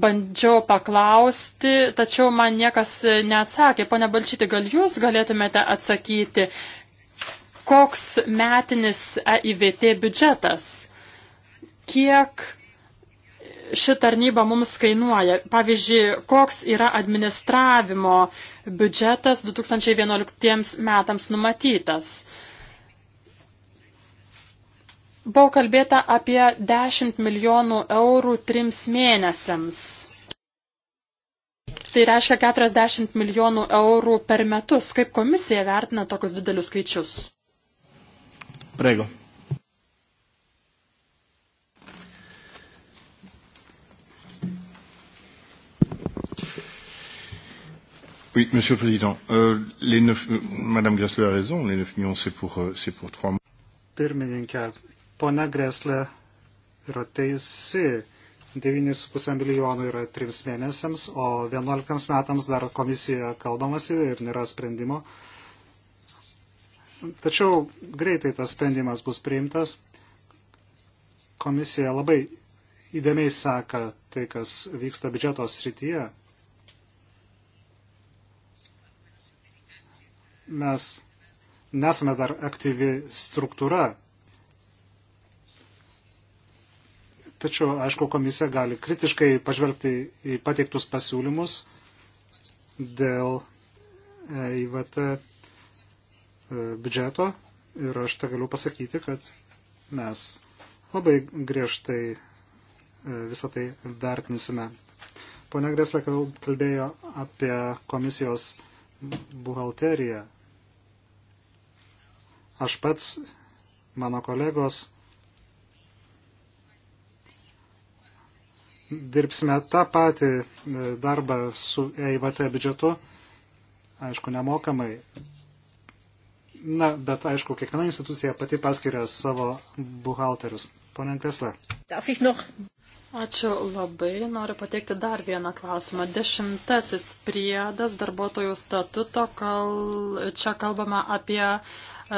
Speaker 1: bandžiau paklausti, tačiau man niekas e, neatsakė. Pone Balčyti, gal jūs galėtumėte atsakyti, koks metinis EIVT biudžetas? Kiek ši tarnyba mums kainuoja? Pavyzdžiui, koks yra administravimo biudžetas 2011 metams numatytas? Buvo kalbėta apie 10 milijonų eurų trims mėnesiams. Tai reiškia 40 milijonų eurų per metus. Kaip komisija vertina tokius didelius skaičius?
Speaker 2: Prego. Oui, Monsieur le Président, euh, les 9, euh, Madame Gressler a raison, les 9 millions c'est pour, euh, pour 3 mois.
Speaker 5: Pirmininkė, Pone Greslė yra teisi. 9,5 milijonų yra 3 mėnesiams, o 11 metams dar komisija kalbamasi ir nėra sprendimo. Tačiau greitai tas sprendimas bus priimtas. Komisija labai įdėmiai seka tai, kas vyksta biudžeto srityje. Mes nesame dar aktyvi struktūra Tačiau, aišku, komisija gali kritiškai pažvelgti į pateiktus pasiūlymus dėl e, IVT e, biudžeto ir aš te galiu pasakyti, kad mes labai griežtai e, visą tai vertinsime. Pone Greslė kalbėjo apie komisijos buhalteriją. Aš pats, mano kolegos dirbsime tą patį darbą su EIVT biudžetu, aišku, nemokamai. Na, bet aišku, kiekviena institucija pati paskiria savo buhalterius. Pone Kresla.
Speaker 1: Ačiū labai. Noriu pateikti dar vieną klausimą. Dešimtasis priedas darbuotojų statuto. Kal... Čia kalbama apie uh,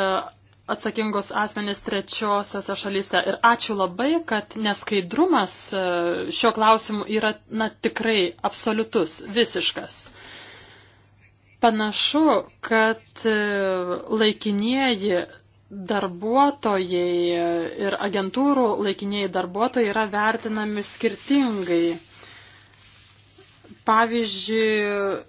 Speaker 1: atsakingus asmenis trečiosiose šalyse. Ir ačiū labai, kad neskaidrumas e, šio klausimu yra na, tikrai absoliutus, visiškas. Panašu, kad e, laikinieji darbuotojai ir agentūrų laikinieji darbuotojai yra vertinami skirtingai. Pavyzdžiui,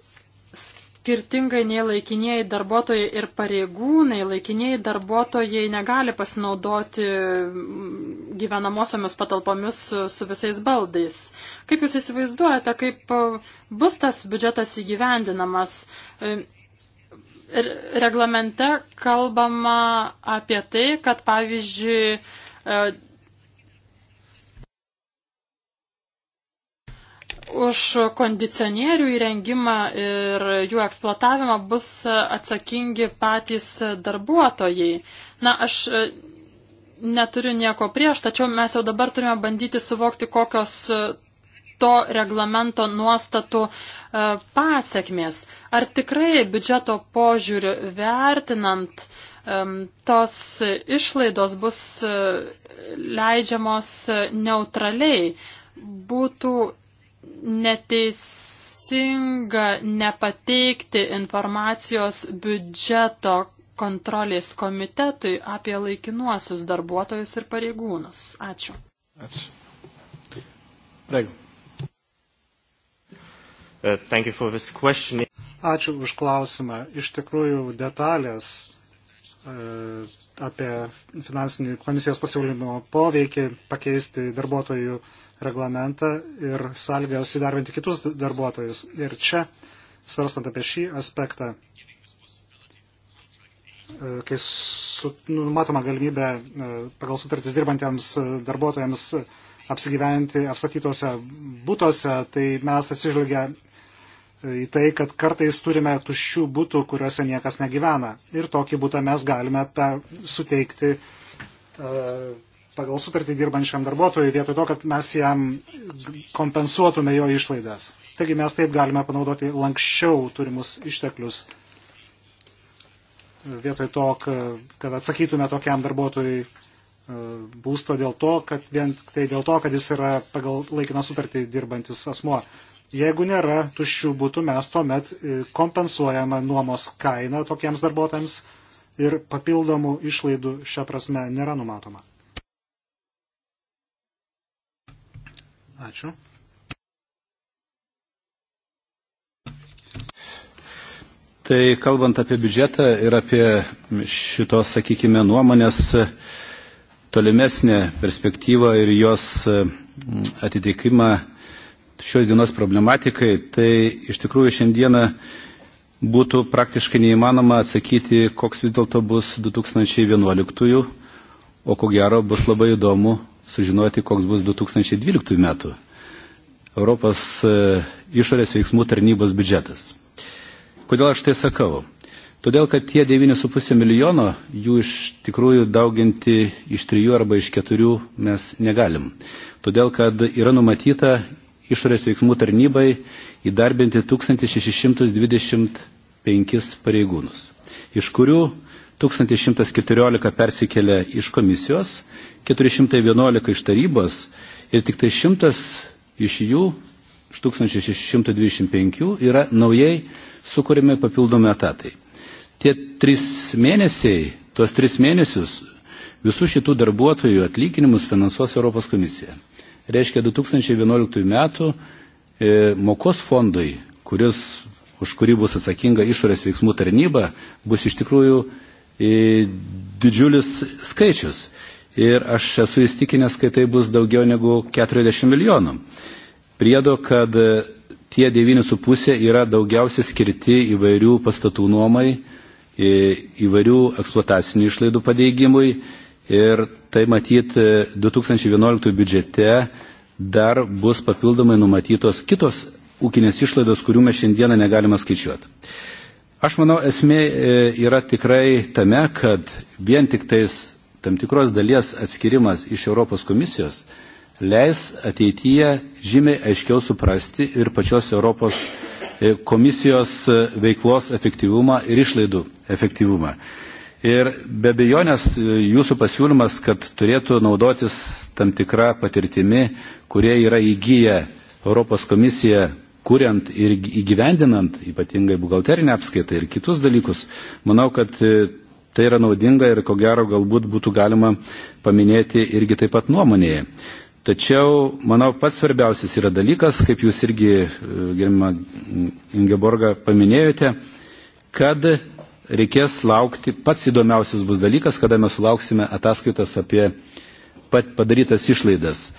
Speaker 1: skirtingai nei laikinieji darbuotojai ir pareigūnai, laikinieji darbuotojai negali pasinaudoti mm, gyvenamosiomis patalpomis su, su visais baldais. Kaip Jūs įsivaizduojate, kaip e, bus tas biudžetas įgyvendinamas? E, reglamente kalbama apie tai, kad pavyzdžiui, e, už kondicionierių įrengimą ir jų eksploatavimą bus atsakingi patys darbuotojai. Na, aš e, neturiu nieko prieš, tačiau mes jau dabar turime bandyti suvokti, kokios e, to reglamento nuostatų e, pasiekmės. Ar tikrai biudžeto požiūriu vertinant tos išlaidos bus leidžiamos neutraliai? Būtų neteisinga nepateikti informacijos biudžeto kontrolės komitetui apie laikinuosius darbuotojus ir pareigūnus. Ačiū.
Speaker 2: Ačiū.
Speaker 5: Prego. Uh, Ačiū už klausimą. Iš tikrųjų, detalės uh, apie finansinį komisijos pasiūlymo poveikį pakeisti darbuotojų uh, reglamentą ir sąlygas įdarbinti kitus darbuotojus. Ir čia, svarstant apie šį aspektą, e, kai su, nu, numatoma galimybė e, pagal sutartis dirbantiems darbuotojams apsigyventi apstatytose būtuose, tai mes atsižvelgia e, į tai, kad kartais turime tuščių būtų, kuriuose niekas negyvena. Ir tokį būtą mes galime suteikti uh, pagal sutartį dirbančiam darbuotojui, vietoj to, kad mes jam kompensuotume jo išlaidas. Taigi mes taip galime panaudoti lankščiau turimus išteklius, vietoj to, kad atsakytume tokiam darbuotojui e, būsto dėl to, kad vien tai dėl to, kad jis yra pagal laikiną sutartį dirbantis asmuo. Jeigu nėra tuščių būtų, mes tuomet e, kompensuojame nuomos kainą tokiems darbuotojams ir papildomų išlaidų šią prasme nėra numatoma. Ačiū.
Speaker 4: Tai kalbant apie biudžetą ir apie šitos, sakykime, nuomonės tolimesnę perspektyvą ir jos mm, atitikimą šios dienos problematikai, tai iš tikrųjų šiandieną būtų praktiškai neįmanoma atsakyti, koks vis dėlto bus 2011, o ko gero bus labai įdomu sužinoti, koks bus 2012 metų Europos e, išorės veiksmų tarnybos biudžetas. Kodėl aš tai sakau? Todėl, kad tie 9,5 milijono jų iš tikrųjų dauginti iš trijų arba iš keturių mes negalim. Todėl, kad yra numatyta išorės veiksmų tarnybai įdarbinti 1625 pareigūnus, iš kurių 1114 persikelia iš komisijos 411 iš tarybos ir tik tai 100 iš jų, iš 1625, yra naujai sukūrėme papildomi etatai. Tie trys mėnesiai, tuos tris mėnesius visų šitų darbuotojų atlyginimus finansuos Europos komisija. Reiškia 2011 metų e, mokos fondui, kuris, už kurį bus atsakinga išorės veiksmų tarnyba, bus iš tikrųjų e, didžiulis skaičius ir aš esu įstikinęs, kad tai bus daugiau negu 40 milijonų. Priedo, kad e, tie 9,5 yra daugiausiai skirti įvairių pastatų nuomai, e, įvairių eksploatacinių išlaidų padeigimui ir tai matyt 2011 e, biudžete dar bus papildomai numatytos kitos ūkinės išlaidos, kurių mes šiandieną negalime skaičiuoti. Aš manau, esmė yra tikrai tame, kad vien tik tais tam tikros dalies atskirimas iš Europos komisijos leis ateityje žymiai aiškiau suprasti ir pačios Europos e, komisijos e, veiklos efektyvumą ir išlaidų efektyvumą. Ir be bejonės e, jūsų pasiūlymas, kad turėtų naudotis tam tikra patirtimi, kurie yra įgyję Europos komisija kuriant ir įgyvendinant ypatingai buhalterinę apskaitą ir kitus dalykus, manau, kad Tai yra naudinga ir ko gero galbūt būtų galima paminėti irgi taip pat nuomonėje. Tačiau, manau, pats svarbiausias yra dalykas, kaip jūs irgi, e, gerima Ingeborga, paminėjote, kad reikės laukti, pats įdomiausias bus dalykas, kada mes sulauksime ataskaitos apie padarytas išlaidas.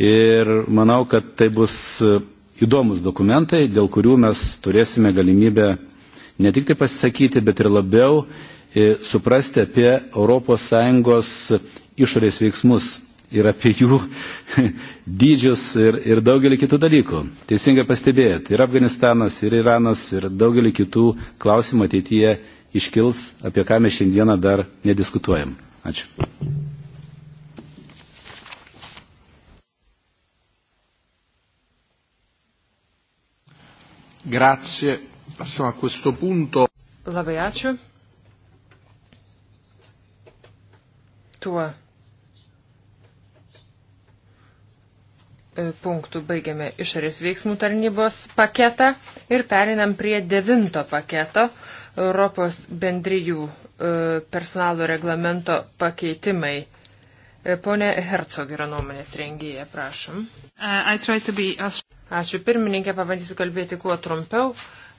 Speaker 4: Ir manau, kad tai bus e, įdomus dokumentai, dėl kurių mes turėsime galimybę ne tik tai pasisakyti, bet ir labiau suprasti apie ES išorės veiksmus ir apie jų dydžius ir, ir daugelį kitų dalykų. Teisingai pastebėjot, ir Afganistanas, ir Iranas, ir daugelį kitų klausimų ateityje iškils, apie ką mes šiandieną dar nediskutuojam. Ačiū.
Speaker 2: Grazie. Passiamo a questo punto.
Speaker 3: Labai ačiū. Tuo e, punktų baigiame išorės veiksmų tarnybos paketą ir perinam prie devinto paketo Europos bendrijų e, personalo reglamento pakeitimai. E, pone Hercog yra nuomonės rengėja, prašom. Uh, Ačiū pirmininkė, pabandysiu kalbėti kuo trumpiau.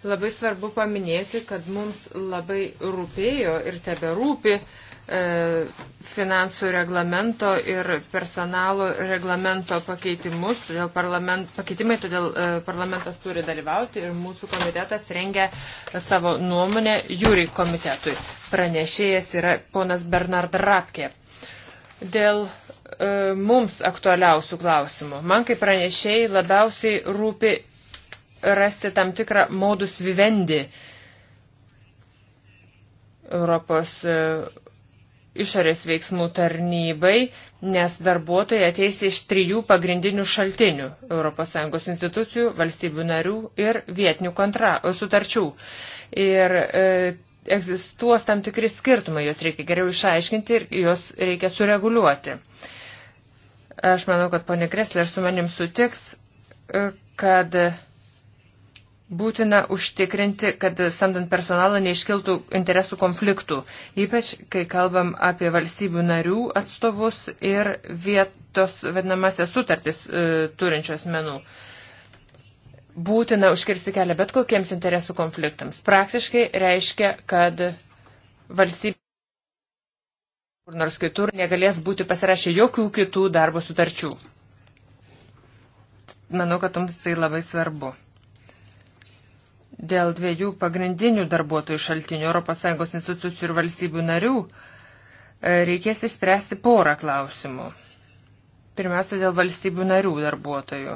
Speaker 3: Labai svarbu paminėti, kad mums labai rūpėjo ir tebe rūpi uh, E, finansų reglamento ir personalo reglamento pakeitimus. Todėl parlament, pakeitimai, todėl e, parlamentas turi dalyvauti ir mūsų komitetas rengia savo nuomonę jūri komitetui. Pranešėjas yra ponas Bernard Rapke. Dėl e, mums aktualiausių klausimų. Man kaip pranešėjai labiausiai rūpi rasti tam tikrą modus vivendi Europos e, išorės veiksmų tarnybai, nes darbuotojai ateis iš trijų pagrindinių šaltinių - ES institucijų, valstybių narių ir vietinių kontra, sutarčių. Ir e, egzistuos tam tikri skirtumai, juos reikia geriau išaiškinti ir juos reikia sureguliuoti. Aš manau, kad ponė Kresler su manim sutiks, e, kad e, Būtina užtikrinti, kad samdant personalą neiškiltų interesų konfliktų, ypač kai kalbam apie valstybių narių atstovus ir vietos vadinamasias sutartis e, turinčios menų. Būtina užkirsti kelią bet kokiems interesų konfliktams. Praktiškai reiškia, kad valstybė kur nors kitur negalės būti pasirašę jokių kitų darbo sutarčių. Manau, kad mums tai labai svarbu dėl dviejų pagrindinių darbuotojų šaltinių ES institucijų ir valstybių narių e, reikės išspręsti porą klausimų. Pirmiausia, dėl valstybių narių darbuotojų.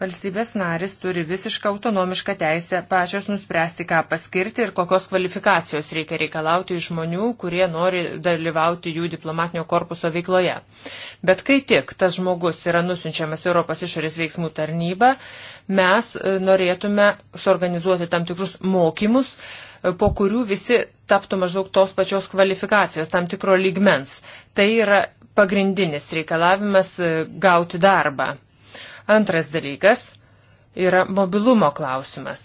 Speaker 3: Valstybės narys turi visišką autonomišką teisę pačios nuspręsti, ką paskirti ir kokios kvalifikacijos reikia reikalauti iš žmonių, kurie nori dalyvauti jų diplomatinio korpuso veikloje. Bet kai tik tas žmogus yra nusinčiamas Europos išorės veiksmų tarnybą, mes e, norėtume suorganizuoti tam tikrus mokymus, e, po kurių visi taptų maždaug tos pačios kvalifikacijos, tam tikro lygmens. Tai yra pagrindinis reikalavimas e, gauti darbą. Antras dalykas yra mobilumo klausimas.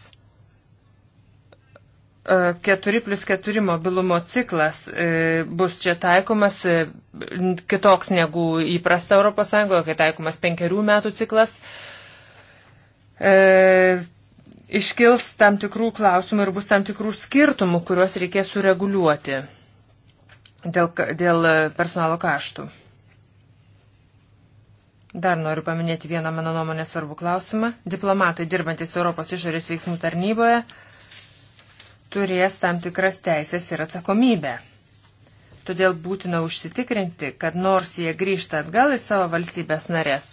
Speaker 3: 4 e, plus 4 mobilumo ciklas e, bus čia taikomas kitoks negu įprasta ES, kai taikomas penkerių metų ciklas. E, iškils tam tikrų klausimų ir bus tam tikrų skirtumų, kuriuos reikės sureguliuoti dėl, dėl personalo kaštų. Dar noriu paminėti vieną mano nuomonę svarbų klausimą. Diplomatai dirbantis Europos išorės veiksmų tarnyboje turės tam tikras teisės ir atsakomybę. Todėl būtina užsitikrinti, kad nors jie grįžta atgal į savo valstybės narės,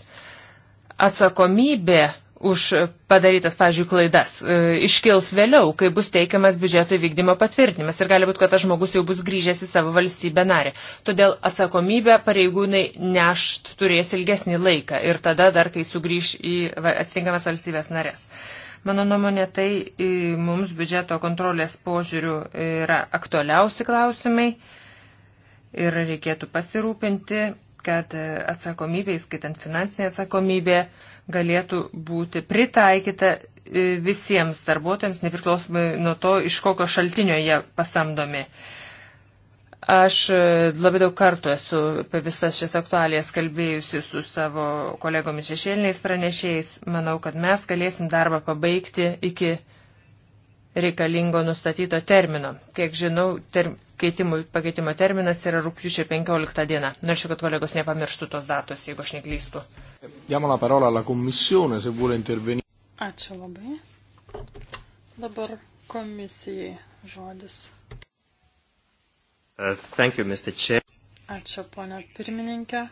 Speaker 3: atsakomybė už padarytas, pavyzdžiui, klaidas e, iškils vėliau, kai bus teikiamas biudžeto vykdymo patvirtinimas ir gali būti, kad tas žmogus jau bus grįžęs į savo valstybę narį. Todėl atsakomybę pareigūnai neš turės ilgesnį laiką ir tada dar, kai sugrįž į atsinkamas valstybės narės. Mano nuomonė, tai e, mums biudžeto kontrolės požiūrių yra aktualiausi klausimai ir reikėtų pasirūpinti kad atsakomybė, skaitant finansinė atsakomybė, galėtų būti pritaikyta e, visiems darbuotojams, nepriklausomai nuo to, iš kokio šaltinio jie pasamdomi. Aš e, labai daug kartų esu apie visas šias aktualijas kalbėjusi su savo kolegomis šešėliniais pranešėjais. Manau, kad mes galėsim darbą pabaigti iki reikalingo nustatyto termino. Kiek žinau, ter pakeitimų, pakeitimo terminas yra rūpčiučio 15 diena. Norėčiau, kad kolegos nepamirštų tos datos, jeigu aš neklystu.
Speaker 1: Ačiū labai. Dabar komisijai žodis.
Speaker 5: Uh, you,
Speaker 1: Ačiū, ponia pirmininkė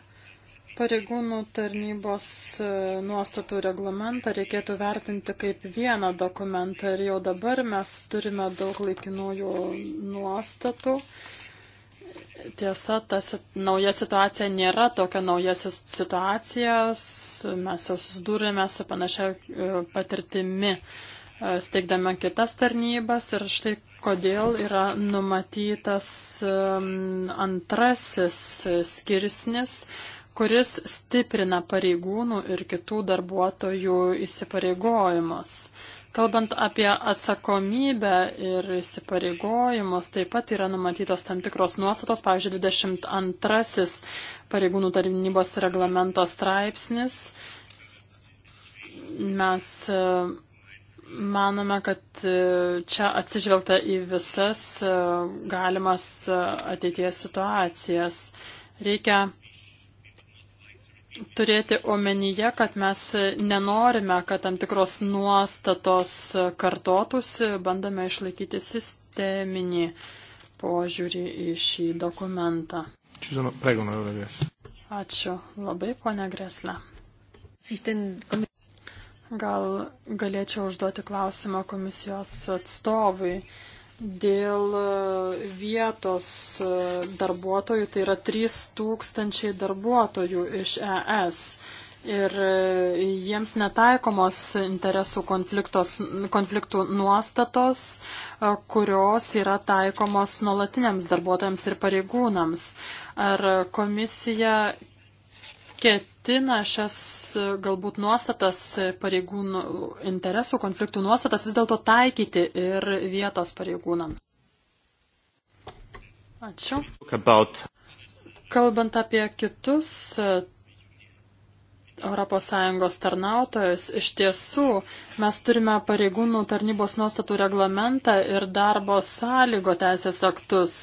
Speaker 1: pareigūnų tarnybos e, nuostatų reglamentą reikėtų vertinti kaip vieną dokumentą ir jau dabar mes turime daug laikinųjų nuostatų. Tiesa, ta nauja situacija nėra tokia nauja situacija, mes jau susidūrėme su panašia e, patirtimi e, steigdami kitas tarnybas ir štai kodėl yra numatytas antrasis skirsnis kuris stiprina pareigūnų ir kitų darbuotojų įsipareigojimus. Kalbant apie atsakomybę ir įsipareigojimus, taip pat yra numatytos tam tikros nuostatos, pavyzdžiui, 22 pareigūnų tarnybos reglamento straipsnis. Mes e, manome, kad e, čia atsižvelgta į visas e, galimas ateities situacijas. Reikia turėti omenyje, kad mes nenorime, kad tam tikros nuostatos kartotųsi, bandome išlaikyti sisteminį požiūrį į šį dokumentą. Ačiū labai, ponia Greslė. Gal galėčiau užduoti klausimą komisijos atstovui. Dėl e, vietos e, darbuotojų tai yra 3000 darbuotojų iš ES ir e, jiems netaikomos interesų konfliktų nuostatos, kurios yra taikomos nuolatiniams darbuotojams ir pareigūnams. Ar komisija ket dabartinę šias e, galbūt nuostatas, e, pareigūnų interesų konfliktų nuostatas vis dėlto taikyti ir vietos pareigūnams. Ačiū. About... Kalbant apie kitus ES tarnautojus, iš tiesų mes turime pareigūnų tarnybos nuostatų reglamentą ir darbo sąlygo teisės aktus.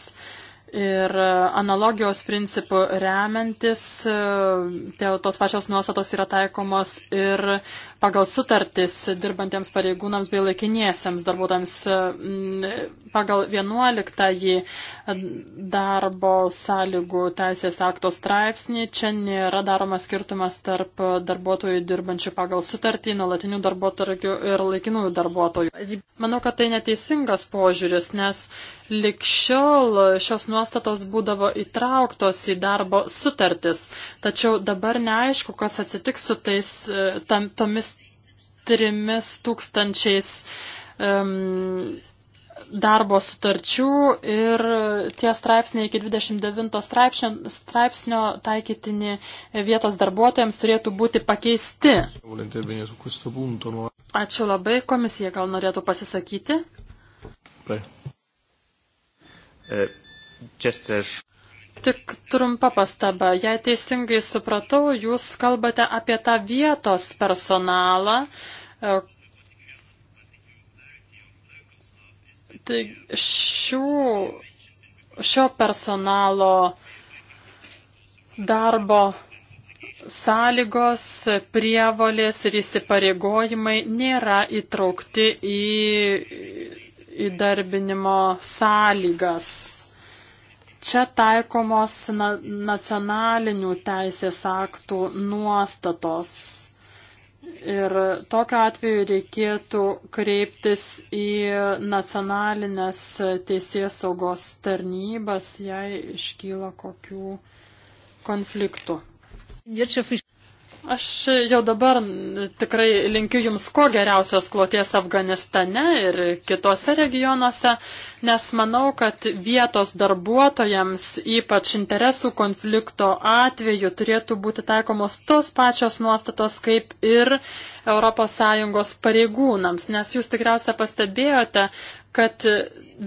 Speaker 1: Ir e, analogijos principų remiantis, e, tos pačios nuostatos yra taikomos ir pagal sutartis dirbantiems pareigūnams bei laikiniesiems darbuotams pagal 11 darbo sąlygų teisės akto straipsnį. Čia nėra daromas skirtumas tarp darbuotojų dirbančių pagal sutartį, nuolatinių darbuotojų ir laikinųjų darbuotojų. Manau, kad tai neteisingas požiūris, nes likščiol šios nuostatos būdavo įtrauktos į darbo sutartis, tačiau dabar neaišku, kas atsitiks su tais, e, tam, tomis trimis tūkstančiais um, darbo sutarčių ir tie straipsniai iki 29 straipsnio, straipsnio taikytini vietos darbuotojams turėtų būti pakeisti. Ačiū labai, komisija gal norėtų pasisakyti? Eh, Tik trumpa pastaba, jei teisingai supratau, jūs kalbate apie tą vietos personalą, uh, Tai šių, šio personalo darbo sąlygos, prievolės ir įsipareigojimai nėra įtraukti į įdarbinimo sąlygas. Čia taikomos nacionalinių teisės aktų nuostatos. Ir tokiu atveju reikėtų kreiptis į nacionalinės teisės saugos tarnybas, jei iškyla kokių konfliktų. Aš jau dabar tikrai linkiu Jums kuo geriausios kloties Afganistane ir kitose regionuose, nes manau, kad vietos darbuotojams, ypač interesų konflikto atveju, turėtų būti taikomos tos pačios nuostatos kaip ir ES pareigūnams, nes Jūs tikriausia pastebėjote, kad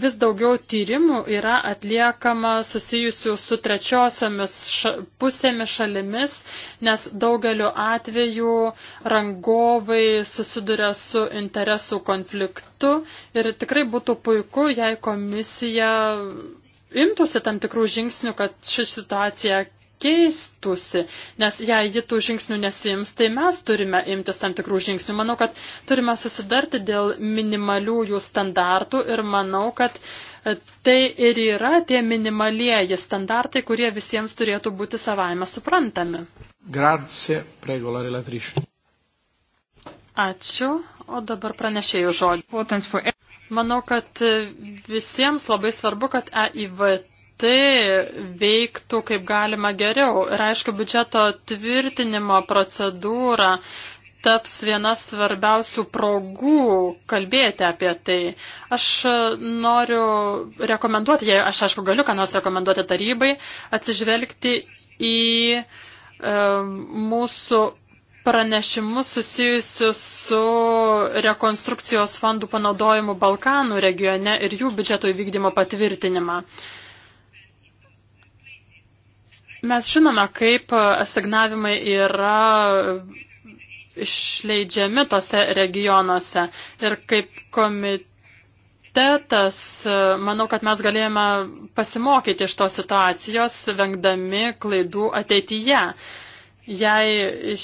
Speaker 1: vis daugiau tyrimų yra atliekama susijusių su trečiosiomis ša, pusėmis šalimis, nes daugeliu atveju rangovai susiduria su interesų konfliktu ir tikrai būtų puiku, jei komisija imtųsi tam tikrų žingsnių, kad ši situacija keistusi, nes jei ji tų žingsnių nesims, tai mes turime imtis tam tikrų žingsnių. Manau, kad turime susidarti dėl minimaliųjų standartų ir manau, kad e, tai ir yra tie minimalieji standartai, kurie visiems turėtų būti savaime suprantami.
Speaker 2: Grazie, prego la relatrice.
Speaker 1: Ačiū, o dabar pranešėjų žodį. Manau, kad e, visiems labai svarbu, kad EIVT apskritai veiktų kaip galima geriau. Ir aišku, biudžeto tvirtinimo procedūra taps viena svarbiausių progų kalbėti apie tai. Aš noriu rekomenduoti, jei aš aišku galiu, ką nors rekomenduoti tarybai, atsižvelgti į e, mūsų pranešimus susijusius su rekonstrukcijos fondų panaudojimu Balkanų regione ir jų biudžeto įvykdymo patvirtinimą. Mes žinome, kaip e, asignavimai yra išleidžiami tose regionuose ir kaip komitetas, e, manau, kad mes galėjome pasimokyti iš tos situacijos, vengdami klaidų ateityje. Jei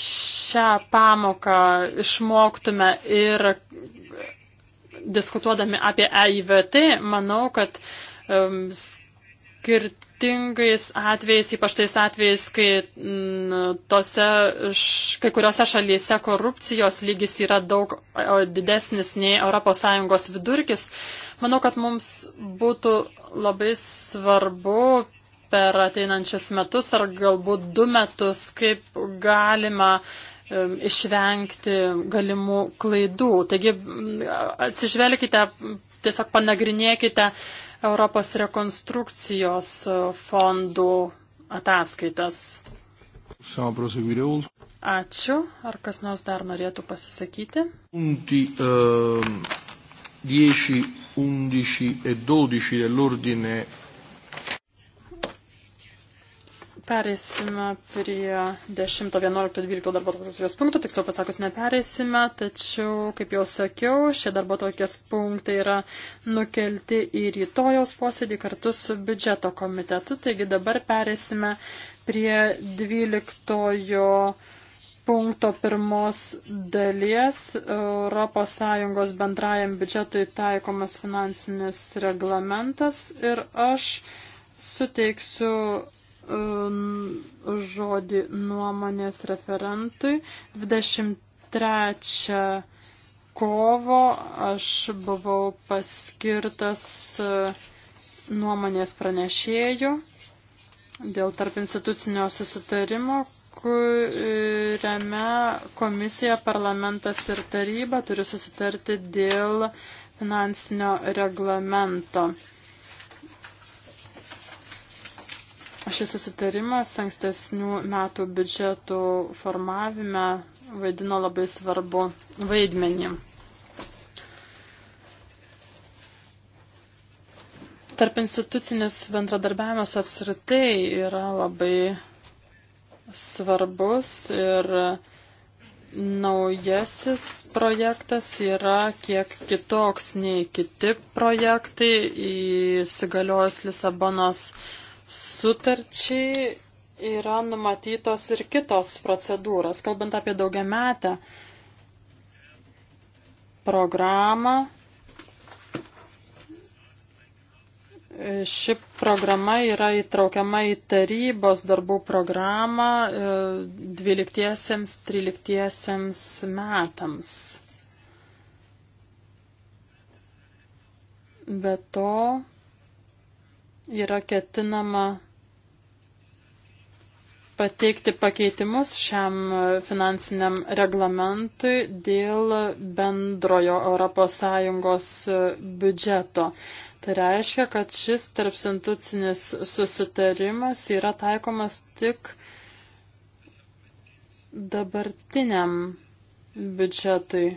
Speaker 1: šią pamoką išmoktume ir diskutuodami apie EIVT, manau, kad um, skirt ypatingais atvejais, ypač tais atvejais, kai m, tose, š, kai kuriuose šalyse korupcijos lygis yra daug didesnis nei ES vidurkis, manau, kad mums būtų labai svarbu per ateinančius metus ar galbūt du metus, kaip galima išvengti galimų klaidų. Taigi atsižvelkite, tiesiog panagrinėkite Europos rekonstrukcijos fondų ataskaitas. Ačiū. Ar kas nors dar norėtų pasisakyti?
Speaker 2: Punti, uh, 10, 11 e 12 dell'ordine
Speaker 1: Pereisime prie 10, 11, 12 darbo tokios punktų, tiksliau pasakus nepereisime, tačiau, kaip jau sakiau, šie darbo tokios punktai yra nukelti į rytojaus posėdį kartu su biudžeto komitetu, taigi dabar pereisime prie 12 punkto pirmos dalies ES bendrajam biudžetui taikomas finansinis reglamentas ir aš suteiksiu um, žodį nuomonės referentui. 23 kovo aš buvau paskirtas uh, nuomonės pranešėjų dėl tarp institucinio susitarimo, kuriame komisija, parlamentas ir taryba turi susitarti dėl finansinio reglamento. Šis susitarimas ankstesnių metų biudžetų formavime vaidino labai svarbu vaidmenį. Tarp institucinis bendradarbiavimas apsritai yra labai svarbus ir naujasis projektas yra kiek kitoks nei kiti projektai įsigaliojus Lisabonos Sutarčiai yra numatytos ir kitos procedūros, kalbant apie daugiametę programą. Ši programa yra įtraukiama į tarybos darbų programą 12-13 e, metams. Be to, yra ketinama pateikti pakeitimus šiam finansiniam reglamentui dėl bendrojo ES biudžeto. Tai reiškia, kad šis tarpsintucinis susitarimas yra taikomas tik dabartiniam biudžetui.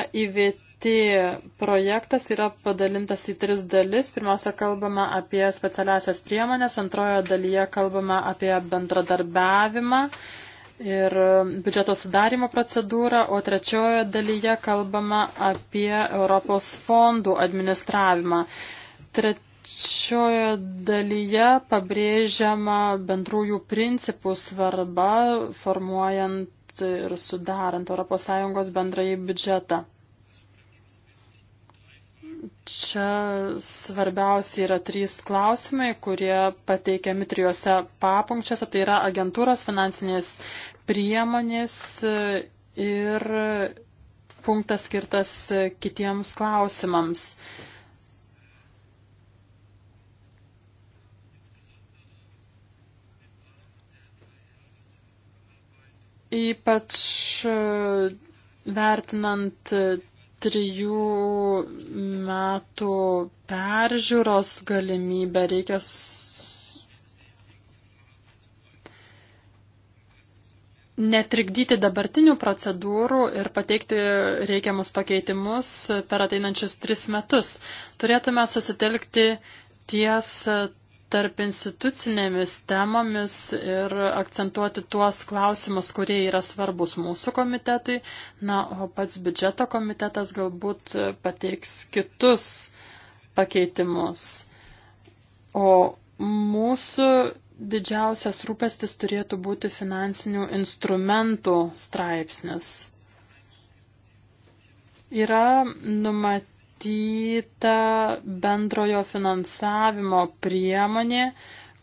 Speaker 1: EIVT T projektas yra padalintas į tris dalis. Pirmiausia, kalbame apie specialiasias priemonės, antrojo dalyje kalbame apie bendradarbiavimą ir biudžeto sudarimo procedūrą, o trečiojo dalyje kalbame apie Europos fondų administravimą. Trečiojo dalyje pabrėžiama bendrųjų principų svarba formuojant ir sudarant ES bendrąjį biudžetą. Čia svarbiausia yra trys klausimai, kurie pateikiami trijose papunkčiuose. Tai yra agentūros finansinės priemonės ir punktas skirtas kitiems klausimams. Ypač vertinant trijų metų peržiūros galimybę reikia netrikdyti dabartinių procedūrų ir pateikti reikiamus pakeitimus per ateinančius tris metus. Turėtume susitelkti ties tarp institucinėmis temomis ir akcentuoti tuos klausimus, kurie yra svarbus mūsų komitetui. Na, o pats biudžeto komitetas galbūt pateiks kitus pakeitimus. O mūsų didžiausias rūpestis turėtų būti finansinių instrumentų straipsnis. Yra numatyti numatyta bendrojo finansavimo priemonė,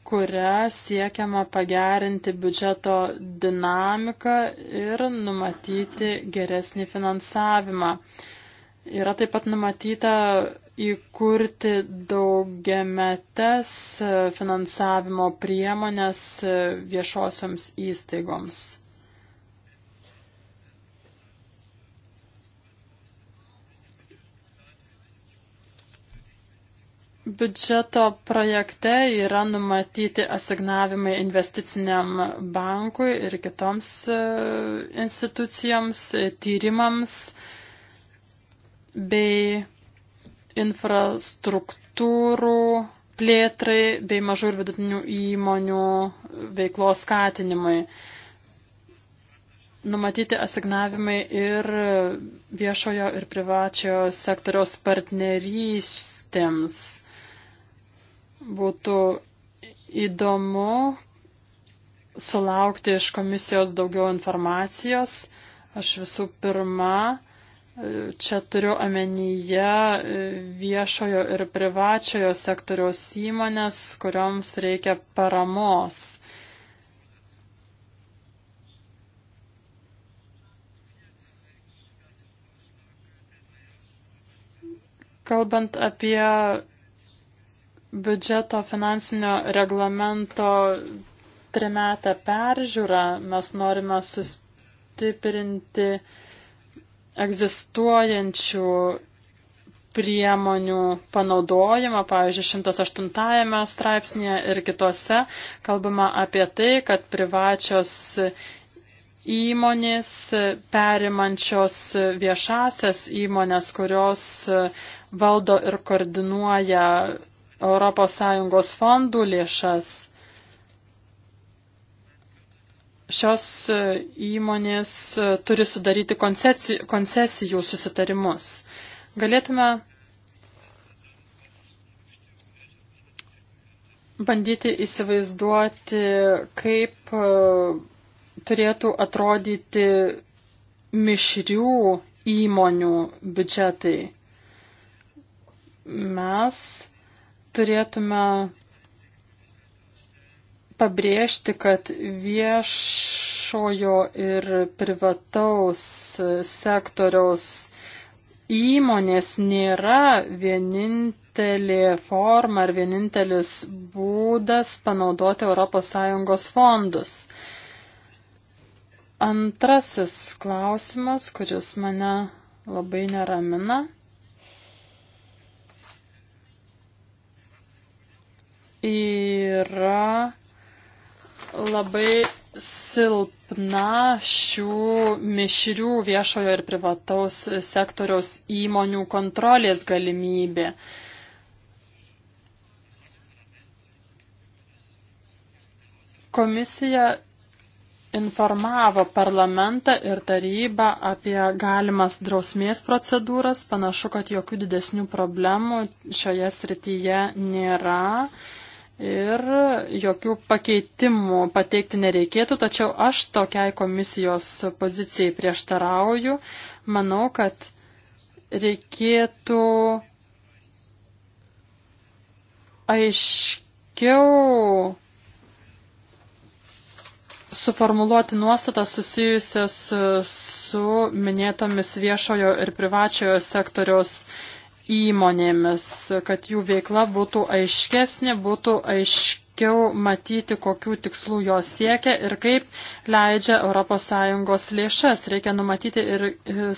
Speaker 1: kuria siekiama pagerinti biudžeto dinamiką ir numatyti geresnį finansavimą. Yra taip pat numatyta įkurti daugiametes finansavimo priemonės viešosioms įstaigoms. Biudžeto projekte yra numatyti asignavimai investiciniam bankui ir kitoms e, institucijoms, e, tyrimams bei infrastruktūrų plėtrai bei mažų ir vidutinių įmonių veiklos skatinimui. Numatyti asignavimai ir viešojo ir privačiojo sektoriaus partnerystėms. Būtų įdomu sulaukti iš komisijos daugiau informacijos. Aš visų pirma, čia turiu omenyje e, viešojo ir privačiojo sektoriaus įmonės, kurioms reikia paramos. Kalbant apie biudžeto finansinio reglamento trimetę peržiūrą mes norime sustiprinti egzistuojančių priemonių panaudojimą, pavyzdžiui, 108 straipsnėje ir kitose kalbama apie tai, kad privačios įmonės perimančios viešasias įmonės, kurios valdo ir koordinuoja ES fondų lėšas. Šios įmonės turi sudaryti koncesijų susitarimus. Galėtume bandyti įsivaizduoti, kaip e, turėtų atrodyti mišrių įmonių biudžetai. Mes turėtume pabrėžti, kad viešojo ir privataus sektoriaus įmonės nėra vienintelė forma ar vienintelis būdas panaudoti ES fondus. Antrasis klausimas, kuris mane labai neramina. yra labai silpna šių mišrių viešojo ir privataus sektoriaus įmonių kontrolės galimybė. Komisija informavo parlamentą ir tarybą apie galimas drausmės procedūras. Panašu, kad jokių didesnių problemų šioje srityje nėra ir jokių pakeitimų pateikti nereikėtų, tačiau aš tokiai komisijos pozicijai prieštarauju. Manau, kad reikėtų aiškiau suformuluoti nuostatas susijusias su, su minėtomis viešojo ir privačiojo sektoriaus įmonėmis, kad jų veikla būtų aiškesnė, būtų aiškiau matyti, kokių tikslų jos siekia ir kaip leidžia ES lėšas. Reikia numatyti ir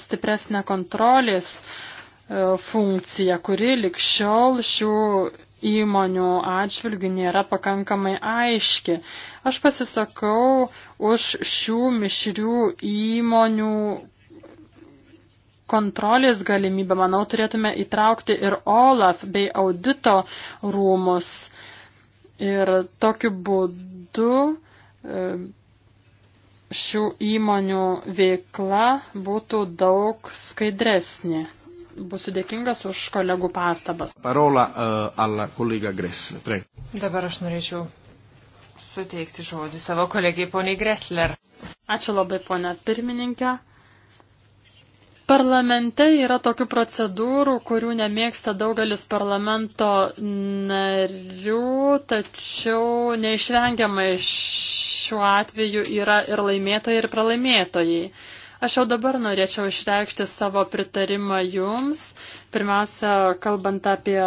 Speaker 1: stipresnę kontrolės e, funkciją, kuri likščiol šių įmonių atžvilgių nėra pakankamai aiški. Aš pasisakau už šių mišrių įmonių kontrolės galimybę, manau, turėtume įtraukti ir OLAF bei audito rūmus. Ir tokiu būdu e, šių įmonių veikla būtų daug skaidresnė. Būsiu dėkingas už kolegų pastabas.
Speaker 2: Parola uh, e, alla kolega Gressler. Preg.
Speaker 1: Dabar aš norėčiau
Speaker 3: suteikti žodį savo kolegiai poniai Gressler. Ačiū
Speaker 1: labai ponia pirmininkė. Parlamente yra tokių procedūrų, kurių nemėgsta daugelis parlamento narių, tačiau neišvengiamai šiuo atveju yra ir laimėtojai, ir pralaimėtojai. Aš jau dabar norėčiau išreikšti savo pritarimą jums. Pirmiausia, kalbant apie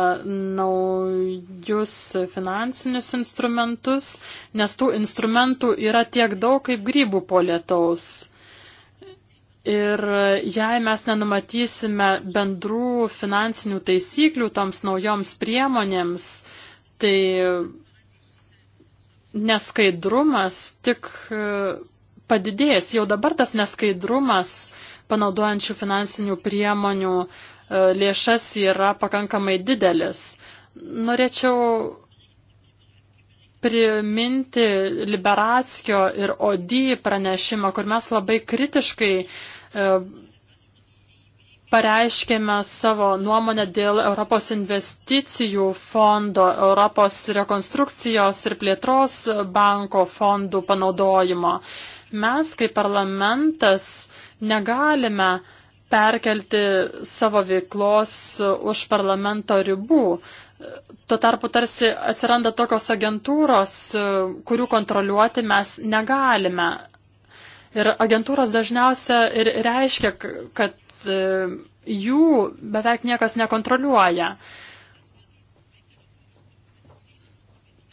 Speaker 1: naujus finansinius instrumentus, nes tų instrumentų yra tiek daug kaip grybų po lietaus. Ir jei mes nenumatysime bendrų finansinių taisyklių toms naujoms priemonėms, tai neskaidrumas tik e, padidės. Jau dabar tas neskaidrumas panaudojant šių finansinių priemonių e, lėšas yra pakankamai didelis. Norėčiau priminti Liberatskio ir Odį pranešimą, kur mes labai kritiškai uh, E, pareiškėme savo nuomonę dėl Europos investicijų fondo, Europos rekonstrukcijos ir plėtros banko fondų panaudojimo. Mes kaip parlamentas negalime perkelti savo veiklos už parlamento ribų. Tuo tarpu tarsi atsiranda tokios agentūros, kurių kontroliuoti mes negalime. Ir agentūros dažniausia ir reiškia, kad e, jų beveik niekas nekontroliuoja.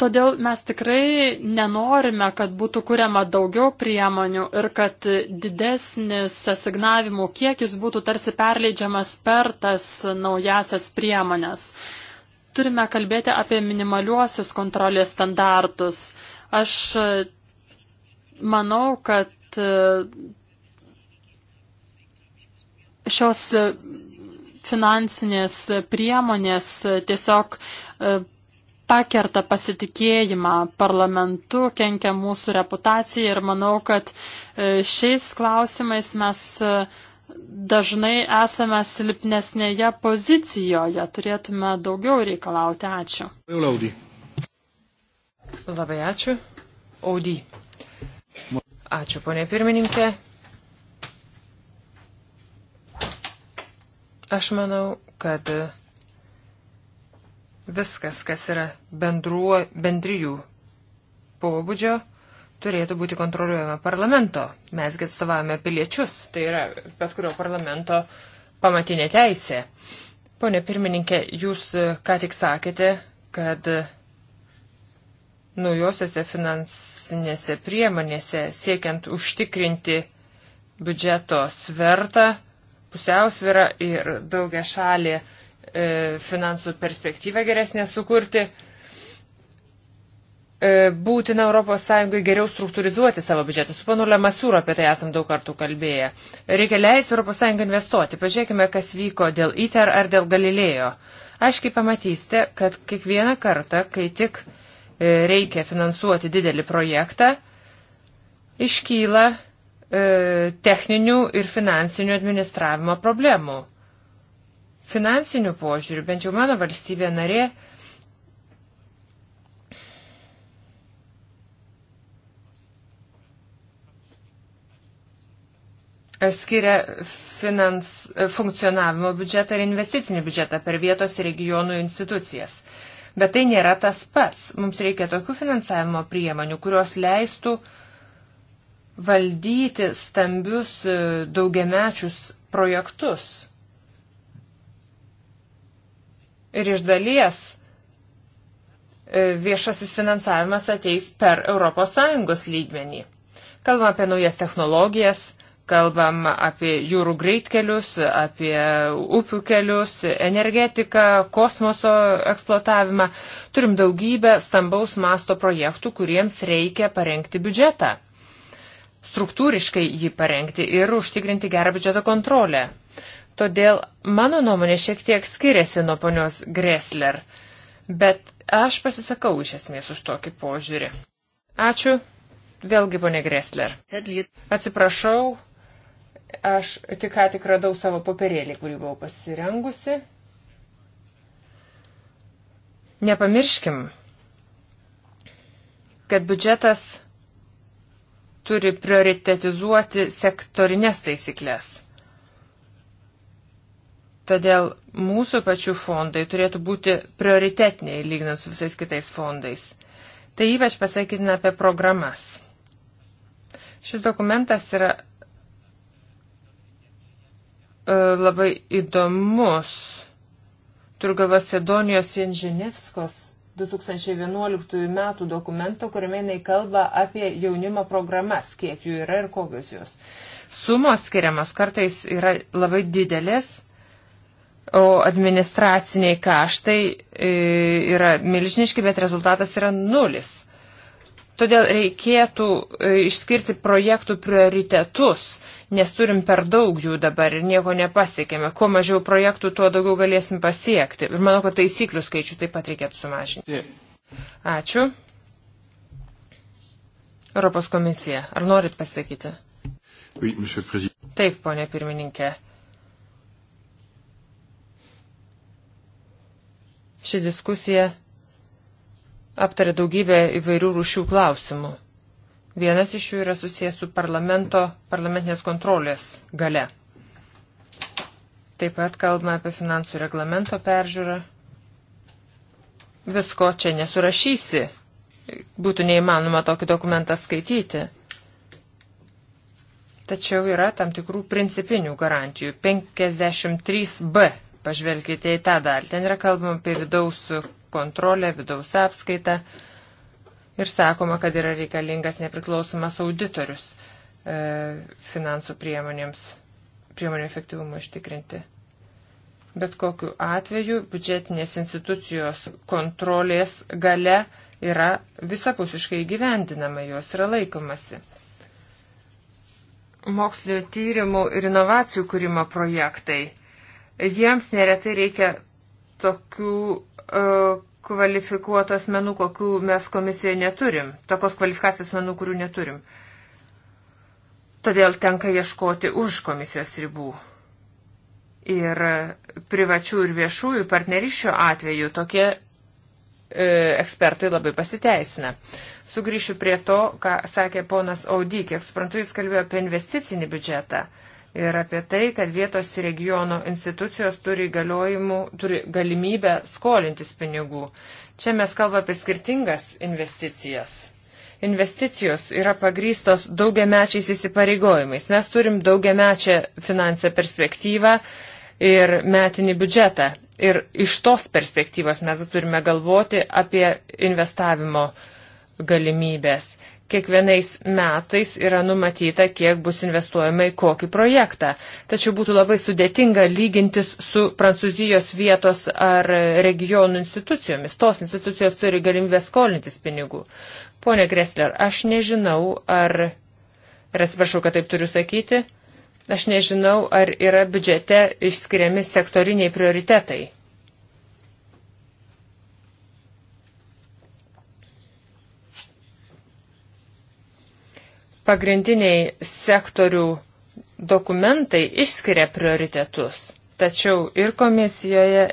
Speaker 1: Todėl mes tikrai nenorime, kad būtų kuriama daugiau priemonių ir kad didesnis asignavimų kiekis būtų tarsi perleidžiamas per tas naujasias priemonės. Turime kalbėti apie minimaliuosius kontrolės standartus. Aš e, manau, kad kad e, šios e, finansinės priemonės e, tiesiog pakerta pasitikėjimą parlamentu, kenkia mūsų reputacijai ir manau, kad šiais klausimais mes dažnai esame silpnesnėje pozicijoje, turėtume daugiau reikalauti. Ačiū. Labai ačiū. Audy. Ačiū, ponė pirmininkė.
Speaker 3: Aš manau, kad viskas, kas yra bendruo, bendrijų pobūdžio, turėtų būti kontroliuojama parlamento. Mesgi atstovavome piliečius, tai yra bet kurio parlamento pamatinė teisė. Pone pirmininkė, jūs ką tik sakėte, kad naujosiose finans, finansinėse priemonėse siekiant užtikrinti biudžeto svertą, pusiausvirą ir daugia šalį e, finansų perspektyvą geresnę sukurti. E, būtina ES geriau struktūrizuoti savo biudžetą. Su panu Lemasūru apie tai esam daug kartų kalbėję. Reikia leisti ES investuoti. Pažiūrėkime, kas vyko dėl ITER ar dėl Galilėjo. Aiškiai pamatysite, kad kiekvieną kartą, kai tik uh, E, reikia finansuoti didelį projektą, iškyla e, techninių ir finansinių administravimo problemų. Finansinių požiūrių, bent jau mano valstybė narė, skiria finans, e, funkcionavimo biudžetą ir investicinį biudžetą per vietos ir regionų institucijas. Bet tai nėra tas pats. Mums reikia tokių finansavimo priemonių, kurios leistų valdyti stambius e, daugiamečius projektus. Ir iš dalies e, viešasis finansavimas ateis per ES lygmenį. Kalbam apie naujas technologijas, kalbam apie jūrų greitkelius, apie upių kelius, energetiką, kosmoso eksploatavimą. Turim daugybę stambaus masto projektų, kuriems reikia parengti biudžetą. Struktūriškai jį parengti ir užtikrinti gerą biudžeto kontrolę. Todėl mano nuomonė šiek tiek skiriasi nuo ponios Gressler, bet aš pasisakau iš esmės už tokį požiūrį. Ačiū. Vėlgi, ponė Gressler. Atsiprašau, aš tik ką tik radau savo popierėlį, kurį buvau pasirengusi. Nepamirškim, kad biudžetas turi prioritetizuoti sektorinės taisyklės. Todėl mūsų pačių fondai turėtų būti prioritetiniai lyginant su visais kitais fondais. Tai ypač pasakytina apie programas. Šis dokumentas yra E, labai įdomus. Turgava Sedonijos Inženevskos 2011 metų dokumento, kuriame jinai kalba apie jaunimo programas, kiek jų yra ir kokios jos. Sumos skiriamas kartais yra labai didelės, o administraciniai kaštai e, yra milžiniški, bet rezultatas yra nulis. Todėl reikėtų e, išskirti projektų prioritetus nes turim per daug jų dabar ir nieko nepasiekėme. Kuo mažiau projektų, tuo daugiau galėsim pasiekti. Ir manau, kad taisyklių skaičių taip pat reikėtų sumažinti. Ačiū. Europos komisija, ar norit pasakyti? Taip, ponė pirmininkė. Ši diskusija aptarė daugybę įvairių rūšių klausimų. Vienas iš jų yra susijęs su parlamento, parlamentinės kontrolės gale. Taip pat kalbame apie finansų reglamento peržiūrą. Visko čia nesurašysi. Būtų neįmanoma tokį dokumentą skaityti. Tačiau yra tam tikrų principinių garantijų. 53b. Pažvelkite į tą dalį. Ten yra kalbama apie vidaus kontrolę, vidaus apskaitą ir sakoma, kad yra reikalingas nepriklausomas auditorius e, finansų priemonėms, priemonių efektyvumui ištikrinti. Bet kokiu atveju biudžetinės institucijos kontrolės gale yra visapusiškai gyvendinama, jos yra laikomasi. Mokslinio tyrimų ir inovacijų kūrimo projektai. Jiems neretai reikia tokių uh, kvalifikuotų asmenų, kokių mes komisijoje neturim, tokios kvalifikacijos asmenų, kurių neturim. Todėl tenka ieškoti už komisijos ribų. Ir privačių ir viešųjų partnerišio atveju tokie e, ekspertai labai pasiteisina. Sugryšiu prie to, ką sakė ponas Audy, kiek suprantu, jis kalbėjo apie investicinį biudžetą. E, ir apie tai, kad vietos regiono institucijos turi, turi galimybę skolintis pinigų. Čia mes kalbame apie skirtingas investicijas. Investicijos yra pagrystos daugiamečiais įsipareigojimais. Mes turim daugiamečią finansę perspektyvą ir metinį biudžetą. Ir iš tos perspektyvos mes turime galvoti apie investavimo galimybės kiekvienais metais yra numatyta, kiek bus investuojama į kokį projektą. Tačiau būtų labai sudėtinga lygintis su Prancūzijos vietos ar regionų institucijomis. Tos institucijos turi galimybę skolintis pinigų. Pone Gressler, aš nežinau, ar. Ir atsiprašau, kad taip turiu sakyti. Aš nežinau, ar yra biudžete išskiriami sektoriniai prioritetai. pagrindiniai sektorių dokumentai išskiria prioritetus. Tačiau ir komisijoje,